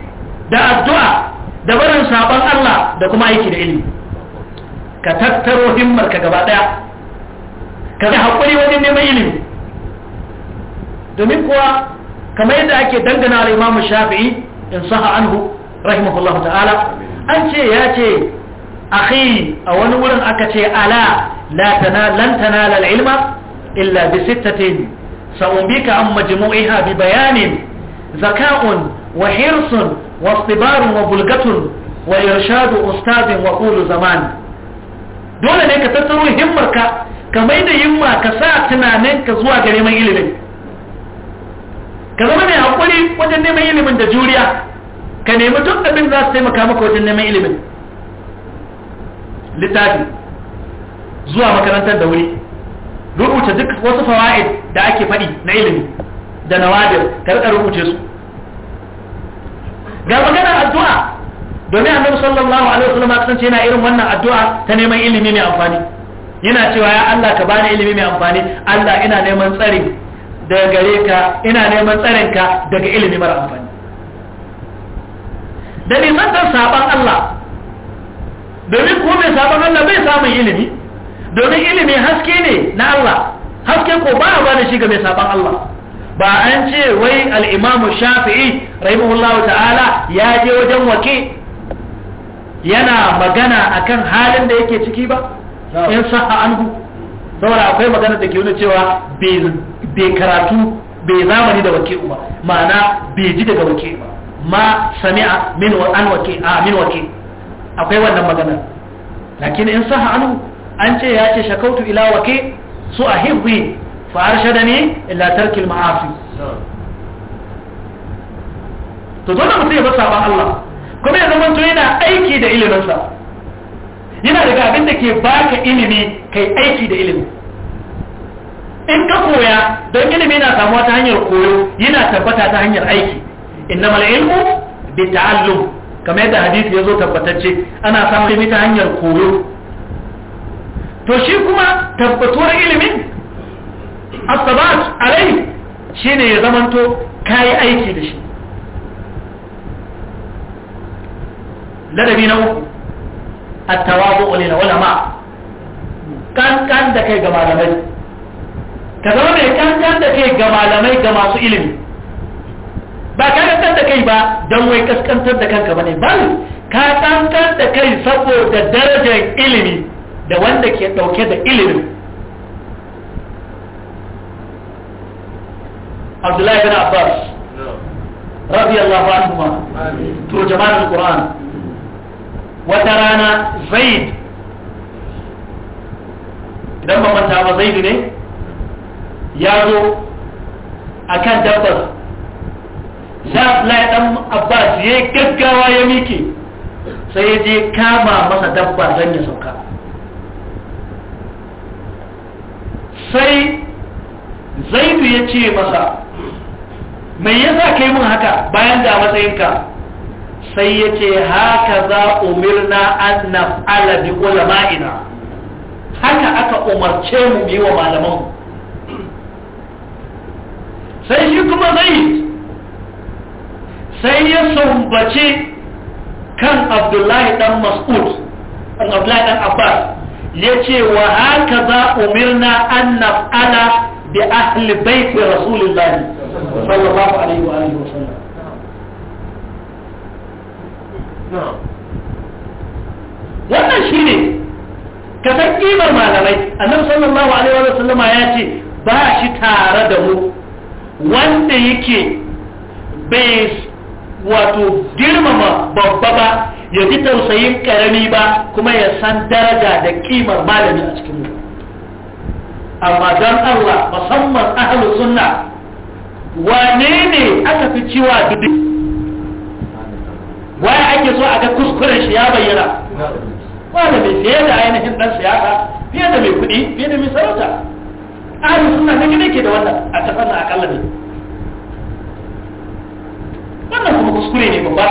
da addu'a da barin sabon Allah da kuma aiki da ilimi ka tattaro himmar ka gaba ɗaya ka ga haƙuri wajen neman ilimi domin kuwa kamar yadda ake dangana da imamu shafi'i in saha anhu rahimahullahu ta'ala an ce ya ce akhi a wani wurin aka ce ala la lan ilma illa bi sittatin sa'umbika an majmu'iha bi bayanin zaka'un وحرص واصطبار وبلغة وإرشاد أستاذ وقول زمان دولة نيكا تتروي همركا كما إذا يما كسا تنانين كزوا جريما إلمين كزمان يحقولي وجن نيما إلمين دا جوليا كنيما تبقى من ذات سيما كامك وجن نيما إلمين littafi zuwa makarantar تدولي wuri rubuta duk wasu fawa'id da ake faɗi na ilimi da nawadir ka rubuce su ga magana addu'a domin annabi sallallahu alaihi wasallam ya kasance yana irin wannan addu'a ta neman ilimi mai amfani yana cewa ya Allah ka bani ilimi mai amfani Allah ina neman tsare daga gare ka ina neman tsaren ka daga ilimi mara amfani da neman san saban Allah domin ko mai saban Allah bai samun ilimi domin ilimi haske ne na Allah haske ko ba ba bani shi ga mai saban Allah ba an ce wai al'imamu shafi'i rahimahullahu ta'ala ya je wajen wake yana magana akan halin da yake ciki ba in sa'a anhu saboda akwai magana da ke nuna cewa bai karatu bai zamani da wake ba ma'ana bai ji daga wake ba ma sami'a min an wake a min wake akwai wannan magana lakin in saha anhu an ce ya ce shakautu ila wake su ahibbi wa arshadani illa tarkil ma'asi to dole mutum ya basa saban Allah kuma ya zama to yana aiki da iliminsa yana daga abin da ke baka ilimi kai aiki da ilimi in ka koya don ilimi na samuwa ta hanyar koyo yana tabbata ta hanyar aiki innamal ilmu bi ta'allum kamar yadda hadisi ya zo tabbatacce ana samun ilimi ta hanyar koyo to shi kuma tabbatuwar ilimin asabat alai ne ya zamanto kayi aiki da shi ladabi na uku a at-tawabu lil ulama kankan da kai ga malamai ka zama mai kankan da kai ga malamai ga masu ilimi ba ka kankan da kai ba don wai kaskantar da kanka ba ne ba ka kankan da kai saboda darajar ilimi da wanda ke dauke da ilimin abdullahi bin abbas radiyallahu anhuma to jama'ar alquran wata rana zaid idan ba manta ba zaid ne ya zo a akan dabbar sai abdullahi dan abbas ya gaggawa ya miƙe sai ya je kama masa dabbar don ya sauka sai zaidu ya ce masa mai yasa ka yi mun haka bayan da a matsayinka sai ya ce haka za umirna an naf'ala bi ulama'ina haka aka umarce mu yi wa malaman sai shi kuma zaid sai ya sumbace kan abdullahi dan mas'ud abdullahi dan abbas ya ce wa haka za umirna an naf'ala بأهل بيت رسول الله صلى الله عليه وآله وسلم نعم wannan shi ne ka san kimar malamai annabi sallallahu alaihi wa sallama ya ce ba shi tare da mu wanda yake bai wato girmama babba ba ya ji tausayin karami ba kuma ya san daraja da ƙimar malami a cikin mu amma dan Allah musamman ahlus sunna wane ne aka fi ciwa dubi waye ake so a ga kuskuren shi ya bayyana wanda mai fiye da ainihin dan siyasa fiye da mai kuɗi fiye da mai sarauta ahlus sunna ne ne ke da wannan a kasar na akalla ne wannan kuma kuskure ne babba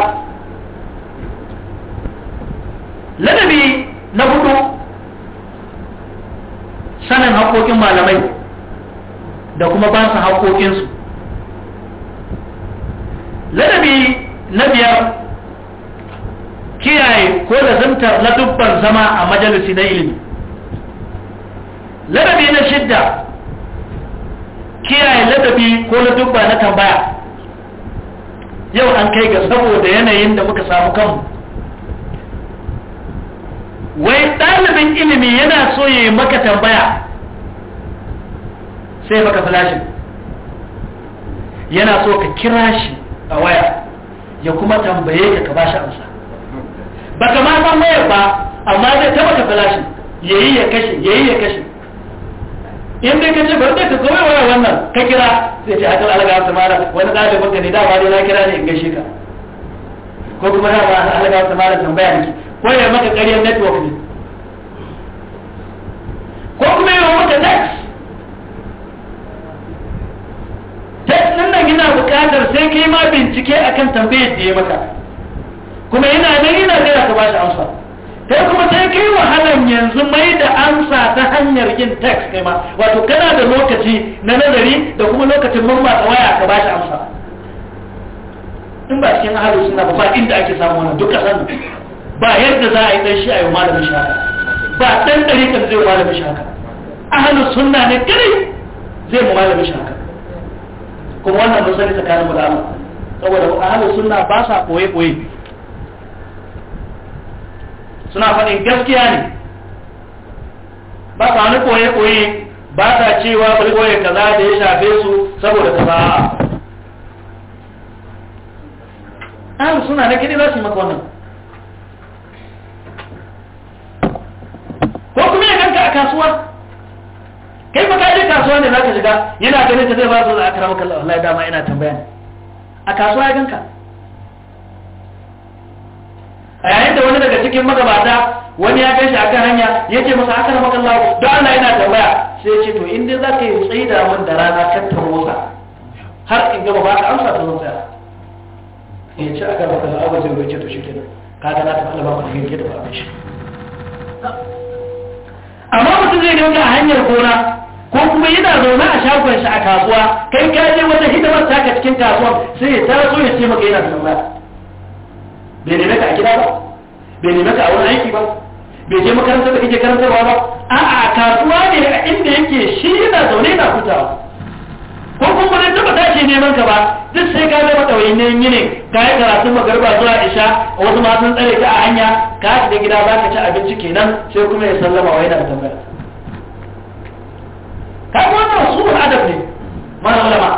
ladabi na hudu sanin haƙoƙin malamai da kuma ba su haƙoƙinsu ladabi na biyar kiyaye ko lazimtar na dubban zama a majalisi na ilimi ladabi na shidda kiyaye ladabi ko na dubba na tambaya yau an kai ga saboda yanayin da muka samu kanmu wai ɗalibin ilimi yana so ya yi maka tambaya sai maka flashin yana so ka kira shi a waya ya kuma tambaye ka ka bashi amsa ba ka ma san wayar ba amma zai ta maka flashin yi ya kashe yi ya kashe in dai ka ce bari ka zo waya wannan ka kira sai ce hakan alaga wasu mara wani ɗalibin ka ne dama dai na kira ne in gaishe ka ko kuma dama alaga wasu mara tambaya ne Waya maka ƙaryar network ne ko kuma wa maka net text nan nan yana buƙatar sai kai ma bincike akan tambayar da ya maka kuma yana nan yana jira ka bashi amsa kai kuma sai kai halin yanzu mai da amsa ta hanyar yin text kai ma wato kana da lokaci na nazari da kuma lokacin mamma waya ka bashi amsa in ba cikin halin suna ba ba inda ake samu wannan duk sannu. ba yadda za a yi dan shi a yi malamin shaka ba dan kan zai malamin shaka ahalin sunna ne kadai zai mu malamin shaka kuma wannan mun sani tsakanin mulama saboda ahalin sunna ba sa ɓoye-ɓoye suna faɗin gaskiya ne ba sa wani ɓoye-ɓoye ba sa cewa bari ɓoye kaza da ya shafe su saboda kaza ahalin sunna ne kadai za su yi maka wannan ko kuma ya ganka a kasuwa kai fa ka je kasuwa ne zaka shiga yana ganin ka zai ba su da a kira maka wallahi dama ina tambaya ne a kasuwa ya ganka a yayin da wani daga cikin magabata wani ya gaishe shi akan hanya ya ce masa aka maka Allah don Allah yana tambaya sai ya ce to in dai zaka yi tsida min da rana kan tarwasa har in gaba ba ka amsa ta zan tsaya ya ce aka maka Allah wajen bai ce to shi kenan ka ga na ta Allah ba ku da yanke da ba shi amma mutum zai dinga a hanyar gona ko kuma yana zaune a shagon shi a kasuwa kai ka je wata hidimar taka cikin kasuwa sai ya so ya ce maka yana zaune bai nemi ka a gida ba bai nemi ka a wurin aiki ba bai je makarantar da kake karantarwa ba a'a kasuwa ne a inda yake shi yana zaune yana hutawa ko kuma ba zai taba tashi neman ka ba duk sai ka zama ɗauyin yi ne ka yi karatun magarba zuwa isha a wasu ma sun tsare ka a hanya ka da gida za ka ci abinci kenan sai kuma ya sallama wa yana tambaya ka ga wannan su adab ne mara ulama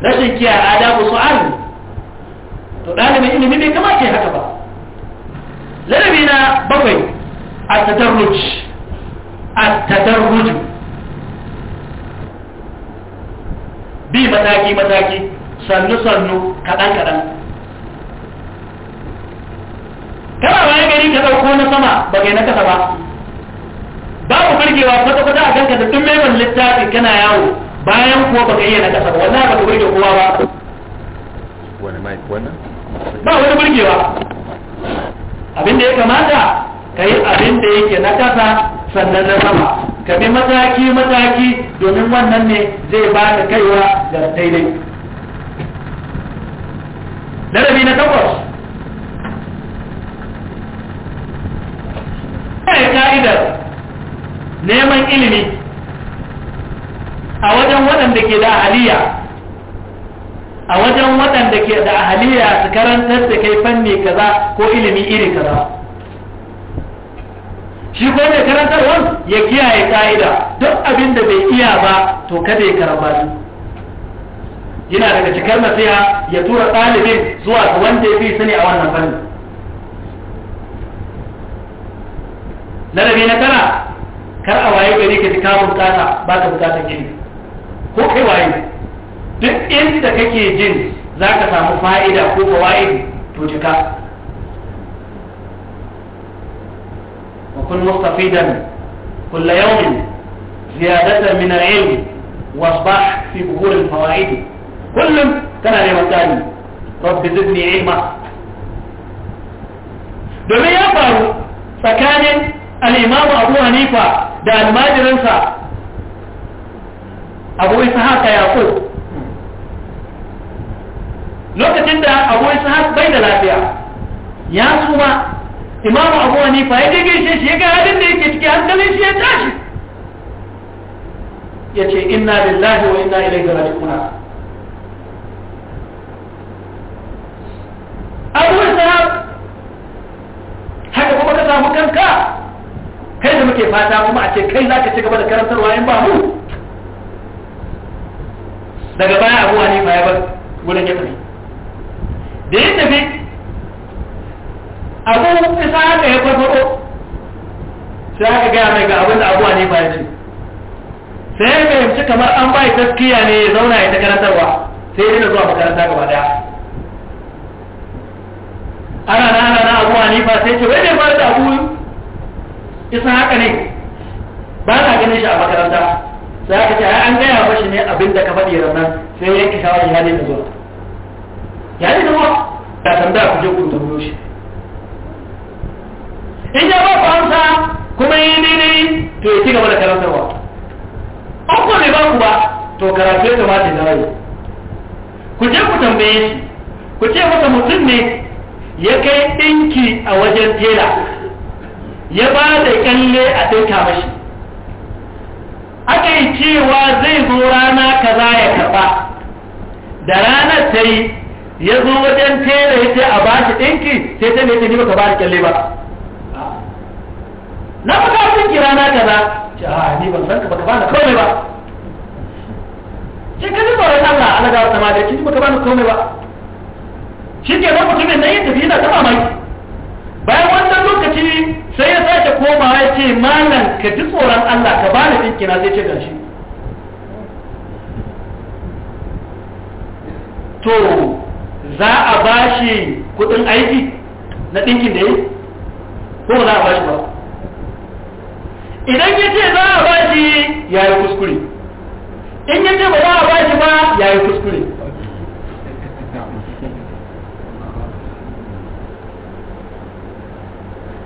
rashin kiyaye adabu an to ɗalibin ilimi bai kamata ya haka ba ladabi na bakwai a tadarruj a tadarruju bi mataki mataki sannu sannu kaɗan kaɗan kana bayan gari ka ɗauko na sama ba kai na kasa ba babu burgewa kwata kwata a ganka da tun maimakon littafin kana yawo bayan kuwa ba iya na kasa ba wannan ba ka burge kowa ba ba wani burgewa abinda ya kamata ka yi abinda yake na kasa sannan na sama ka bi mataki mataki domin wannan ne zai ba ka kaiwa ga daidai larabi na takwas kai ka'idar neman ilimi a wajen waɗanda ke da a wajen waɗanda ke da ahaliya su karantar da kai fanni kaza ko ilimi iri kaza shi ko mai karantarwar ya kiyaye ka'ida duk abin da bai iya ba to kada ya karamba su yana daga cikar nasiha ya tura ɗalibin zuwa ga wanda ya fi sani a wannan fannin ladabi na tara kar a waye gari ka ji kamun kasa ba ka bukatar gini, ko kai waye duk inda kake jin za ka samu fa'ida ko ka waye to jika وكن مستفيدا كل يوم زيادة من العلم واصبح في بهور الفوائد كل كان لما تاني رب زدني علما دمي يفعل فكان الإمام أبو هنيفة ده الماجر انسى أبو إسحاق يقول لو كنت أبو إسحاق بين الأبياء يا سوما imamu abu fa ya je gaishe shi ya ga halin da yake ciki hankalin shi ya tashi ya ce inna lillahi wa inna ilaihi raji'un abu sahab haka kuma ka samu kanka kai da muke fata kuma a ce kai za ka ci gaba da karantarwa in ba mu daga baya abu fa ya bar gurin ya tafi da ya tafi abu isa haka ya farfado sai aka gaya mai ga abin da abuwa ne ba ya ce sai ya fahimci kamar an bai taskiya ne ya zauna ya ta karantarwa sai ya zuwa makaranta gaba daya ana na ana na abuwa ne ba sai ce wai ne ba da abu isa haka ne ba na ganin shi a makaranta sai aka ce an gaya ba shi ne abin da ka faɗi ranar sai ya yanke shawarar ya ne da zuwa ya ne da zuwa da sanda ku je ku tambayo shi in ya ba ku kuma yi ne to ya ci gaba da karantarwa ko ne ba ku ba to karatu ya kamata ya dawo ku je ku tambaye shi ku ce masa mutum ne ya kai ɗinki a wajen tela ya ba da kyalle a ɗinka mashi aka yi cewa zai zo rana kaza ya karɓa da ranar ta yi ya zo wajen tela ya ce a ba shi ɗinki sai ta ne ta ba ka ba da kyalle ba na fi ka san kira na kaza ce a ni ban san ka baka bani komai ba ce ka tsoron Allah ala ga wata mata ki baka bani komai ba shi ke nan mutumin nan ya tafi yana ta mamaki bayan wannan lokaci sai ya sake komawa ya ce malam ka ji tsoron Allah ka bani ɗinki na sai ce gashi to za a bashi kuɗin aiki na ɗinkin da yi ko ba za a bashi ba idan ya ce za a bashi ya yi kuskure in ya ce ba za a bashi ba ya yi kuskure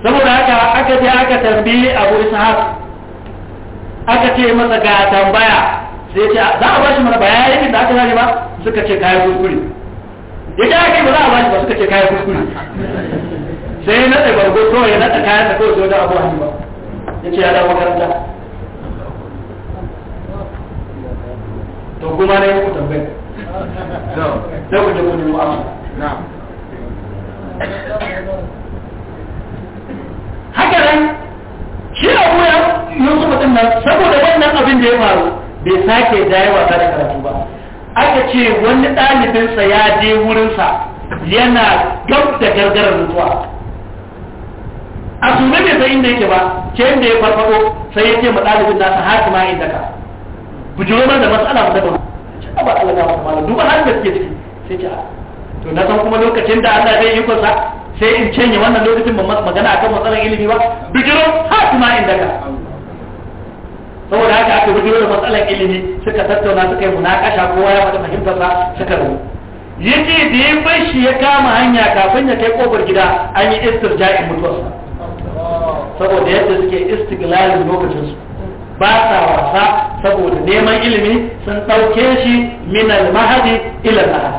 saboda haka aka je aka tambayi abu ishaq aka ce masa ga tambaya sai ya ce za a bashi mana bayanin da aka zane ba suka ce kayan kuskure ya ce aka yi ba za a bashi ba suka ce kayan kuskure sai na tsaye bargo kawai na tsaye kayan da kawai sai wajen abu hannu ba ya ya dawo makaranta to kuma ne, ku ku tambayi da ku je ku mu amsa haka nan shi da kuma yanzu mutum nan saboda wannan abin da ya faru bai sake da wa wasa da karatu ba aka ce wani ɗalibinsa ya je wurinsa yana gab da gargara mutuwa a tsume bai sai inda yake ba ke inda ya farfado sai ya ce ma ɗalibin nasa haki ma inda ka bujiro man da matsala mu daga ce ba Allah ya masa malam duba halin da suke ciki sai ce ah, to na san kuma lokacin da Allah zai yi kusa sai in canye wannan lokacin ban masa magana akan matsalar ilimi ba bujiro haki ma inda ka saboda haka aka bujiro da matsalar ilimi suka tattauna suka yi munakasha kowa ya mata fahimtarsa suka rubuta yace da ya bar shi ya kama hanya kafin ya kai kofar gida an yi istirja'in mutuwarsa saboda yadda suke istiglalin lokacinsu ba sa wasa saboda neman ilimi sun ɗauke shi min al-mahadi ila al-ahad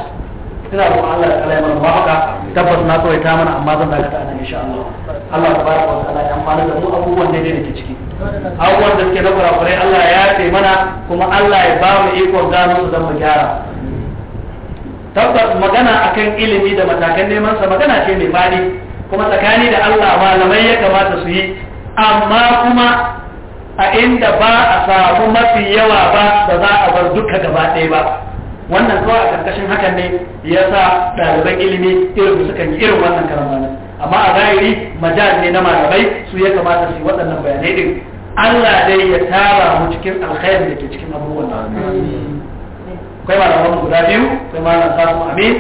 ina roƙon Allah ya laimar ba haka tabbas na kawai ta mana amma zan dakata nan insha Allah Allah ta baraka wa ta'ala ya amfana da mu abubuwan daidai da ke ciki abubuwan da suke na kurakurai Allah ya yafe mana kuma Allah ya ba mu iko gano su don mu gyara tabbas magana akan ilimi da matakan neman sa magana ce mai fadi kuma tsakani da Allah malamai ya kamata su yi amma kuma a inda ba a samu mafi yawa ba ba za a bar duka gaba ɗaya ba wannan kawai a karkashin hakan ne ya sa ɗaliban ilimi irin suka yi irin wannan karamanin amma a zahiri majal ne na malamai su ya kamata su yi waɗannan bayanai din Allah dai ya tara mu cikin alkhairin da ke cikin abubuwan nan akwai malaman guda biyu akwai malam Sasu Amin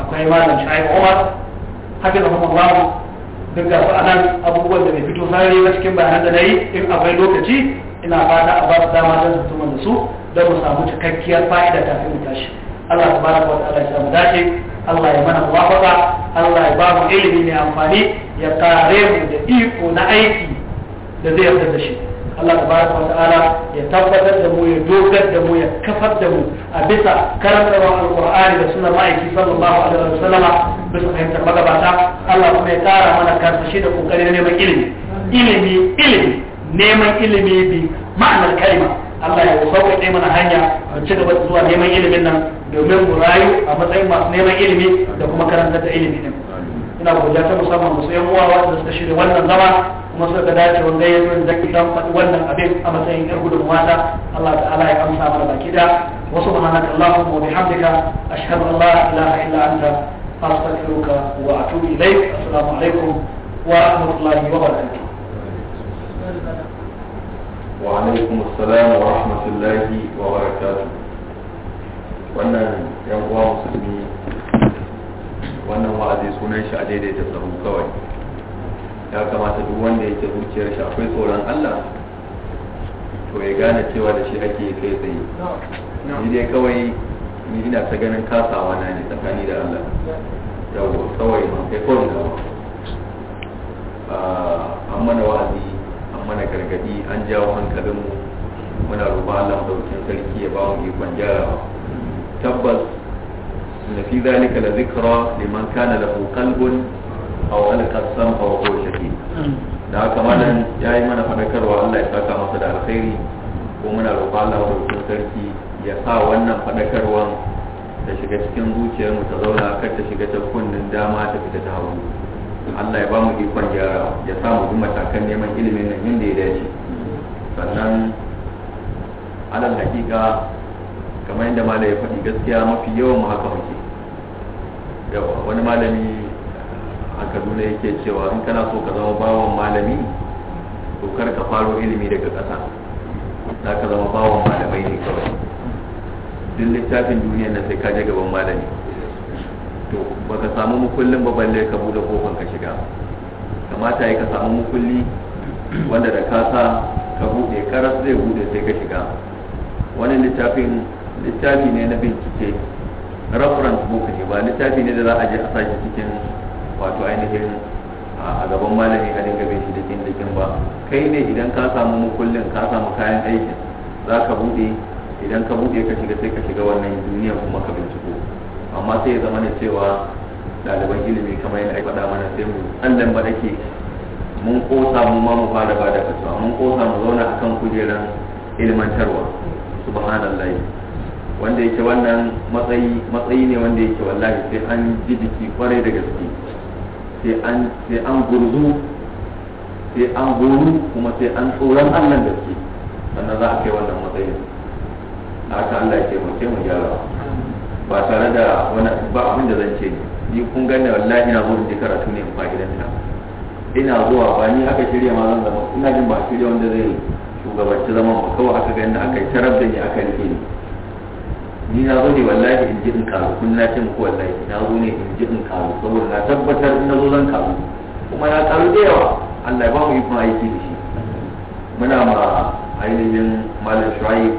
akwai malam Shaibu Umar hafizahum Allah duk da anan abubuwan da bai fito sarari na cikin bayanan da nayi in akwai lokaci ina fata a ba su dama don su tuma da su don mu samu cikakkiyar fa'ida ta mu tashi Allah tabaraka wa ta'ala ya mu dace Allah ya mana muwafaqa Allah ya ba mu ilimi mai amfani ya kare mu da iko na aiki da zai yarda da shi Allah tabaraka wa ya tabbatar da mu ya dogar da mu ya kafar da mu a bisa karantarwa alqur'ani da sunnar ma'aiki sallallahu alaihi wa sallama bisa fahimtar magabata Allah kuma ya tara mana karsashi da kokarin neman ilimi ilimi ilimi neman ilimi bi ma'anar kalma Allah ya sauƙaƙe mana hanya mu ci gaba zuwa neman ilimin nan domin mu rayu a matsayin masu neman ilimi da kuma karantar da ilimi din ina godiya ta musamman musu yan uwa wanda suka shirya wannan zama kuma suka dace wanda ya zo da zaki dan faɗi wannan abin a matsayin yar gudunmuwa ta Allah ta'ala ya amsa mana baki da wa subhanaka allahumma wa bihamdika ashhadu an la ilaha illa anta astaghfiruka wa atubu ilaik assalamu alaikum wa rahmatullahi wa barakatuh وعليكم السلام ورحمة الله وبركاته wannan yan uwa musulmi wannan wa'azi sunan shi a daidaita tsaro kawai ya kamata duk wanda yake zuciyar shi akwai tsoron Allah to ya gane cewa da shi ake kai tsaye ni dai kawai ni ina ta ganin kasawa na ne tsakani da Allah yawo kawai ban kai kawai da ah, an mana wa'azi an mana gargadi an jawo hankalinmu muna roƙon Allah madaukakin sarki ya ba mu ikon gyarawa tabbas na fi zalika la zikra liman kana lahu qalbun aw halaka sam'a wa huwa shahid da haka malam ya yi mana fadakarwa Allah ya saka masa da alkhairi ko muna roƙon Allah wa sarki ya sa wannan fadakarwan ta shiga cikin zuciyar mu ta zauna kar ta shiga ta kunnin dama ta fita ta hagu Allah ya ba mu ikon gyara ya sa mu bi matakan neman ilimin nan yadda ya dace sannan alal hakika kamar yadda malam ya faɗi gaskiya mafi yawan mu haka muke yawa wani malami a kaduna yake cewa in kana so ka zama bawon malami to kar ka faro ilimi daga ƙasa za ka zama bawon malamai ne kawai duk littafin duniya na sai ka je gaban malami to ba ka samu mukullin ba balle ka bude kofar ka shiga kamata ya ka samu mukulli wanda da ka sa ka bude karas zai bude sai ka shiga wani littafin littafi ne na bincike reference book ne ba littafi ne da za a je a sashi cikin wato ainihin a gaban malami a dinga bin shi dakin dakin ba kai ne idan ka samu mukullin ka samu kayan aikin za ka buɗe idan ka buɗe ka shiga sai ka shiga wannan duniya kuma ka binciko amma sai ya zama ne cewa ɗaliban ilimi kamar yadda aka faɗa mana sai mu tsallan ba dake mun kosa mu ma mu fara ba da kasuwa mun kosa mu zauna a kan kujerar ilmantarwa subhanallah wanda yake wannan matsayi ne wanda yake wallahi sai an ji jiki kwarai da gaske sai an sai an gurzu sai an guru kuma sai an tsoron Allah da ke sannan za a kai wannan matsayin aka Allah ya taimake mu gyara ba tare da wani ba abin da zan ce ni kun gane wallahi na zuwa ji karatu ne fa'idanta ina zuwa ba ni aka shirya ma zan zama ina jin ba shirya wanda zai shugabanci zaman ba kawai aka gani aka yi tarar da ni aka rike ni ni na zo ne wallahi in ji in karu kun na ce muku wallahi na zo ne in ji in karu saboda na tabbatar na zo zan karu kuma na karu da yawa Allah ya ba mu kuma aiki da shi muna ma ainihin malam shu'aib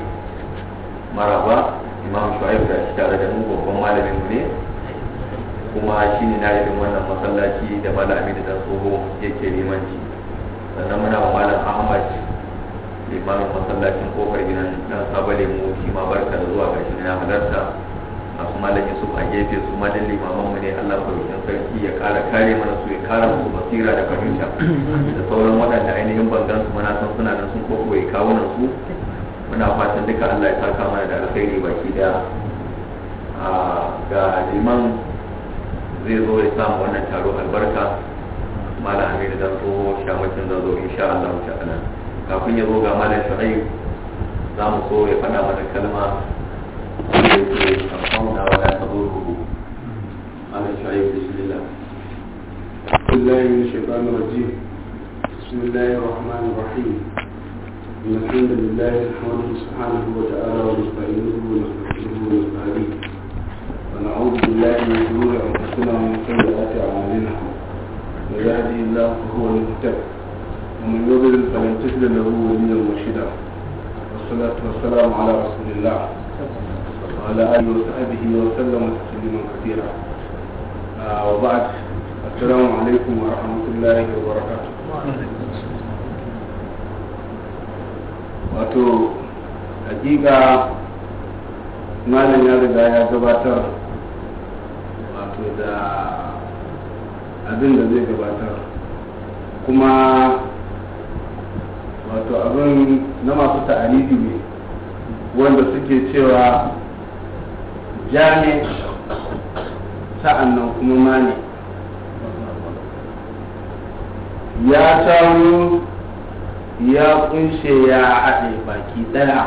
maraba imam shu'aib da shi tare da mu babban malamin ne kuma shi ne na yi wannan masallaci da malami da dan tsoho yake limanci sannan muna ma malam ahmad limamin masallacin kofar gidan dan saba mu shi ma barka da zuwa ga shi na halarta masu malaki su a gefe su ma dalli maman mu ne Allah barkin sarki ya kara kare mana su ya kara musu basira da fahimta da sauran waɗanda ainihin bangan su mana san suna nan sun koko ya kawo nan su muna fatan duka Allah ya saka mana da alkhairi baki daya ga liman zai zo ya samu wannan taro albarka malam Aminu dan so shamakin zan zo insha Allah ta'ala kafin ya zo ga mana shu'aib za mu so faɗa mana kalma wanda ke kafin da wata tabo rubu mana shu'aib da shirila bismillahi min shaitan raji bismillahi rahman rahim in wa ta'ala wa nasta'inuhu wa nasta'inuhu wa nasta'inuhu ونعوذ بالله من شرور انفسنا ومن سيئات اعمالنا من ومن يضلل فلن تجد له وليا مرشدا والصلاة والسلام على رسول الله وعلى آله وصحبه وسلم تسليما كثيرا وبعد السلام عليكم ورحمة الله وبركاته wato hakika malam ya riga ya gabatar wato da abin da zai gabatar kuma wato abin na masu ta'anifi ne wanda suke cewa jami sa'an nan kuma mani ya samu ya kunshe ya haɗe baki ɗaya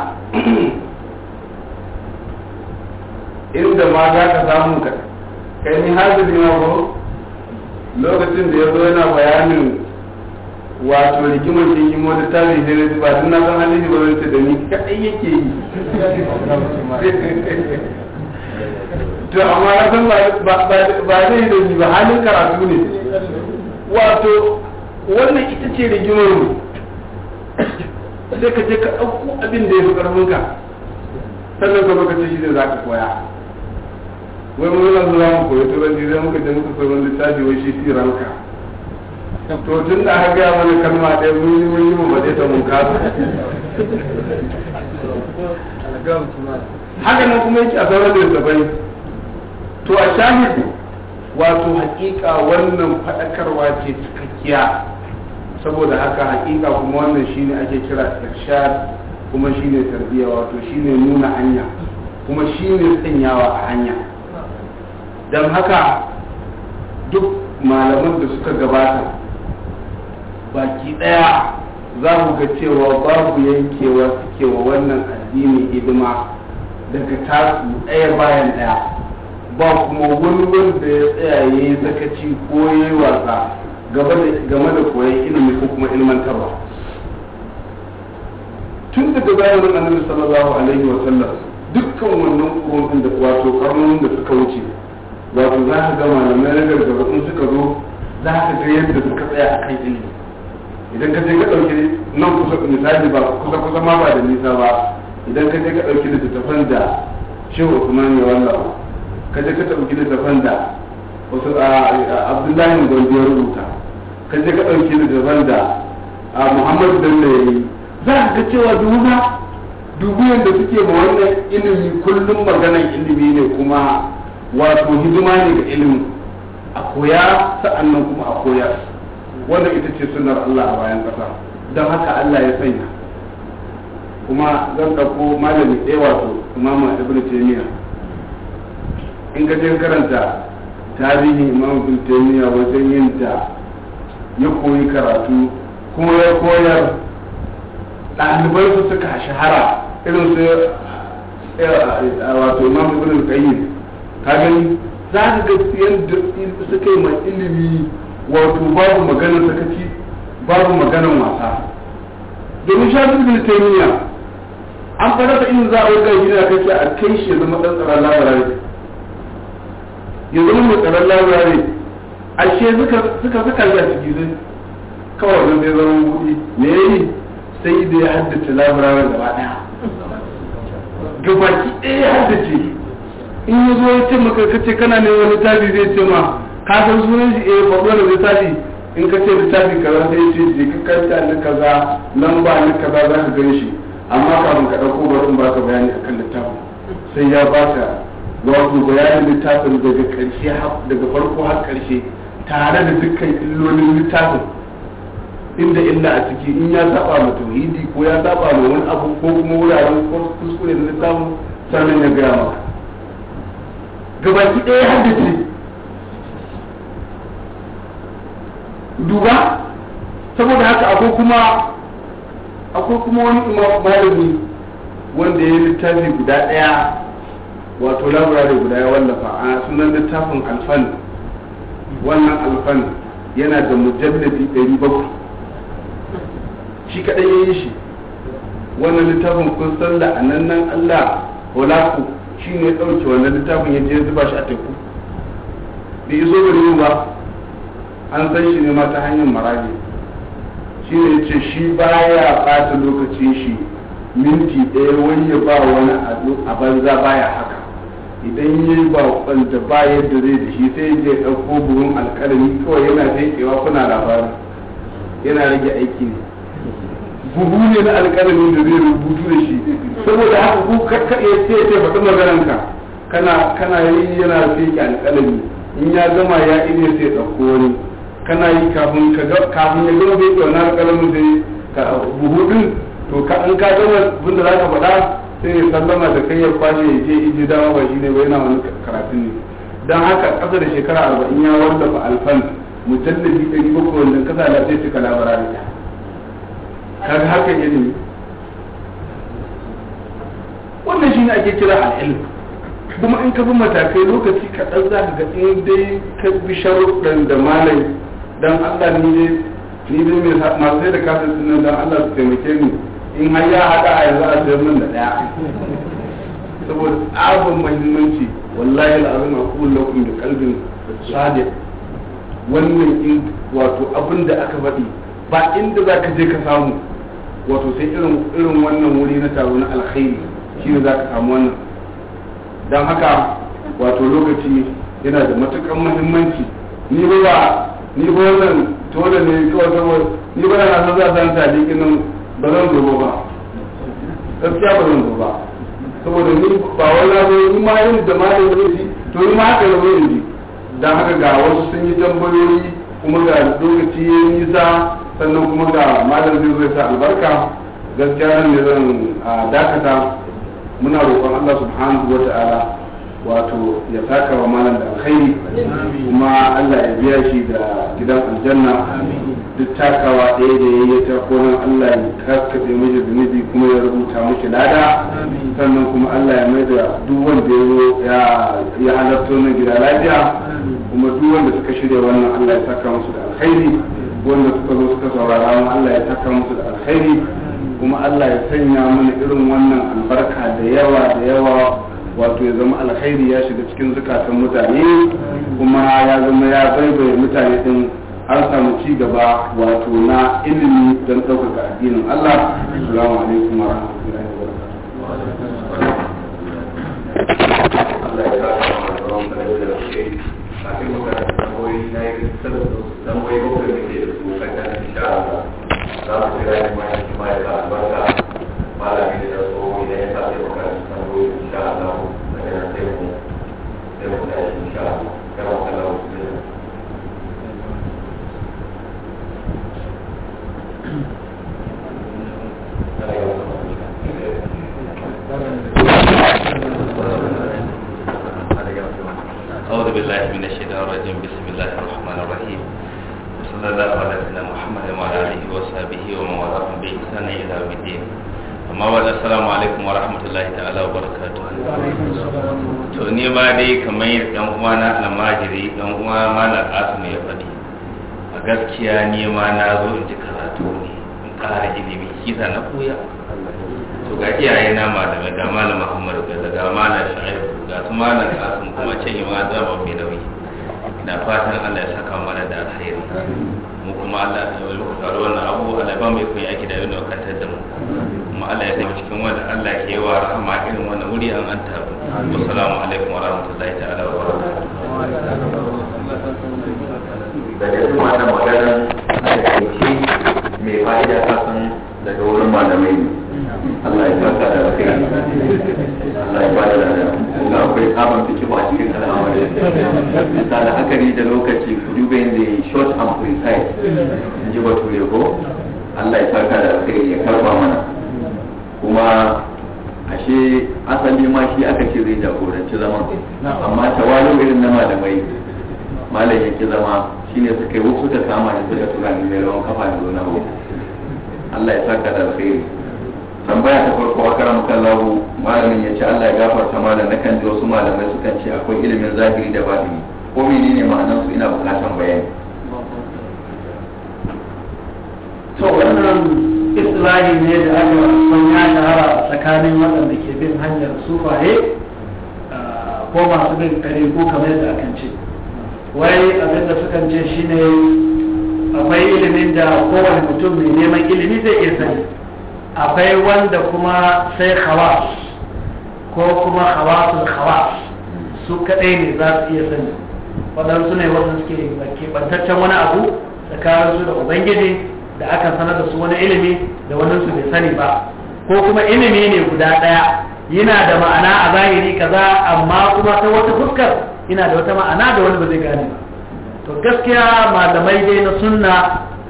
inda ma za ka samu ka kai ni har ma lokacin da ya zo yana bayanin wato rigimar da yi mota ta ne da rasu ba suna san halin ba zai da ni kaɗai yake yi to amma na san ba zai da ni ba halin karatu ne wato wannan ita ce rigimar mu sai ka je ka ɗauko abin da ya fi ƙarfinka sannan ka baka ce shi da za ka koya wai zama mu koyi turanci zai muka je muka littafi wai shi to tun da haka ya mana kalma ɗaya mun yi mun yi mu bade ta mun kasa haka nan kuma yake a sauran da bai to a shahid wato haƙiƙa wannan faɗakarwa ce cikakkiya saboda haka haƙiƙa kuma wannan shine ake kira irshad kuma shine tarbiyya wato shine nuna hanya kuma shine tsanyawa a hanya don haka duk malaman da suka gabata baki daya za mu ga cewa babu yankewa suke wa wannan addini hidima daga tasu ɗaya bayan ɗaya ba kuma wani wanda ya tsaya ya yi zakaci ko ya yi wasa game da koyon ilimi ko kuma ilmantarwa tun daga bayan annabi sallallahu alaihi wa sallam dukkan wannan kuma da wato karnon da suka wuce wato za ka ga malamai na gargaba in suka zo za ka ga yadda suka tsaya a kan ilimi idan ka je ka ɗauki nan kusa misali ba kusa kusa ma ba da nisa ba idan ka je ka ɗauki tafan da shehu usman ya wallafa ka je ka ɗauki tafan da wasu abdullahi gondi ya rubuta ka je ka ɗauki tafan da muhammadu danda ya yi za ka ga cewa duba dubu yadda suke ma wannan ilimi kullum maganan ilimi ne kuma wato hidima ne ga ilimi a koya sa'annan kuma a koyar wannan ita ce sunnar Allah a bayan kasa don haka Allah ya sanya kuma zan ɗauko malami ɗaya wato imama ibn taymiya in ka je karanta tarihi imamu ibn taymiya wajen yin ta ya koyi karatu kuma ya koyar ɗalibai su suka shahara irin su eh, eh, wato imamu ibn qayyim ka gani za ka ga yadda suka yi ma ilimi wato babu maganar sakaci babu maganar wasa domin shafi bin taimiyya an fara da in za a wuka gina kake a kai shi zama ɗan tsaron labarai ya zama mai tsaron labarai shi suka suka ya ciki zai kawai zan zai zama buɗe me yayi sai da ya haddace labarai gaba ɗaya gabaki ɗaya ya haddace in ya zo ya ce maka kace kana ne wani tabi zai ce ma ka san sunan shi eh ba da littafi in ka ce littafi kaza sai ce je ka na kaza lamba na kaza za ka gani shi amma kafin ka ɗauko bari ba baka bayani akan littafin sai ya baka wato bayanin littafin daga ƙarshe daga farko har karshe tare da dukkan illolin littafin inda illa a ciki in ya saba ma tauhidi ko ya saba ma wani abu ko kuma wuraren kuskure na littafin sannan ya gaya maka gabaki ɗaya haddace duba saboda haka akwai kuma akwai kuma wani malami wanda ya littafi guda ɗaya wato laburare guda ya wallafa a sunan littafin alfan wannan alfan yana da mujallabi bakwai shi kaɗai ya yi shi wannan littafin kun san nan allah holaku shi ne ɗauke wannan littafin ya je zuba shi a teku bai iso gari ba an san shi ne ma ta hanyar marage shi ne ce shi baya ɓata lokacin shi minti ɗaya wani ya ba wani a banza baya haka idan ya yi baƙon da ba yadda zai da shi sai ya ɗauko buhun alƙalami kawai yana fekewa kuna labarin yana rage aiki ne buhu ne na alƙalami da zai rubutu da shi saboda haka ku kakka ya ce ya ce faɗi maganarka kana kana yi yana feke alƙalami in ya gama ya ile sai ɗauko wani kana yi kafin ka ga kafin ya gama bai wannan kalamin sai ka buhu din to ka an ka gama abin da zaka faɗa sai ya sallama da kai ya kwashe ya je ije dama ba shine ba yana wani karatun ne dan haka ƙasa da shekara arba'in ya wallafa alfan mujallabi ɗari bakwai wannan kasa lafiya cika labara ne ga haka ilimi wannan shine ake kira al'ilm kuma in ka bi matakai lokaci kaɗan za ka ga in dai ka bi sharuɗan da malai dan Allah ni ne ni ne mai masu sai da katin sunan dan Allah su taimake ni in har ya haɗa a yanzu a sayar min da daya saboda abin muhimmanci wallahi al'azim aqul lakum da qalbin sadiq wannan in wato abin da aka faɗi ba inda za ka je ka samu wato sai irin irin wannan wuri na taro na alkhairi shine za ka samu wannan don haka wato lokaci yana da matukan muhimmanci ni ba ni ko wannan dole ne kawai saboda ni ba na san za a san sadiqin nan ba zan zo ba gaskiya ba zan zo ba saboda ni ba wani ba in ma yin da malin zai ji to ni ma haka ya zo ji dan haka ga wasu sun yi tambayoyi kuma ga lokaci ya nisa sannan kuma ga malam zai zo sa albarka gaskiya ne zan dakata muna roƙon Allah subhanahu wa ta'ala wato ya saka wa malam da alkhairi kuma Allah ya biya shi da gidan aljanna duk takawa ɗaya da ya yi ta kona Allah ya kaskace mishi zunubi kuma ya rubuta mishi lada sannan kuma Allah ya mai da duk wanda ya ya halarta na gida lafiya kuma duk wanda suka shirya wannan Allah ya saka musu da alkhairi wanda suka zo suka saurara Allah ya saka musu da alkhairi kuma Allah ya sanya mana irin wannan albarka da yawa da yawa wato ya zama alkhairi ya shiga cikin zukatan mutane kuma ya zama ya baibaye mutane din har samu ci gaba wato na ilimi don ɗaukaka addinin Allah assalamu alaikum wa rahmatullahi wa barakatuh شاء الله daga sai mu sai mu tashi insha Allah kana kallon musulmi أعوذ بالله من الشيطان الرجيم بسم الله الرحمن الرحيم وصلى الله على سيدنا محمد وعلى آله وصحبه ومن والاهم بإحسان إلى يوم الدين amma wa salamu alaikum wa rahmatullahi ta'ala wa barakatuh to ni ma dai kamar yadda dan uwa na almajiri dan uwa malam asim ya faɗi a gaskiya ni ma na zo in ji karatu ne in ƙara ilimi kisa na koya to ga iyaye na malamai ga malam muhammad ga malam sha'ib ga su malam asim kuma ce ma zama mai nauyi ina fatan Allah ya saka mana da alheri mu kuma Allah ya yi muka faru wannan abu Allah ba mai kun yaki da yin wakatar da mu kuma Allah ya sami cikin wanda Allah ke wa rahama irin wannan wuri an an tabu assalamu alaikum wa rahmatullahi ta'ala wa barakatuh da irin wannan magana a takaice mai fa'ida ta kasan daga wurin malamai bisa la'akari da lokaci ku duba yadda ya short and precise in ji wato yabo Allah ya saka da alkhairi ya karba mana kuma ashe asali ma shi aka ce zai jagoranci zama amma tawalu irin na malamai malam yake zama shine suka yi ta kama da suka tura ni mai rawan kafa da zo na Allah ya saka da alkhairi tambaya ta farko a karan kallahu malamin ya ce Allah ya gafarta malam na kan wasu malamai sukan ce akwai ilimin zahiri da batini ko ne ma'anar su ina bukatan bayani to wannan islahi ne da aka ya shahara tsakanin waɗanda ke bin hanyar sufaye ko masu bin kare ko kamar yadda akan ce wai abin da sukan ce shine akwai ilimin da kowane mutum mai neman ilimi zai iya sani akwai wanda kuma sai khawas ko kuma khawasul khawas su kadai ne za su iya sani waɗansu ne wasu suke keɓantaccen wani abu su da ubangiji da aka sanar da su wani ilimi da wani su bai sani ba ko kuma ilimi ne guda ɗaya yana da ma'ana a zahiri kaza amma kuma ta wata fuskar yana da wata ma'ana da wani ba zai gane ba to gaskiya malamai dai na sunna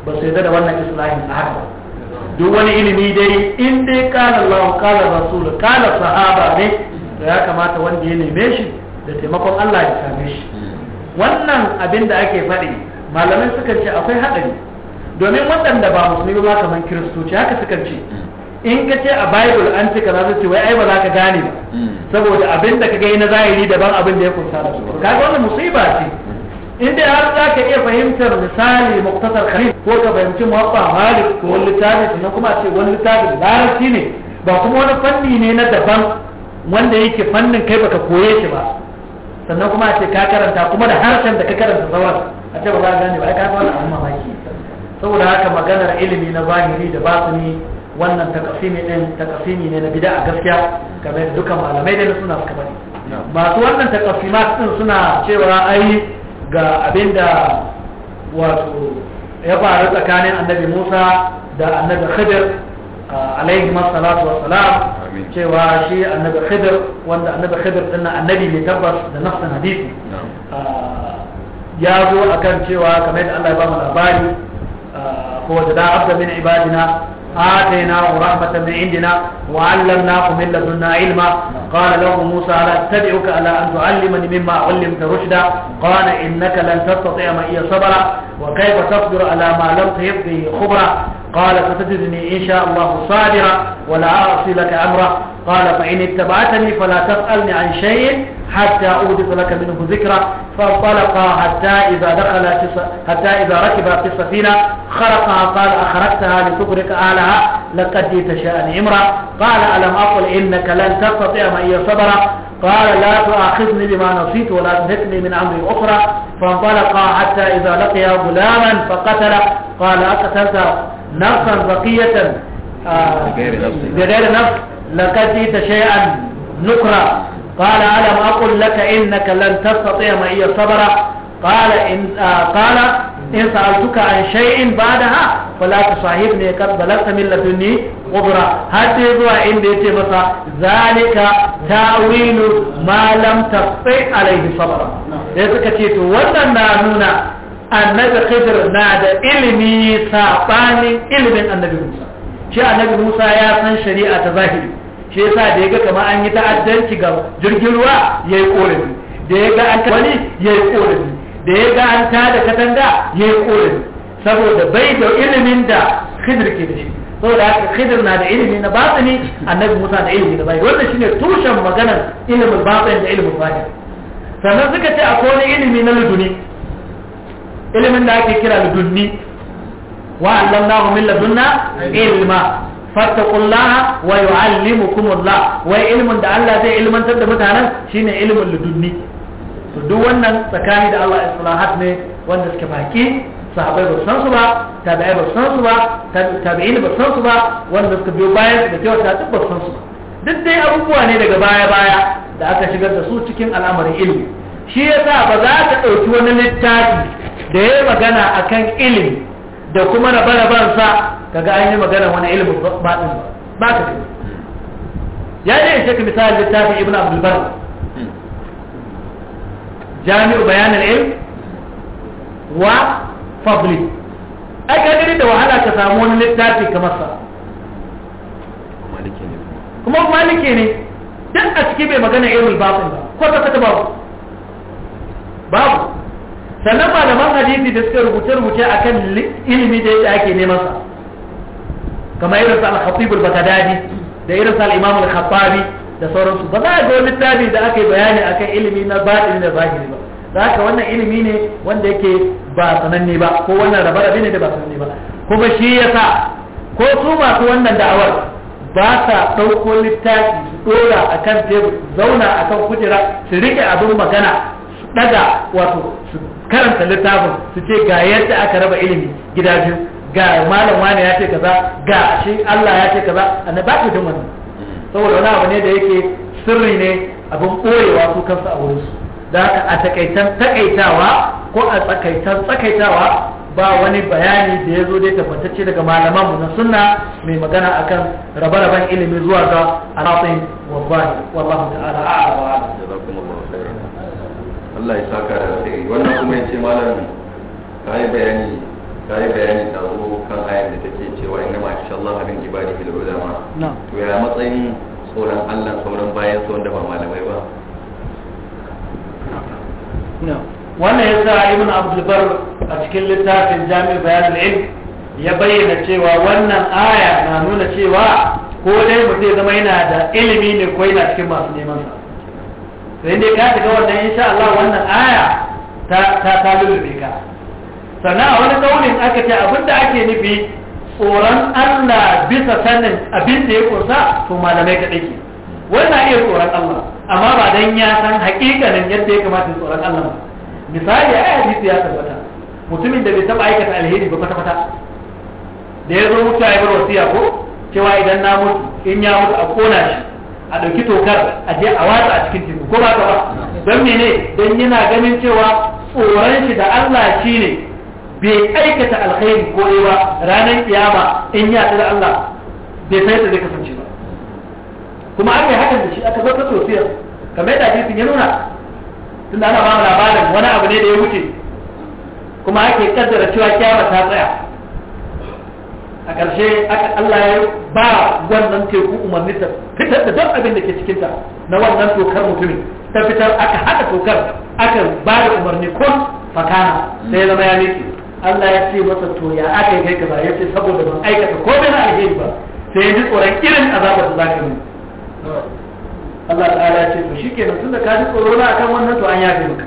ba su yarda da wannan islahin a haka ba duk wani ilimi dai in dai kala Allah kala rasul kala sahaba ne to ya kamata wanda ya neme shi da taimakon Allah ya same shi wannan abin da ake faɗi malamai suka ce akwai haɗari domin waɗanda ba musulmi ba kamar kiristoci haka suka ce in ka ce a bible an ce kaza sai wai ai ba za ka gane ba hmm. saboda abin da ka gani na zahiri daban abin da ya kunsa da su kaga wannan musiba ce inda har za ka iya fahimtar misali muktasar khalil ko ka fahimci muwaffa malik ko wani littafi sannan kuma a ce wani littafin larabci ne ba kuma wani fanni ne na daban wanda yake fannin kai baka koye shi ba sannan kuma a ce ka karanta kuma da harshen da ka karanta sauran a ce ba za gane ba ai ka wannan amma ke. saboda haka maganar ilimi na zahiri da batini wannan takasimi din takasimi ne na bid'a gaskiya kamar duka malamai da suna suka bari masu wannan takasimat din suna cewa ai ga abinda wato ya faru tsakanin annabi Musa da annabi Khidir alaihi salatu cewa shi annabi Khidir wanda annabi Khidir din annabi ne tabbas da nafsan hadisi ya zo akan cewa kamar da Allah ya ba mu labari ko da da abda min ibadina آتيناه رحمة من عندنا وعلمناه من لدنا علما قال له موسى لا أتبعك على أن تعلمني مما علمت رشدا قال إنك لن تستطيع معي صبرا وكيف تصبر على ما لم تهب به خبرا قال ستجدني إن شاء الله صابرا ولا أعصي لك أمرا قال فإن اتبعتني فلا تسألني عن شيء حتى أودث لك منه ذكرى فانطلقا حتى إذا دخل حتى إذا ركب في السفينة خرقها قال أخرجتها لتبرك أهلها لقد جئت شأن عمرا قال ألم أقل إنك لن تستطيع معي صبرا قال لا تؤاخذني بما نسيت ولا تهتني من أمري أخرى فانطلقا حتى إذا لقي غلاما فقتله قال أقتلت نفسا بقية آه، بغير نفس لقد جئت شيئا نكرا قال ألم أقل لك إنك لن تستطيع معي صبرا قال إن, آه قال إن سألتك عن شيء بعدها فلا تصاحبني قد بلغت من لدني قبرا حتى يزوى عندي تبصى ذلك تأويل ما لم تستطيع عليه صبرا يسكى تيتو وانا نونا النبي خضر نادى إلمي ساطاني إلمي النبي موسى شاء النبي موسى يا سن شريعة ظاهري shi yasa da ya kamar an yi ta'addanci ga jirgin ruwa ya yi korafi da ya an ta wani ya yi korafi da ya an ta da katanga ya yi korafi saboda bai da ilimin da khidr ke da shi saboda haka khidr na da ilimi na batsini annabi musa da ilimi na bai wannan shine tushen maganar ilimin batsin da ilimin bai sannan suka ce akwai wani ilimi na luduni ilimin da ake kira luduni wa allamnahu min ladunna ilma fattaqullaha wa yu'allimukumullah wai ilmin da Allah zai ilmantar da mutanen shine ilmin ludunni to duk wannan tsakani da Allah islahat ne wanda suke baki sahabai ba san su ba tabi'ai ba san su ba tabi'in ba san su ba wanda suka biyo bayan da kyauta duk ba san su ba duk dai abubuwa ne daga baya baya da aka shigar da su cikin al'amarin ilimi shi yasa ba za ka ɗauki wani littafi da ya magana akan ilimi da kuma na raban sa kaga an yi magana wani ilimin baɗin ba ka kai ya ne in ka misali littafin ibn abdulbar jami'u bayan al'ilm wa fadli ai ka gani da wahala ka samu wani littafi kamar sa kuma malike ne duk a cikin bai magana ilmin baɗin ba ko ta kata babu babu sannan malaman hadisi da suka rubuce-rubuce a kan ilimi da yake ake neman sa kamar sa al-khatib al-baghdadi da sa al-imam al-khattabi da sauransu ba za a ga wani tabi da aka yi bayani akan ilimi na baɗini da zahiri ba za ka wannan ilimi ne wanda yake ba sananne ba ko wannan rabe-rabe ne da ba sananne ba kuma shi ya sa ko su masu wannan da'awar ba sa ɗauko littafi su ɗora a kan tebur zauna a kan kujera su riƙe abin magana su ɗaga wato karanta littafin su ce ga yadda aka raba ilimi gida biyu ga malam wani ya ce kaza ga shi Allah ya ce kaza annabi ba ku wannan saboda wani abu ne da yake sirri ne abin boyewa su kansu a wurin su da haka a takaitan takaitawa ko a takaitan tsakaitawa ba wani bayani da ya zo dai tabbatacce daga malaman mu na sunna mai magana akan rabe-raben ilimi zuwa ga alatin wallahi wallahu ta'ala a'lam Allah ya saka da alheri wannan kuma ya ce malam ka yi bayani ka bayani da kan ayar da take cewa inna ma insha Allah min ibadi bil ulama to ya matsayin tsoron Allah tsoron bayan sauran da ba malamai ba wannan ya sa ibn bar a cikin littafin jami bayan ilm ya bayyana cewa wannan aya na nuna cewa ko dai mutum zama yana da ilimi ne ko yana cikin masu neman sa sai dai ka shiga wannan insha Allah wannan aya ta ta ta lulube ka sannan a wani kaunin aka ce abinda ake nufi tsoron Allah bisa sanin abin da ya kusa to malamai ka dake wannan iya tsoron Allah amma ba dan ya san hakikanin yadda ya kamata tsoron Allah ba misali a hadisi ya tabbata mutumin da bai taba aikata alheri ba kwata kwata da ya zo mutu ya bar wasiya ko cewa idan na mutu in ya mutu a kona shi a ɗauki tokar a je a watsa a cikin teku ko ba ta ba don mene don yana ganin cewa tsoron shi da Allah shi ne bai aikata alkhairi ko ba ranar kiyama in ya da Allah bai sai zai kasance ba kuma aka yi hakan da shi aka ta sosiyar kamar yadda hadisin ya nuna tunda ana ba mu labarin wani abu ne da ya wuce kuma ake kaddara cewa kiyama ta tsaya a ƙarshe Allah ya ba wannan teku umarni ta fitar da duk abin da ke cikinta na wannan tokar mutumin ta fitar aka haɗa tokar aka ba da umarni ko fakana sai zama ya miƙe Allah ya ce masa to ya aka yi kai ya ce saboda ban aikata ko bai na alheri ba sai ya ji tsoron irin azabar da za ka yi Allah ta'ala ya ce to shikenan tunda ka ji tsoro na akan wannan to an fi maka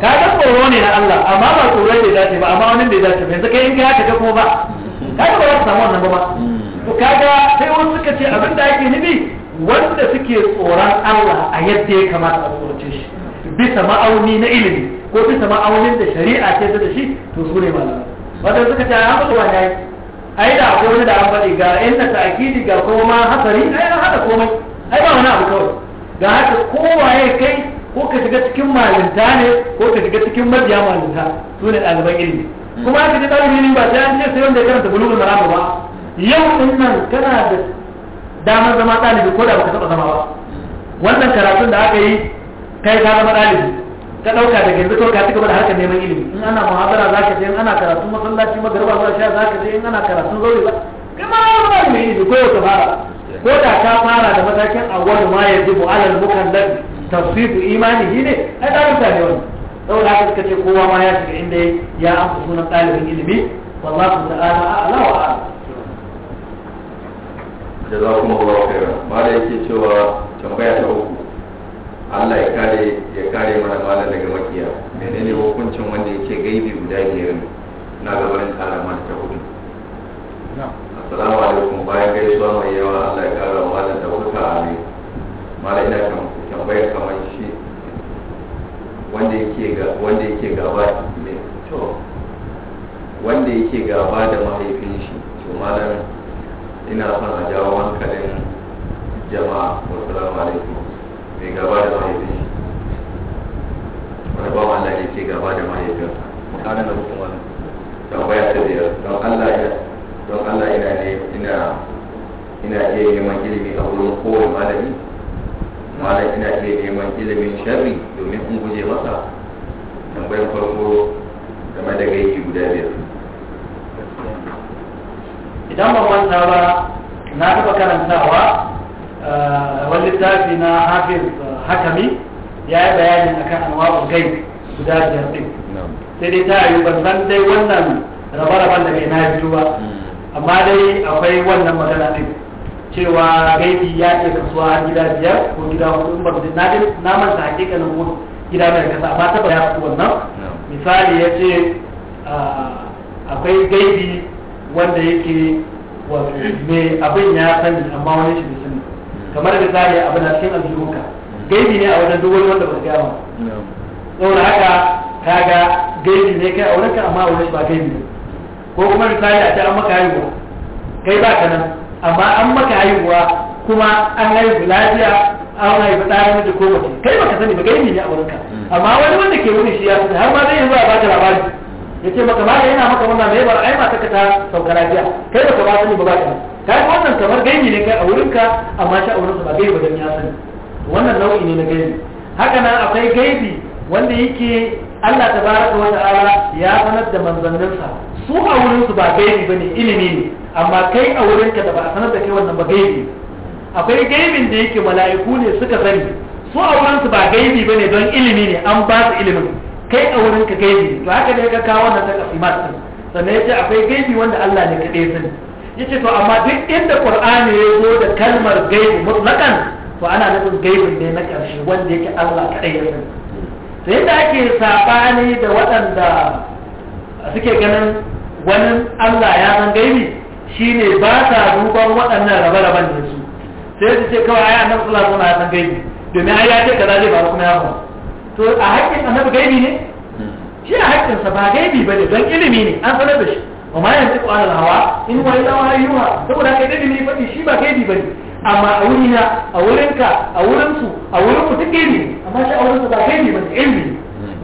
ka ga tsoro ne na Allah amma ba tsoro da ya dace ba amma wani da ya dace ba yanzu kai in ka haka kuma ba kaga ba za su samu wannan ba to kaga sai wasu suka ce abin da ake nufi wanda suke tsoron Allah a yadda ya kamata a tsorace shi bisa ma'auni na ilimi ko bisa ma'aunin da shari'a ce ta da shi to su ne malamai wanda suka ce an fito wani yayi ai da akwai wani da an faɗi ga inda ta'kidi ga kuma hasari ai an hada komai ai ba wani abu kawai ga haka kowaye kai ko ka shiga cikin malinta ne ko ka shiga cikin mabiya malinta su ne ɗaliban ilimi kuma aka ce ne ba sai an ce sai wanda ya karanta bulugul maram ba yau din nan kana da damar zama ɗalibi ko da baka taɓa zama ba wannan karatun da aka yi kai ka zama ɗalibi ka ɗauka daga yanzu kawai ka ci gaba da harkar neman ilimi in ana muhabara za ka je in ana karatun masallaci magariba za sha za ka je in ana karatun zaure ba kuma ma wani ba mai ilimi ko yau ka fara ko da ka fara da matakin awwal ma yajibu alal mukallaf tafsiru imani ne ai ɗalibta ne wannan saboda haka suka ce kowa ma ya shiga inda ya amsa sunan ɗalibin ilimi wallahu ta'ala a'la wa a'la jazakum Allah khairan mala yake cewa tambaya ta uku Allah ya kare ya kare mana mala daga makiya menene hukuncin wanda yake gaibi guda biyar ne na gabanin tsara mana ta hudu assalamu alaikum bayan gaisuwa mai yawa Allah ya kara mala da wuta amin mala ina kan tambayar kamar shi wanda yake ga wanda yake gaba to wanda yake gaba da mahaifin shi to malam ina son a jawo hankalin jama'a wassalamu alaikum mai gaba da mahaifin shi wani bawa Allah ne ke gaba da mahaifinsa mutanen da hukun wani tambaya ta biyar don Allah ya don Allah ina ne ina ina iya neman ilimi a wurin kowane malami mala ina iya neman ilimin sharri domin in guje masa tambayar farko game da gaiki guda biyar idan ban manta ba na taɓa karantawa eh, wani littafi na hafiz eh, hakami ya yi bayanin akan anwa'ul gaib guda biyar ɗin sai dai ta yi ban san dai wannan rabe-raben da kai na fito ba hmm. amma dai akwai wannan magana ɗin cewa gaibi ya ke kasuwa gida biyar ko gida hudu in ba su na dai na manta hakikanin hudu gida mai kasa amma ta ya fi wannan misali ya ce akwai gaibi wanda yake wato mai abin ya sani amma wani shi bai sani kamar misali abin a cikin aljihunka gaibi ne a wajen duk wani wanda ba gaya ba saboda haka ga gaibi ne kai a wurinka amma a wurin shi ba gaibi ne ko kuma misali a ce an maka haihuwa kai ba ka nan amma an maka haihuwa kuma an haihu lafiya an haifi ɗaya miji ko mace kai baka sani ba gani ne a wurinka mm. amma wani wanda ke wuni shi ya sani har ma zai zuwa baka labari ya ce maka baka yana maka wannan mai bar ai mata ka ta sauka lafiya kai baka ba sani ba ba ka ka ga wannan kamar gani ne kai a wurinka amma shi a wurinsa ba gani ba gani ya sani wannan nau'i ne na gani haka nan akwai gaibi wanda yake Allah tabaraka wa ta'ala ya sanar da manzanninsa su a wurin su ba gaibi bane ilimi ne amma kai a wurin ka da ba sanar da kai wannan ba gaibi akwai gaibin da yake mala'iku ne suka sani su a wurin su ba gaibi bane don ilimi ne an ba su ilimin kai a wurin ka gaibi to haka ne ka kawo wannan takasimat din sannan ce akwai gaibi wanda Allah ne kadai sani yace to amma duk inda Qur'ani ya zo da kalmar gaibi mutlaqan to ana nufin gaibin ne na ƙarshe wanda yake Allah kadai ya sani da ake saɓani da waɗanda suke ganin wani allah ya san gaibi ne ba sa duban waɗannan rabe-raben da su sai su ce kawai ayi annabi sallallahu alaihi san gaibi domin ai ya ce kaza zai ba kuma ya to a haƙƙin annabi gaibi ne shi a haƙƙinsa ba gaibi ne don ilimi ne an sanar da shi amma yanzu ƙwarar hawa in wani ɗan hayuwa saboda kai ne faɗi shi ba gaibi ne. amma a na a ka a wurinsu a wurin mu duk ilmi amma shi a wurinsu ba ilmi ba ilmi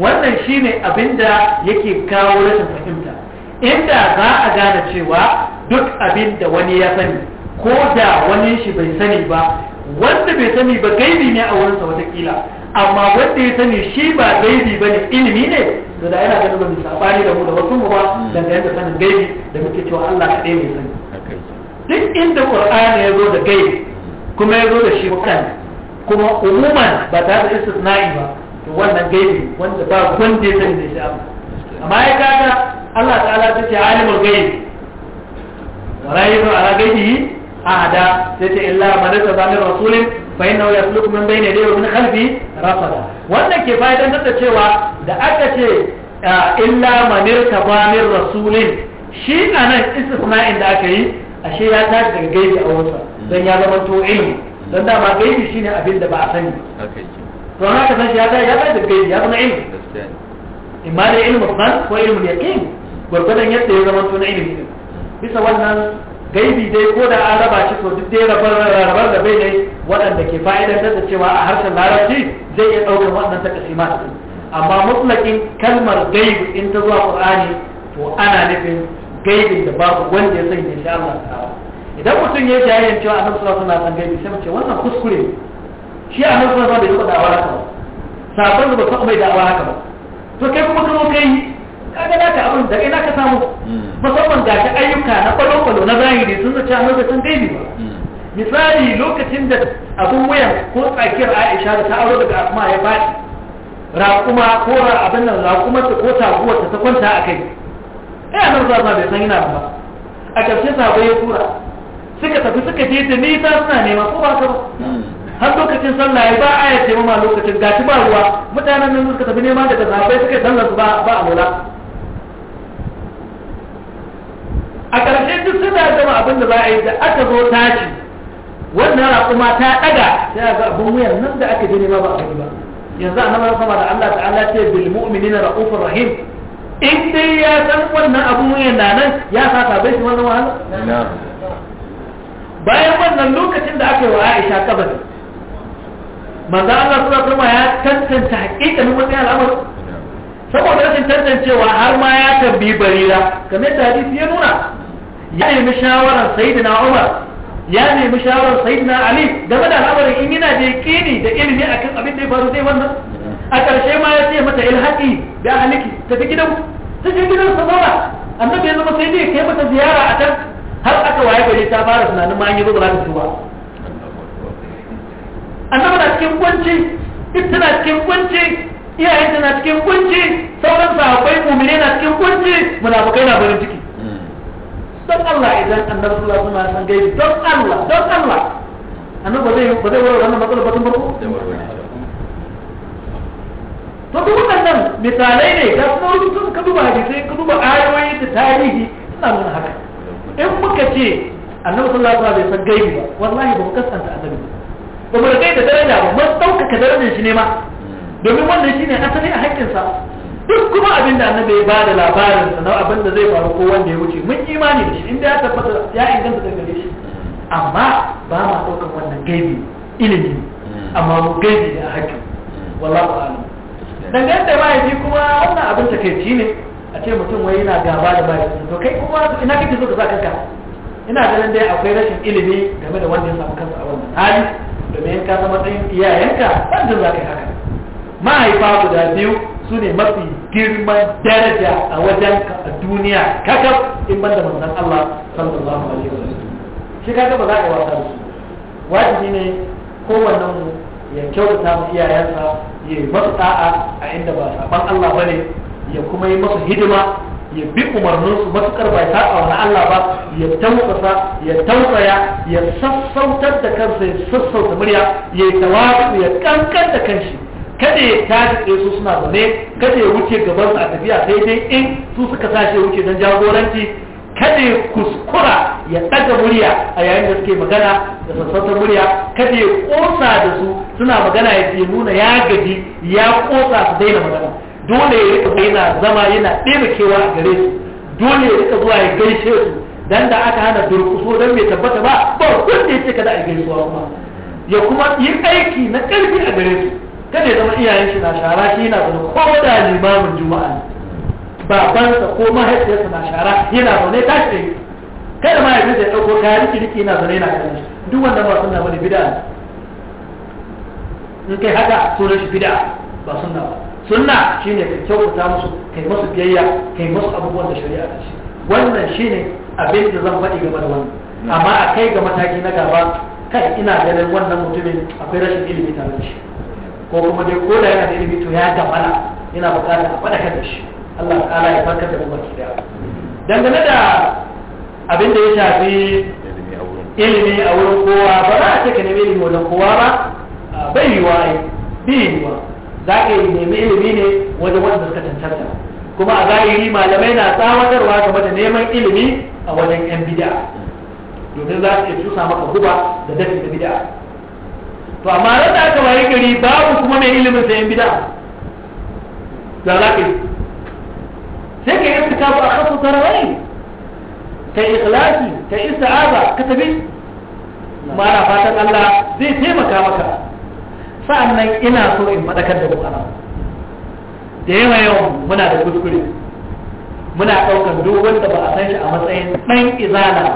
wannan shine abin da yake kawo rashin fahimta inda za a gane cewa duk abin da wani ya sani ko da wani shi bai sani ba wanda bai sani ba gaibi ne a wurinsa watakila amma wanda ya sani shi ba gaibi ba ne ilimi ne da da yana ganin ba sabani da mu da wasu mu ba dangane da sanin gaibi da muke cewa Allah kaɗai ne sani duk inda Qur'ani ya zo da gaibi kuma ya zo da shi kan kuma umuman ba ta da istisna'i ba to wannan gaibi wanda ba wanda ya sani da shi abu amma ya kaga Allah ta'ala ta ce alimul gaibi wa ra'aytu ala gaibihi ahada sai ce illa man tasaba min rasulin fa innahu yasluku min bayni yadayhi wa min khalfi rasada wannan ke fa'idan da cewa da aka ce ah, illa man tasaba min rasulin shi anan istisna'in da aka yi ashe ya tashi daga gaibi a wutar don ya zama to ilmi don dama gaibi shine abin da ba a sani to an haka san shi ya ga ya kai da gaibi ya zama ilmi imma da ilmin san ko ilmin yaqin gurgurdan yadda ya zama to na ilmi bisa wannan gaibi dai ko da an raba shi to duk dai rabar da bai dai waɗanda ke fa'idar da cewa a harshen larabci zai iya ɗaukar waɗannan takasimat din amma mutlakin kalmar gaibi in ta zuwa qur'ani to ana nufin gaibin da babu wanda ya sanya shi Allah ta'ala idan mutum ya jayayen cewa annabi sallallahu alaihi wasallam gaibi sai mace wannan kuskure shi annabi sallallahu alaihi wasallam bai faɗa haka ba sabon da ba taɓa mai da'awa haka ba to kai kuma kuma kai kaga naka abin da kai naka samu hmm. musamman ga ta ayyuka na kwalo-kwalo na zahiri sun zace annabi sun gaibi ba hmm. misali lokacin da abun wuyan ko tsakiyar Aisha da ta aure daga Asma ya faɗi raƙuma ko abin nan ta ko taguwarta ta kwanta a kai ai annabi sallallahu alaihi wasallam bai san yana ba a ƙarshe sabo ya tura suka tafi suka je ta nisa suna nema ko ba ka ba har lokacin sallah ya ba a ya ce ma lokacin gashi ba ruwa mutanen nan suka tafi nema daga sahabbai suka sallar su ba a mula a ƙarshe duk suna gama abin da za a yi da aka zo tashi wannan raƙuma ta ɗaga sai a ga abin wuyan nan da aka je nema ba a yi ba yanzu a nan sama da Allah ta'ala ce bil mu'minina ra'ufur rahim in dai ya san wannan abun wuyan na nan ya sa bai shi wannan wahala bayan wannan lokacin da aka yi wa Aisha kabar manzo Allah sallallahu kuma ya tantance hakikanin wannan al'amari saboda rashin tantancewa har ma ya tabbi barira kamar da hadisi ya nuna ya nemi shawaran sayyidina Umar ya nemi shawarar sayyidina Ali game da al'amarin in yana da yakini da ilimi akan abin da ya faru zai wannan a ƙarshe ma ya ce mata ilhaqi da ahliki tafi gidan ta je gidan sa zauna annabi ya zama sai dai kai mata ziyara a can har aka waye gari ta fara tunanin ma an yi zo ba za ta fito ba annabi na cikin kunci ita na cikin kunci iyayen na cikin kunci sauran sahabbai mu'mini na cikin kunci munafukai na barin ciki don Allah idan annabi sallallahu alaihi wasallam gaibi don Allah don Allah annabi ba zai ba zai wara wannan matsalar batun farko to duk wannan misalai ne da kuma ka duba hadisi ka duba ayoyi da tarihi suna nuna haka in muka ce annabi sallallahu alaihi wasallam bai san gaibi ba wallahi ba mu ta azabi ba mu rage da daraja ba mun ɗaukaka darajar shi ne ma domin wannan shine asali a sa duk kuma abin da annabi ya ba da labarin sa na abin da zai faru ko wanda ya wuce mun imani da shi inda ya tabbata ya inganta daga gare shi amma ba ma dauka wannan gaibi ilimi amma mu gaibi ne a wallahi ba a'lam dangane da mahaifi kuma wannan abin ci ne a ce mutum wai yana gaba da bayan to kai kuma ina kake so ka ka ina ganin dai akwai rashin ilimi game da wannan ya samu kansa a wannan hali domin ka zama matsayin iyayenka wanda za ka yi haka mahaifa guda biyu su ne mafi girman daraja a wajen a duniya kakaf in banda manzon Allah sallallahu alaihi wa sallam shi kaga ba za a yi wasa da su wajibi ne kowannen mu ya kyautata mu iyayensa ya yi mafi a inda ba saban Allah bane ya kuma yi masa hidima ya bi umarninsu matukar bai ta a wani Allah ba ya tausasa ya tausaya ya sassautar da kansa ya sassauta murya ya tawasu ya kankan da kanshi kada ya tashi su suna zaune kada ya wuce gaban a tafiya sai dai in su suka sashe wuce don jagoranci kada ya kuskura ya ɗaga murya a yayin da suke magana da sassautar murya kada ya kosa da su suna magana ya ke nuna ya gaji ya kosa su daina magana dole ya rika yana zama yana ɗebe kewa a gare su dole ya rika zuwa ya gaishe su dan da aka hana durkuso dan bai tabbata ba ba wanda ya ce kada a gaisuwa kuma ya kuma yi aiki na ƙarfi a gare su kada ya zama iyayen shi na shara shi yana zama ko da limamin juma'a ne babansa ko mahaifiyarsa na shara yana zaune tashi da kada ma ya ɗauko kaya riki riki yana zaune yana kallon shi duk wannan ba suna bane bid'a in kai haka sunan shi bid'a ba suna ba sunna shine ka kyautata musu kai musu biyayya kai musu abubuwan da shari'a ta ce wannan shine abin da zan faɗi game da wannan amma a kai ga mataki na gaba kai ina ganin wannan mutumin akwai rashin ilimi tare da shi ko kuma dai ko da yana da ilimi to ya gabala yana buƙatar a faɗa da shi Allah ta'ala ya farkar da mu da dangane da abin da ya shafi ilimi a wurin kowa ba za a ce ka nemi ilimi wajen kowa ba bai yiwa ai bai yiwa za ka yi nemi ilimi ne wajen wanda suka cancanta kuma a zahiri malamai na tsawatarwa game da neman ilimi a wajen yan bid'a domin za su iya cusa maka guba da dafi da bid'a to amma ran da aka wayi gari babu kuma mai ilimin sai yan bid'a da za ka yi sai ka yi irtikabu a kasu tarawai ka ikhlasi ka ista'aza ka tabi mana fatan Allah zai taimaka maka sa'annan ina so in madakar da bukara da yawa yawan muna da kuskure muna ɗaukar duk da ba a san shi a matsayin ɗan izala ba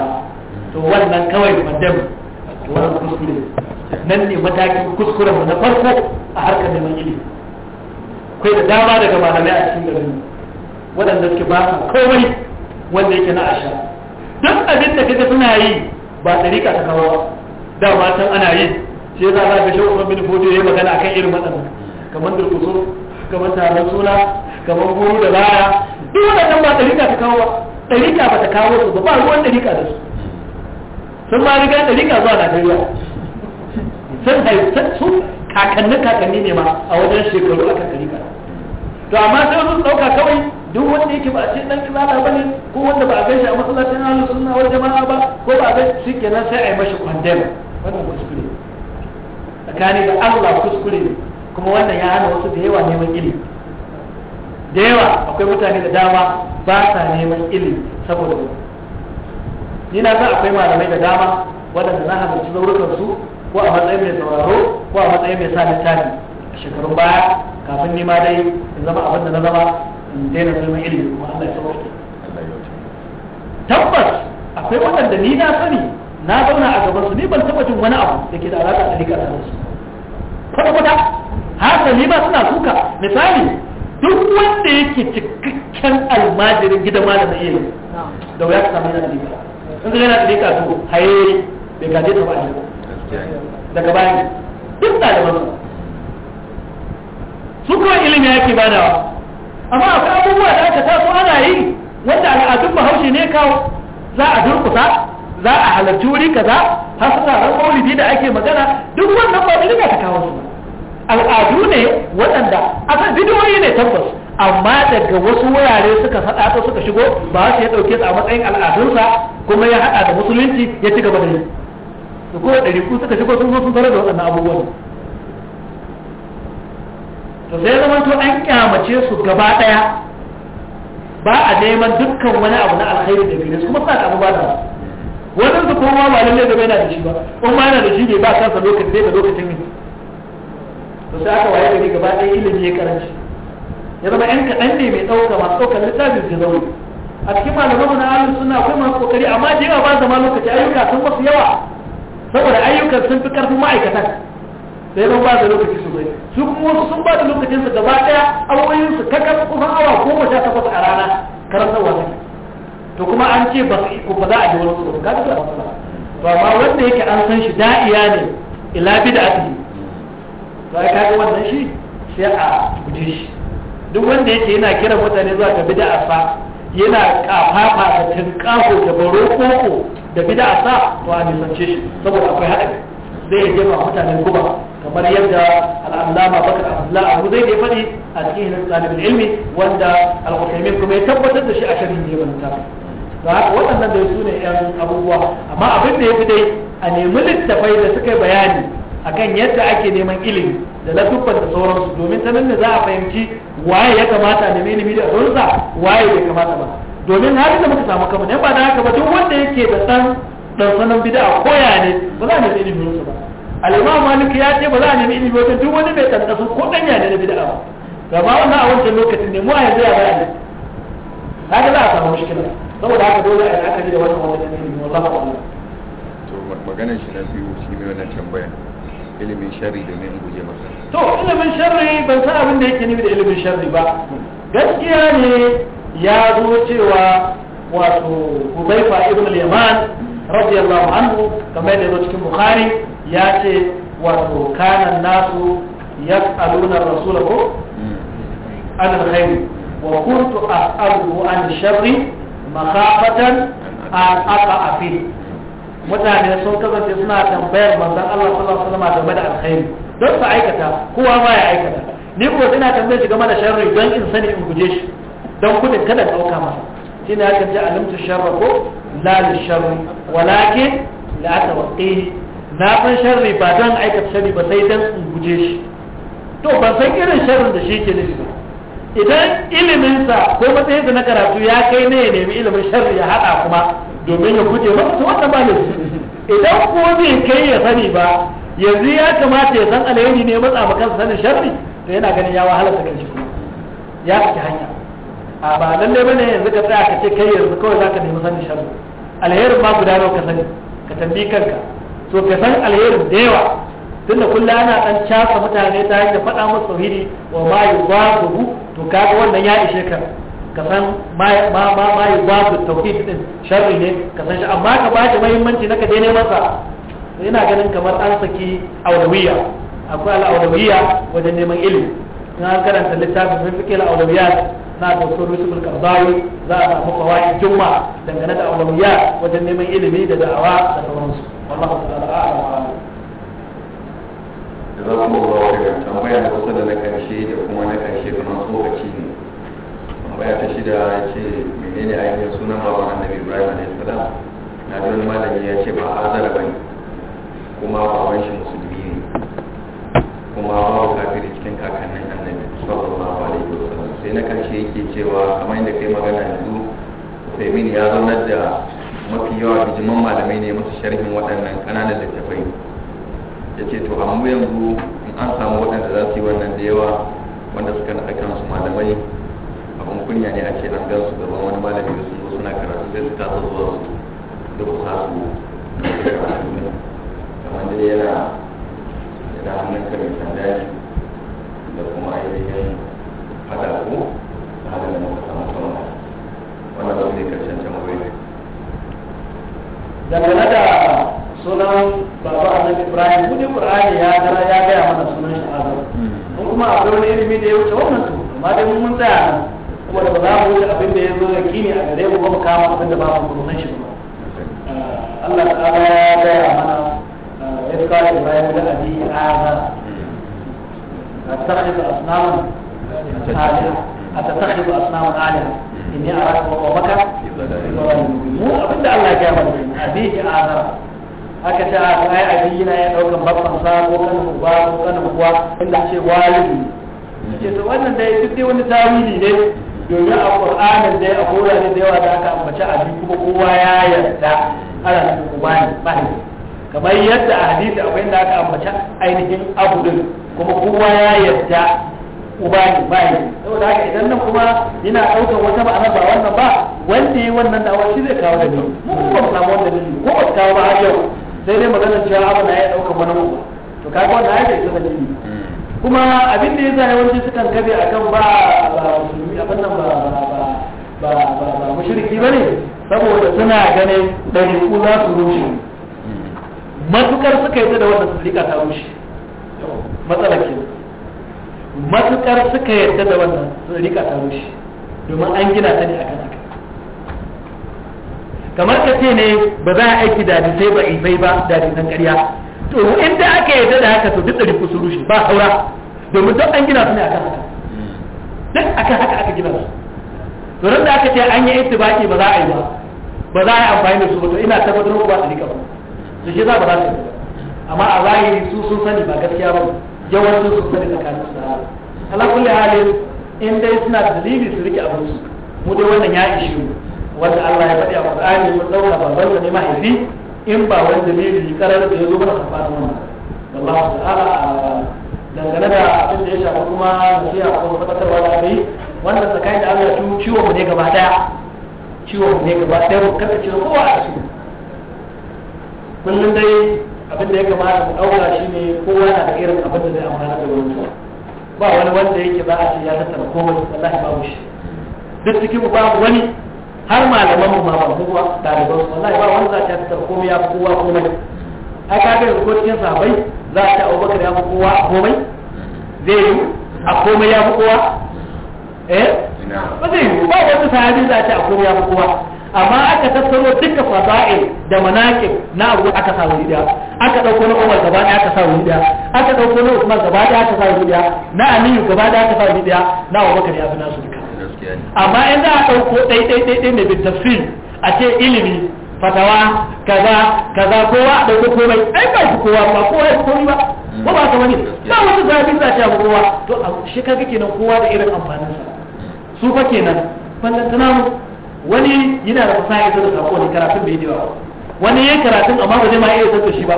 to wannan kawai madam to wannan kuskure nan ne matakin kuskuren mu na farko a harkar neman ilimi akwai da dama daga malamai a cikin garin waɗanda suke ba komai wanda yake na asha duk abin da kaga suna yi ba tsarika ta kawo ba, dama san ana yi shi za a ga shawar bin fodo ya magana kan irin waɗannan kamar durkuso kamar taron suna kamar goro da baya duk waɗannan ba ɗarika ta kawo ɗarika ba ta kawo su ba ba ruwan ɗarika da su sun ma riga ɗarika zuwa najeriya sun haifar su kakanni kakanni ne ma a wajen shekaru a kakanni to amma sai sun ɗauka kawai duk wanda yake ba a ce ɗan izala ba ne ko wanda ba a gaishe a masallacin halin suna wani jama'a ba ko ba a gaishe shi kenan sai a yi mashi kwandem wannan kuskure tsakani da Allah kuskure ne kuma wannan ya hana wasu da yawa neman ilimi da yawa akwai mutane da dama ba sa neman ilimi saboda mu ni na san akwai malamai da dama waɗanda na halarci zaurukan su ko a matsayin mai sauraro ko a matsayin mai sa littafi a shekarun baya kafin ni ma dai in zama abin da na zama in daina neman ilimi kuma Allah ya sauke tabbas akwai waɗanda ni na sani na zauna a gaban su ni ban taba jin wani abu da ke da alaka da rika da su kwata kwata haka ni ba suna suka misali duk wanda yake cikakken almajirin gidan malamin iya yi da wuya ka samu yana da rika in zai yana da rika su haye bai gaje ta ba daga bayan duk da su su kuma ilimi yake badawa amma akwai abubuwa da aka taso ana yi wanda al'adun bahaushe ne kawo za a durkusa za a halarci wuri kaza har su taron maulidi da ake magana duk wannan ba bid'a ta kawo su al'adu ne waɗanda asan bidiyoyi ne tabbas amma daga wasu wurare suka faɗa ko suka shigo ba su ya ɗauke su a matsayin al'adunsa kuma ya haɗa da musulunci ya ci gaba da yi da kuma ɗari ku suka shigo sun zo sun tarar da waɗannan abubuwan to sai zama to an kyamace su gaba ɗaya ba a neman dukkan wani abu na alkhairi da biyu kuma sa abu ba da su wannan su kuma ba lalle da yana da shi ba kuma yana da shi ne ba kansa lokacin sai da lokacin ne to sai aka waye gari gaba ɗaya ilimi ya karanci ya zama yan kaɗan ne mai ɗauka masu ɗaukar littafin su zaune a cikin malamanmu na ahlus sunna akwai masu ƙoƙari amma da yawa ba zama lokaci ayyuka sun masu yawa saboda ayyukan sun fi ƙarfin ma'aikatan sai ban ba da lokaci su bai su kuma wasu sun ba da lokacinsu gaba ɗaya awoyinsu ta kan kusan ce ba su iko ba za a ji wani tsoro ba to amma wanda yake an san shi da'iya ne ila bid'ati to ai kaga wannan shi sai a guje shi duk wanda yake yana kira mutane zuwa ga bid'a fa yana kafafa da tinkaho da baro koko da bid'a sa to a nisance shi saboda akwai haɗari zai je ma mutane guba kamar yadda al'allama bakar abdullah abu zai da ya faɗi a cikin hilal talibin ilmi wanda al kuma ya tabbatar da shi a shirin ne wannan da haka waɗannan dai su ne yan abubuwa amma abin da ya fi dai a nemi littafai da suka yi bayani akan yadda ake neman ilimi da latufan da sauransu domin ta nan ne za a fahimci waye ya kamata a nemi ilimi da sauransa waye bai kamata ba domin har da muka samu kama ne ba da haka ba duk wanda yake da san dan sanan bid'a koya ne ba za a nemi ilimin ba al maliki ya ce ba za a nemi ilimi ba duk wani bai tantasu ko ya ne na bid'a ba gaba wannan a wancan lokacin ne mu a yanzu ya bayani haka za a samu mushkila saboda haka dole a la'akari da wannan wannan ilimi wallahi ba to maganar shi na biyu shi ne wannan tambaya ilimin shari da in guje masa to ilimin shari ban san abin da yake nufi da ilimin shari ba gaskiya ne ya zo cewa wato Hubaifa ibn al-Yaman radiyallahu anhu kamar da yake cikin Bukhari ya ce wato kana nasu yas'aluna rasulahu hmm. an al-khair wa kuntu as'aluhu an sharri makafatan an aka afi mutane sun kasance suna tambayar manzon Allah sallallahu alaihi wasallam game da alkhairi don su aikata kowa ma ya aikata ni ko ina tambayar shi game da sharri don in sani in guje shi don kudin kada dauka ma. shine ya kace alimtu sharra ko la li sharri walakin la tawqihi na san sharri ba don aikata sharri ba sai dan in guje shi to ban san irin sharrin da shi ke nufi ba idan iliminsa ko matsayin da na karatu ya kai ne ya nemi ilimin sharri ya haɗa kuma domin ya guje ba to wannan ba ne idan ko bai kai ya sani ba yanzu ya kamata ya san alheri ne matsa ma kansa sanin sharri to yana ganin ya wahala ta kanshi kuma ya saki hanya a ba lalle bane yanzu ka tsaya ka ce kai yanzu kawai zaka nemi sanin sharri alherin ma guda nawa ka sani ka tambi kanka to ka san alherin da yawa tunda kullum ana dan casa mutane ta hanyar faɗa musu tauhidi wa ma yudhabu to kaga wannan ya ishe ka ka san ma ma ma yi wasu tauhid din sharri ne ka san shi amma ka ba shi muhimmanci naka dai ne masa ina ganin kamar an saki awdawiya akwai awdawiya wajen neman ilimi an karanta littafin fiqh al awdawiya na doktor Yusuf al-Qardawi za a samu kawai jumma dangane da awdawiya wajen neman ilimi da da'awa da sauransu wallahu ta'ala a'lam da zama kowa daga tambaya na kusa da na karshe da kuma na karshe kuma tsokaci ne tambaya ta shida ya ce menene ainihin sunan baban annabi ibrahim alaihi salam na wani malami ya ce ba a azara bane kuma baban shi musulmi ne kuma babu kafiri cikin kakannin annabi sallallahu alaihi wasallam sai na karshe yake cewa kamar yadda kai magana yanzu Usaimin ya zaunar da mafi yawa bijiman malamai ne musu sharhin waɗannan ƙananan littattafai ya ce to amma yanzu in an samu waɗanda za su yi wannan da yawa wanda suka naɗa kansu malamai abin kunya ne a ce an gan su gaban wani malami da sun zo suna karatu sai su kasa zuwa su da ku sa su kamar da yana yana hannun karin mai da kuma ainihin fada ko da halin da muka samu kan wannan ba karshen can wai dangane da sunan baba annabi ibrahim mu ne qur'ani ya dara ya gaya mana sunan shi azam kuma akwai wani ilimi da ya wuce wannan su amma dai mun tsaya nan kuma da ba za mu wuce abin da ya zo da kini a gare mu ba mu kama abin da ba mu san shi ba Allah ta'ala ya gaya mana ya kawo ibrahim da abi azam أتخذ أصناما آلهة أتتخذ أصناما آلهة إني أراك وقومك مو أبدا الله جابر أبيك آذر aka ce a ai abin yana ya daukan babban sabo ko uba ko kanin uwa inda ce walidi ce to wannan dai duk dai wani tarihi ne domin a qur'anin dai a ne da yawa da aka ambaci abin kuma kowa ya yarda ana nufin uba ne fahimi kamar yadda a hadisi akwai da aka ambaci ainihin abu din kuma kowa ya yarda uba ne bayan saboda haka idan nan kuma yana ɗaukar wata ma'ana ba wannan ba wanda ya wannan da shi zai kawo da ni mu ba mu samu wanda ne ko ba kawo ba a yau sai dai magana cewa abu na ya ɗauka wani mu to kaga wannan ya kai ta dalili kuma abin da ya sa yawanci sukan kabe akan ba ba musulmi abin nan ba ba ba ba mushriki bane saboda suna ganin ku za su rushe matukar suka yi ta da wannan sulika ta rushe matsala ke matukar suka yi ta da wannan sulika ta rushe domin an gina ta ne akan haka kamar ka ce ne ba za a aiki da hadisai ba ifai ba da hadisan ƙarya to inda aka yi da haka to duk da riku solution ba saura domin duk an gina su ne akan haka duk akan haka aka gina su to ran da aka ce an yi aiki ba za a yi ba ba za a yi amfani da su ba to ina tabbatar ku ba su rika ba to shi za ba za su yi amma a zahiri su sun sani ba gaskiya ba yawancin sun sani tsakanin su da Allah kulli halin in dai suna da dalili su rike abin su mu dai wannan ya ishe mu wanda Allah ya faɗi a Qur'ani mun dauka baban wanda ne mahaifi in ba ne dalili karar da ya zo mana sabanin wannan wallahi ta'ala dangane da abin da ya shafi kuma nasiha ko tabbatarwa da kai wannan tsakanin da Allah tun ciwo mu ne gaba daya ciwo mu ne gaba daya mu kada ciwo kowa a cikin kullum dai abin da ya kamata mu ɗauka shi ne kowa na da irin abin da zai amfana da wani ba wani wanda yake ba a ce ya tattara komai wallahi babu shi duk cikin babu wani har malaman mu ba ba ku ba da daliban wallahi ba wanda za ta fitar komai ya kowa komai ai ka ga ko cikin sahabbai za ta Abubakar ya kowa komai zai yi a komai ya kowa eh ba zai yi ba wanda sahabi za ta komai ya kowa amma aka tattaro duka fasa'i da manaqib na abu aka sa wuri daya aka dauko na Umar gaba daya aka sa wuri daya aka dauko na Usman gaba daya aka sa wuri daya na Aliyu gaba daya aka sa wuri daya na Abubakar ya fi nasu duka amma in za a ɗauko ɗai ɗai ɗai ɗai mai bin tafsir a ce ilimi fatawa kaza kaza kowa a ɗauko komai ai ba shi kowa ba kowa ya komai ba mm. ko ba ka wani ba wasu zafin za ta kowa to a shi kaga kenan kowa da irin amfanin su fa kenan wannan mu wani yana da fasaha ya zo da sako ne karatun bai yi ba wani yayin karatun amma ba zai ma iya zato shi ba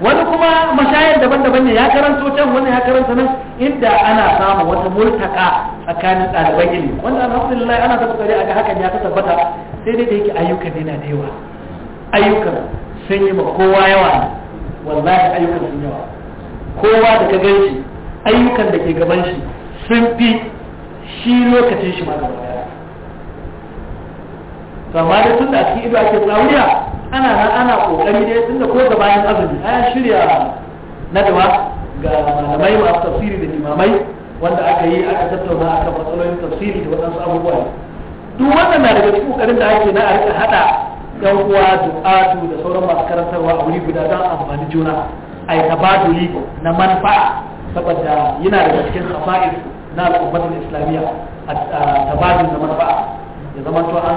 wani kuma mashayar daban-daban ne ya karanto can wani ya karanta nan inda ana samun wata murtaka tsakanin ɗaliban ilimi wanda alhamdulillah ana ta kokari a ga hakan ya ta tabbata sai dai da yake ayyukan yana da yawa ayyukan sun yi ma kowa yawa wallahi ayyukan sun yawa kowa da ka gan shi ayyukan da ke gaban shi sun fi shi lokacin shi ma gaba daya amma da tun da ake ido ake tsawiya ana nan ana kokari dai tunda ko da bayan azumi an shirya na dama ga malamai masu tafsiri da imamai wanda aka yi aka tattauna akan matsalolin tafsiri da waɗansu abubuwa duk wannan na daga cikin kokarin da ake na a rika haɗa yan uwa du'atu da sauran masu karantarwa a wuri guda don amfani juna a yi tabaduli na manfa'a saboda yana daga cikin hafa'ir na al'ummatul islamiyya a tabadul na manfa'a ya zama to an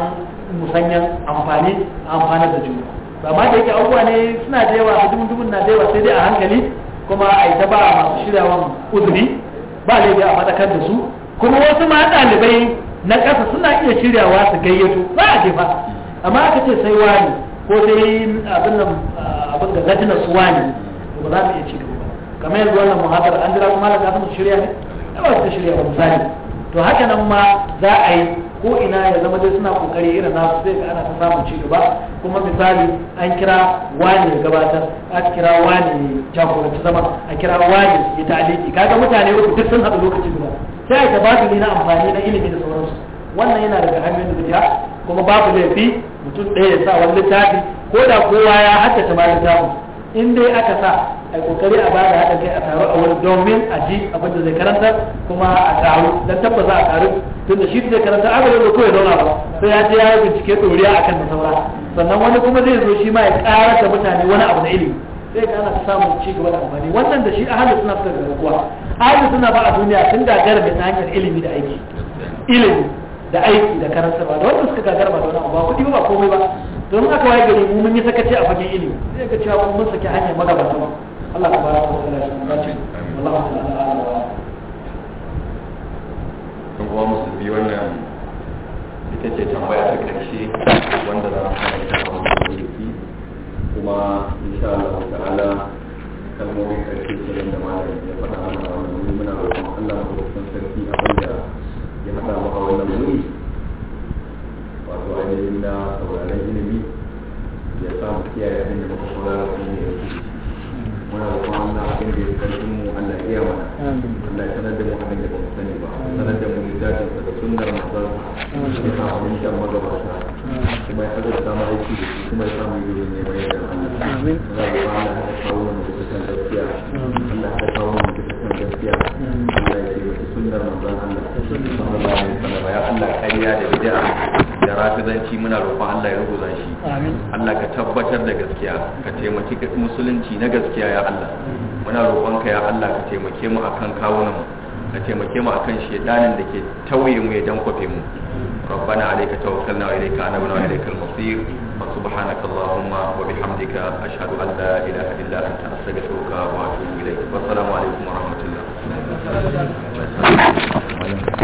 musanyan amfani amfanar da juna ba ma da yake abubuwa ne suna da yawa a dubun dubun na da yawa sai dai a hankali kuma a yi ta ba masu shiryawan uzuri ba laifi a matakar da su kuma wasu ma ɗalibai na ƙasa suna iya shiryawa su gayyato ba a jefa amma aka ce sai wani ko sai abin nan ah, abin da gajina su wani ba za su iya ci gaba kamar yanzu wannan muhabbar an jira kuma da kafin shirya ne ba shirya ba misali to haka nan ma za a yi ko ina ya zama dai suna kokari irin nasu sai ga ana ta samun ci gaba kuma misali an kira wani gabatar an kira wani jagoranci zama a kira wani ya ta'aliki kaga mutane uku duk sun haɗu lokaci guda sai ta babu ne na amfani na ilimi da sauransu wannan yana daga hanyoyin da biya kuma babu laifi mutum ɗaya ya sa wani littafi ko da kowa ya haddata ma littafin in dai aka sa a kokari a bada haɗin kai a taro a wani domin a ji abin da zai karanta kuma a taru dan tabbas a taru tun da shi zai karanta a aka da ya zauna ba sai ya je ya yi bincike ɗoriya kan da saura sannan wani kuma zai zo shi ma ya ƙara da mutane wani abu na ilimi zai kana ta samun ci gaba da amfani wannan da shi a ahalin suna suka garkuwa ahalin suna ba a duniya sun da mai ta hanyar ilimi da aiki ilimi da aiki da ba da wanda suka gagara ba da wani abu ba kuɗi ba komai ba don aka waye gari mu mun yi sakaci a fagen ilimi zai ga cewa mun saki hanyar magabata ba Allah ta baraka wa ta'ala shi ba ce wallahi ta'ala kan kuma musulmi wannan ita ce tambaya ta karshe wanda za a fara ta kuma insha Allah ta'ala kalmomin karshe kenan da malamin ya fara wannan muna roƙon Allah mu roƙon sarki abinda ya hada mu a wannan wuri wato ainihin na sauraron ilimi ya samu kiyaye abin da muka saurara kuma ya yi muna da kuma muna abin da ya karfin mu Allah iya mana Allah ya sanar da mu abin da ba mu sani ba sanar da mu littafin sa da sunnar manzon ya sa abin da magabata kuma ya sanar da mu aiki da kuma ya samu yi ne mai da Allah amin Allah ya ba mu kawo mu da kan gaskiya Allah ya kawo mu da kan gaskiya Allah ya yi sunnar manzon Allah sallallahu alaihi wasallam ya Allah kariya da bid'a da rafidanci muna roƙon Allah ya rubuta shi Allah ka tabbatar da gaskiya ka taimaki musulunci na gaskiya ya Allah muna roƙon ka ya Allah ka taimake mu akan kawunan ka taimake mu akan shedanin da ke tauye mu ya dankwafe mu rabbana alayka tawakkalna wa ilayka anabna wa ilayka al-masir wa subhanaka allahumma wa bihamdika ashhadu an la ilaha illa anta astaghfiruka wa atubu ilayk wa assalamu alaykum wa rahmatullah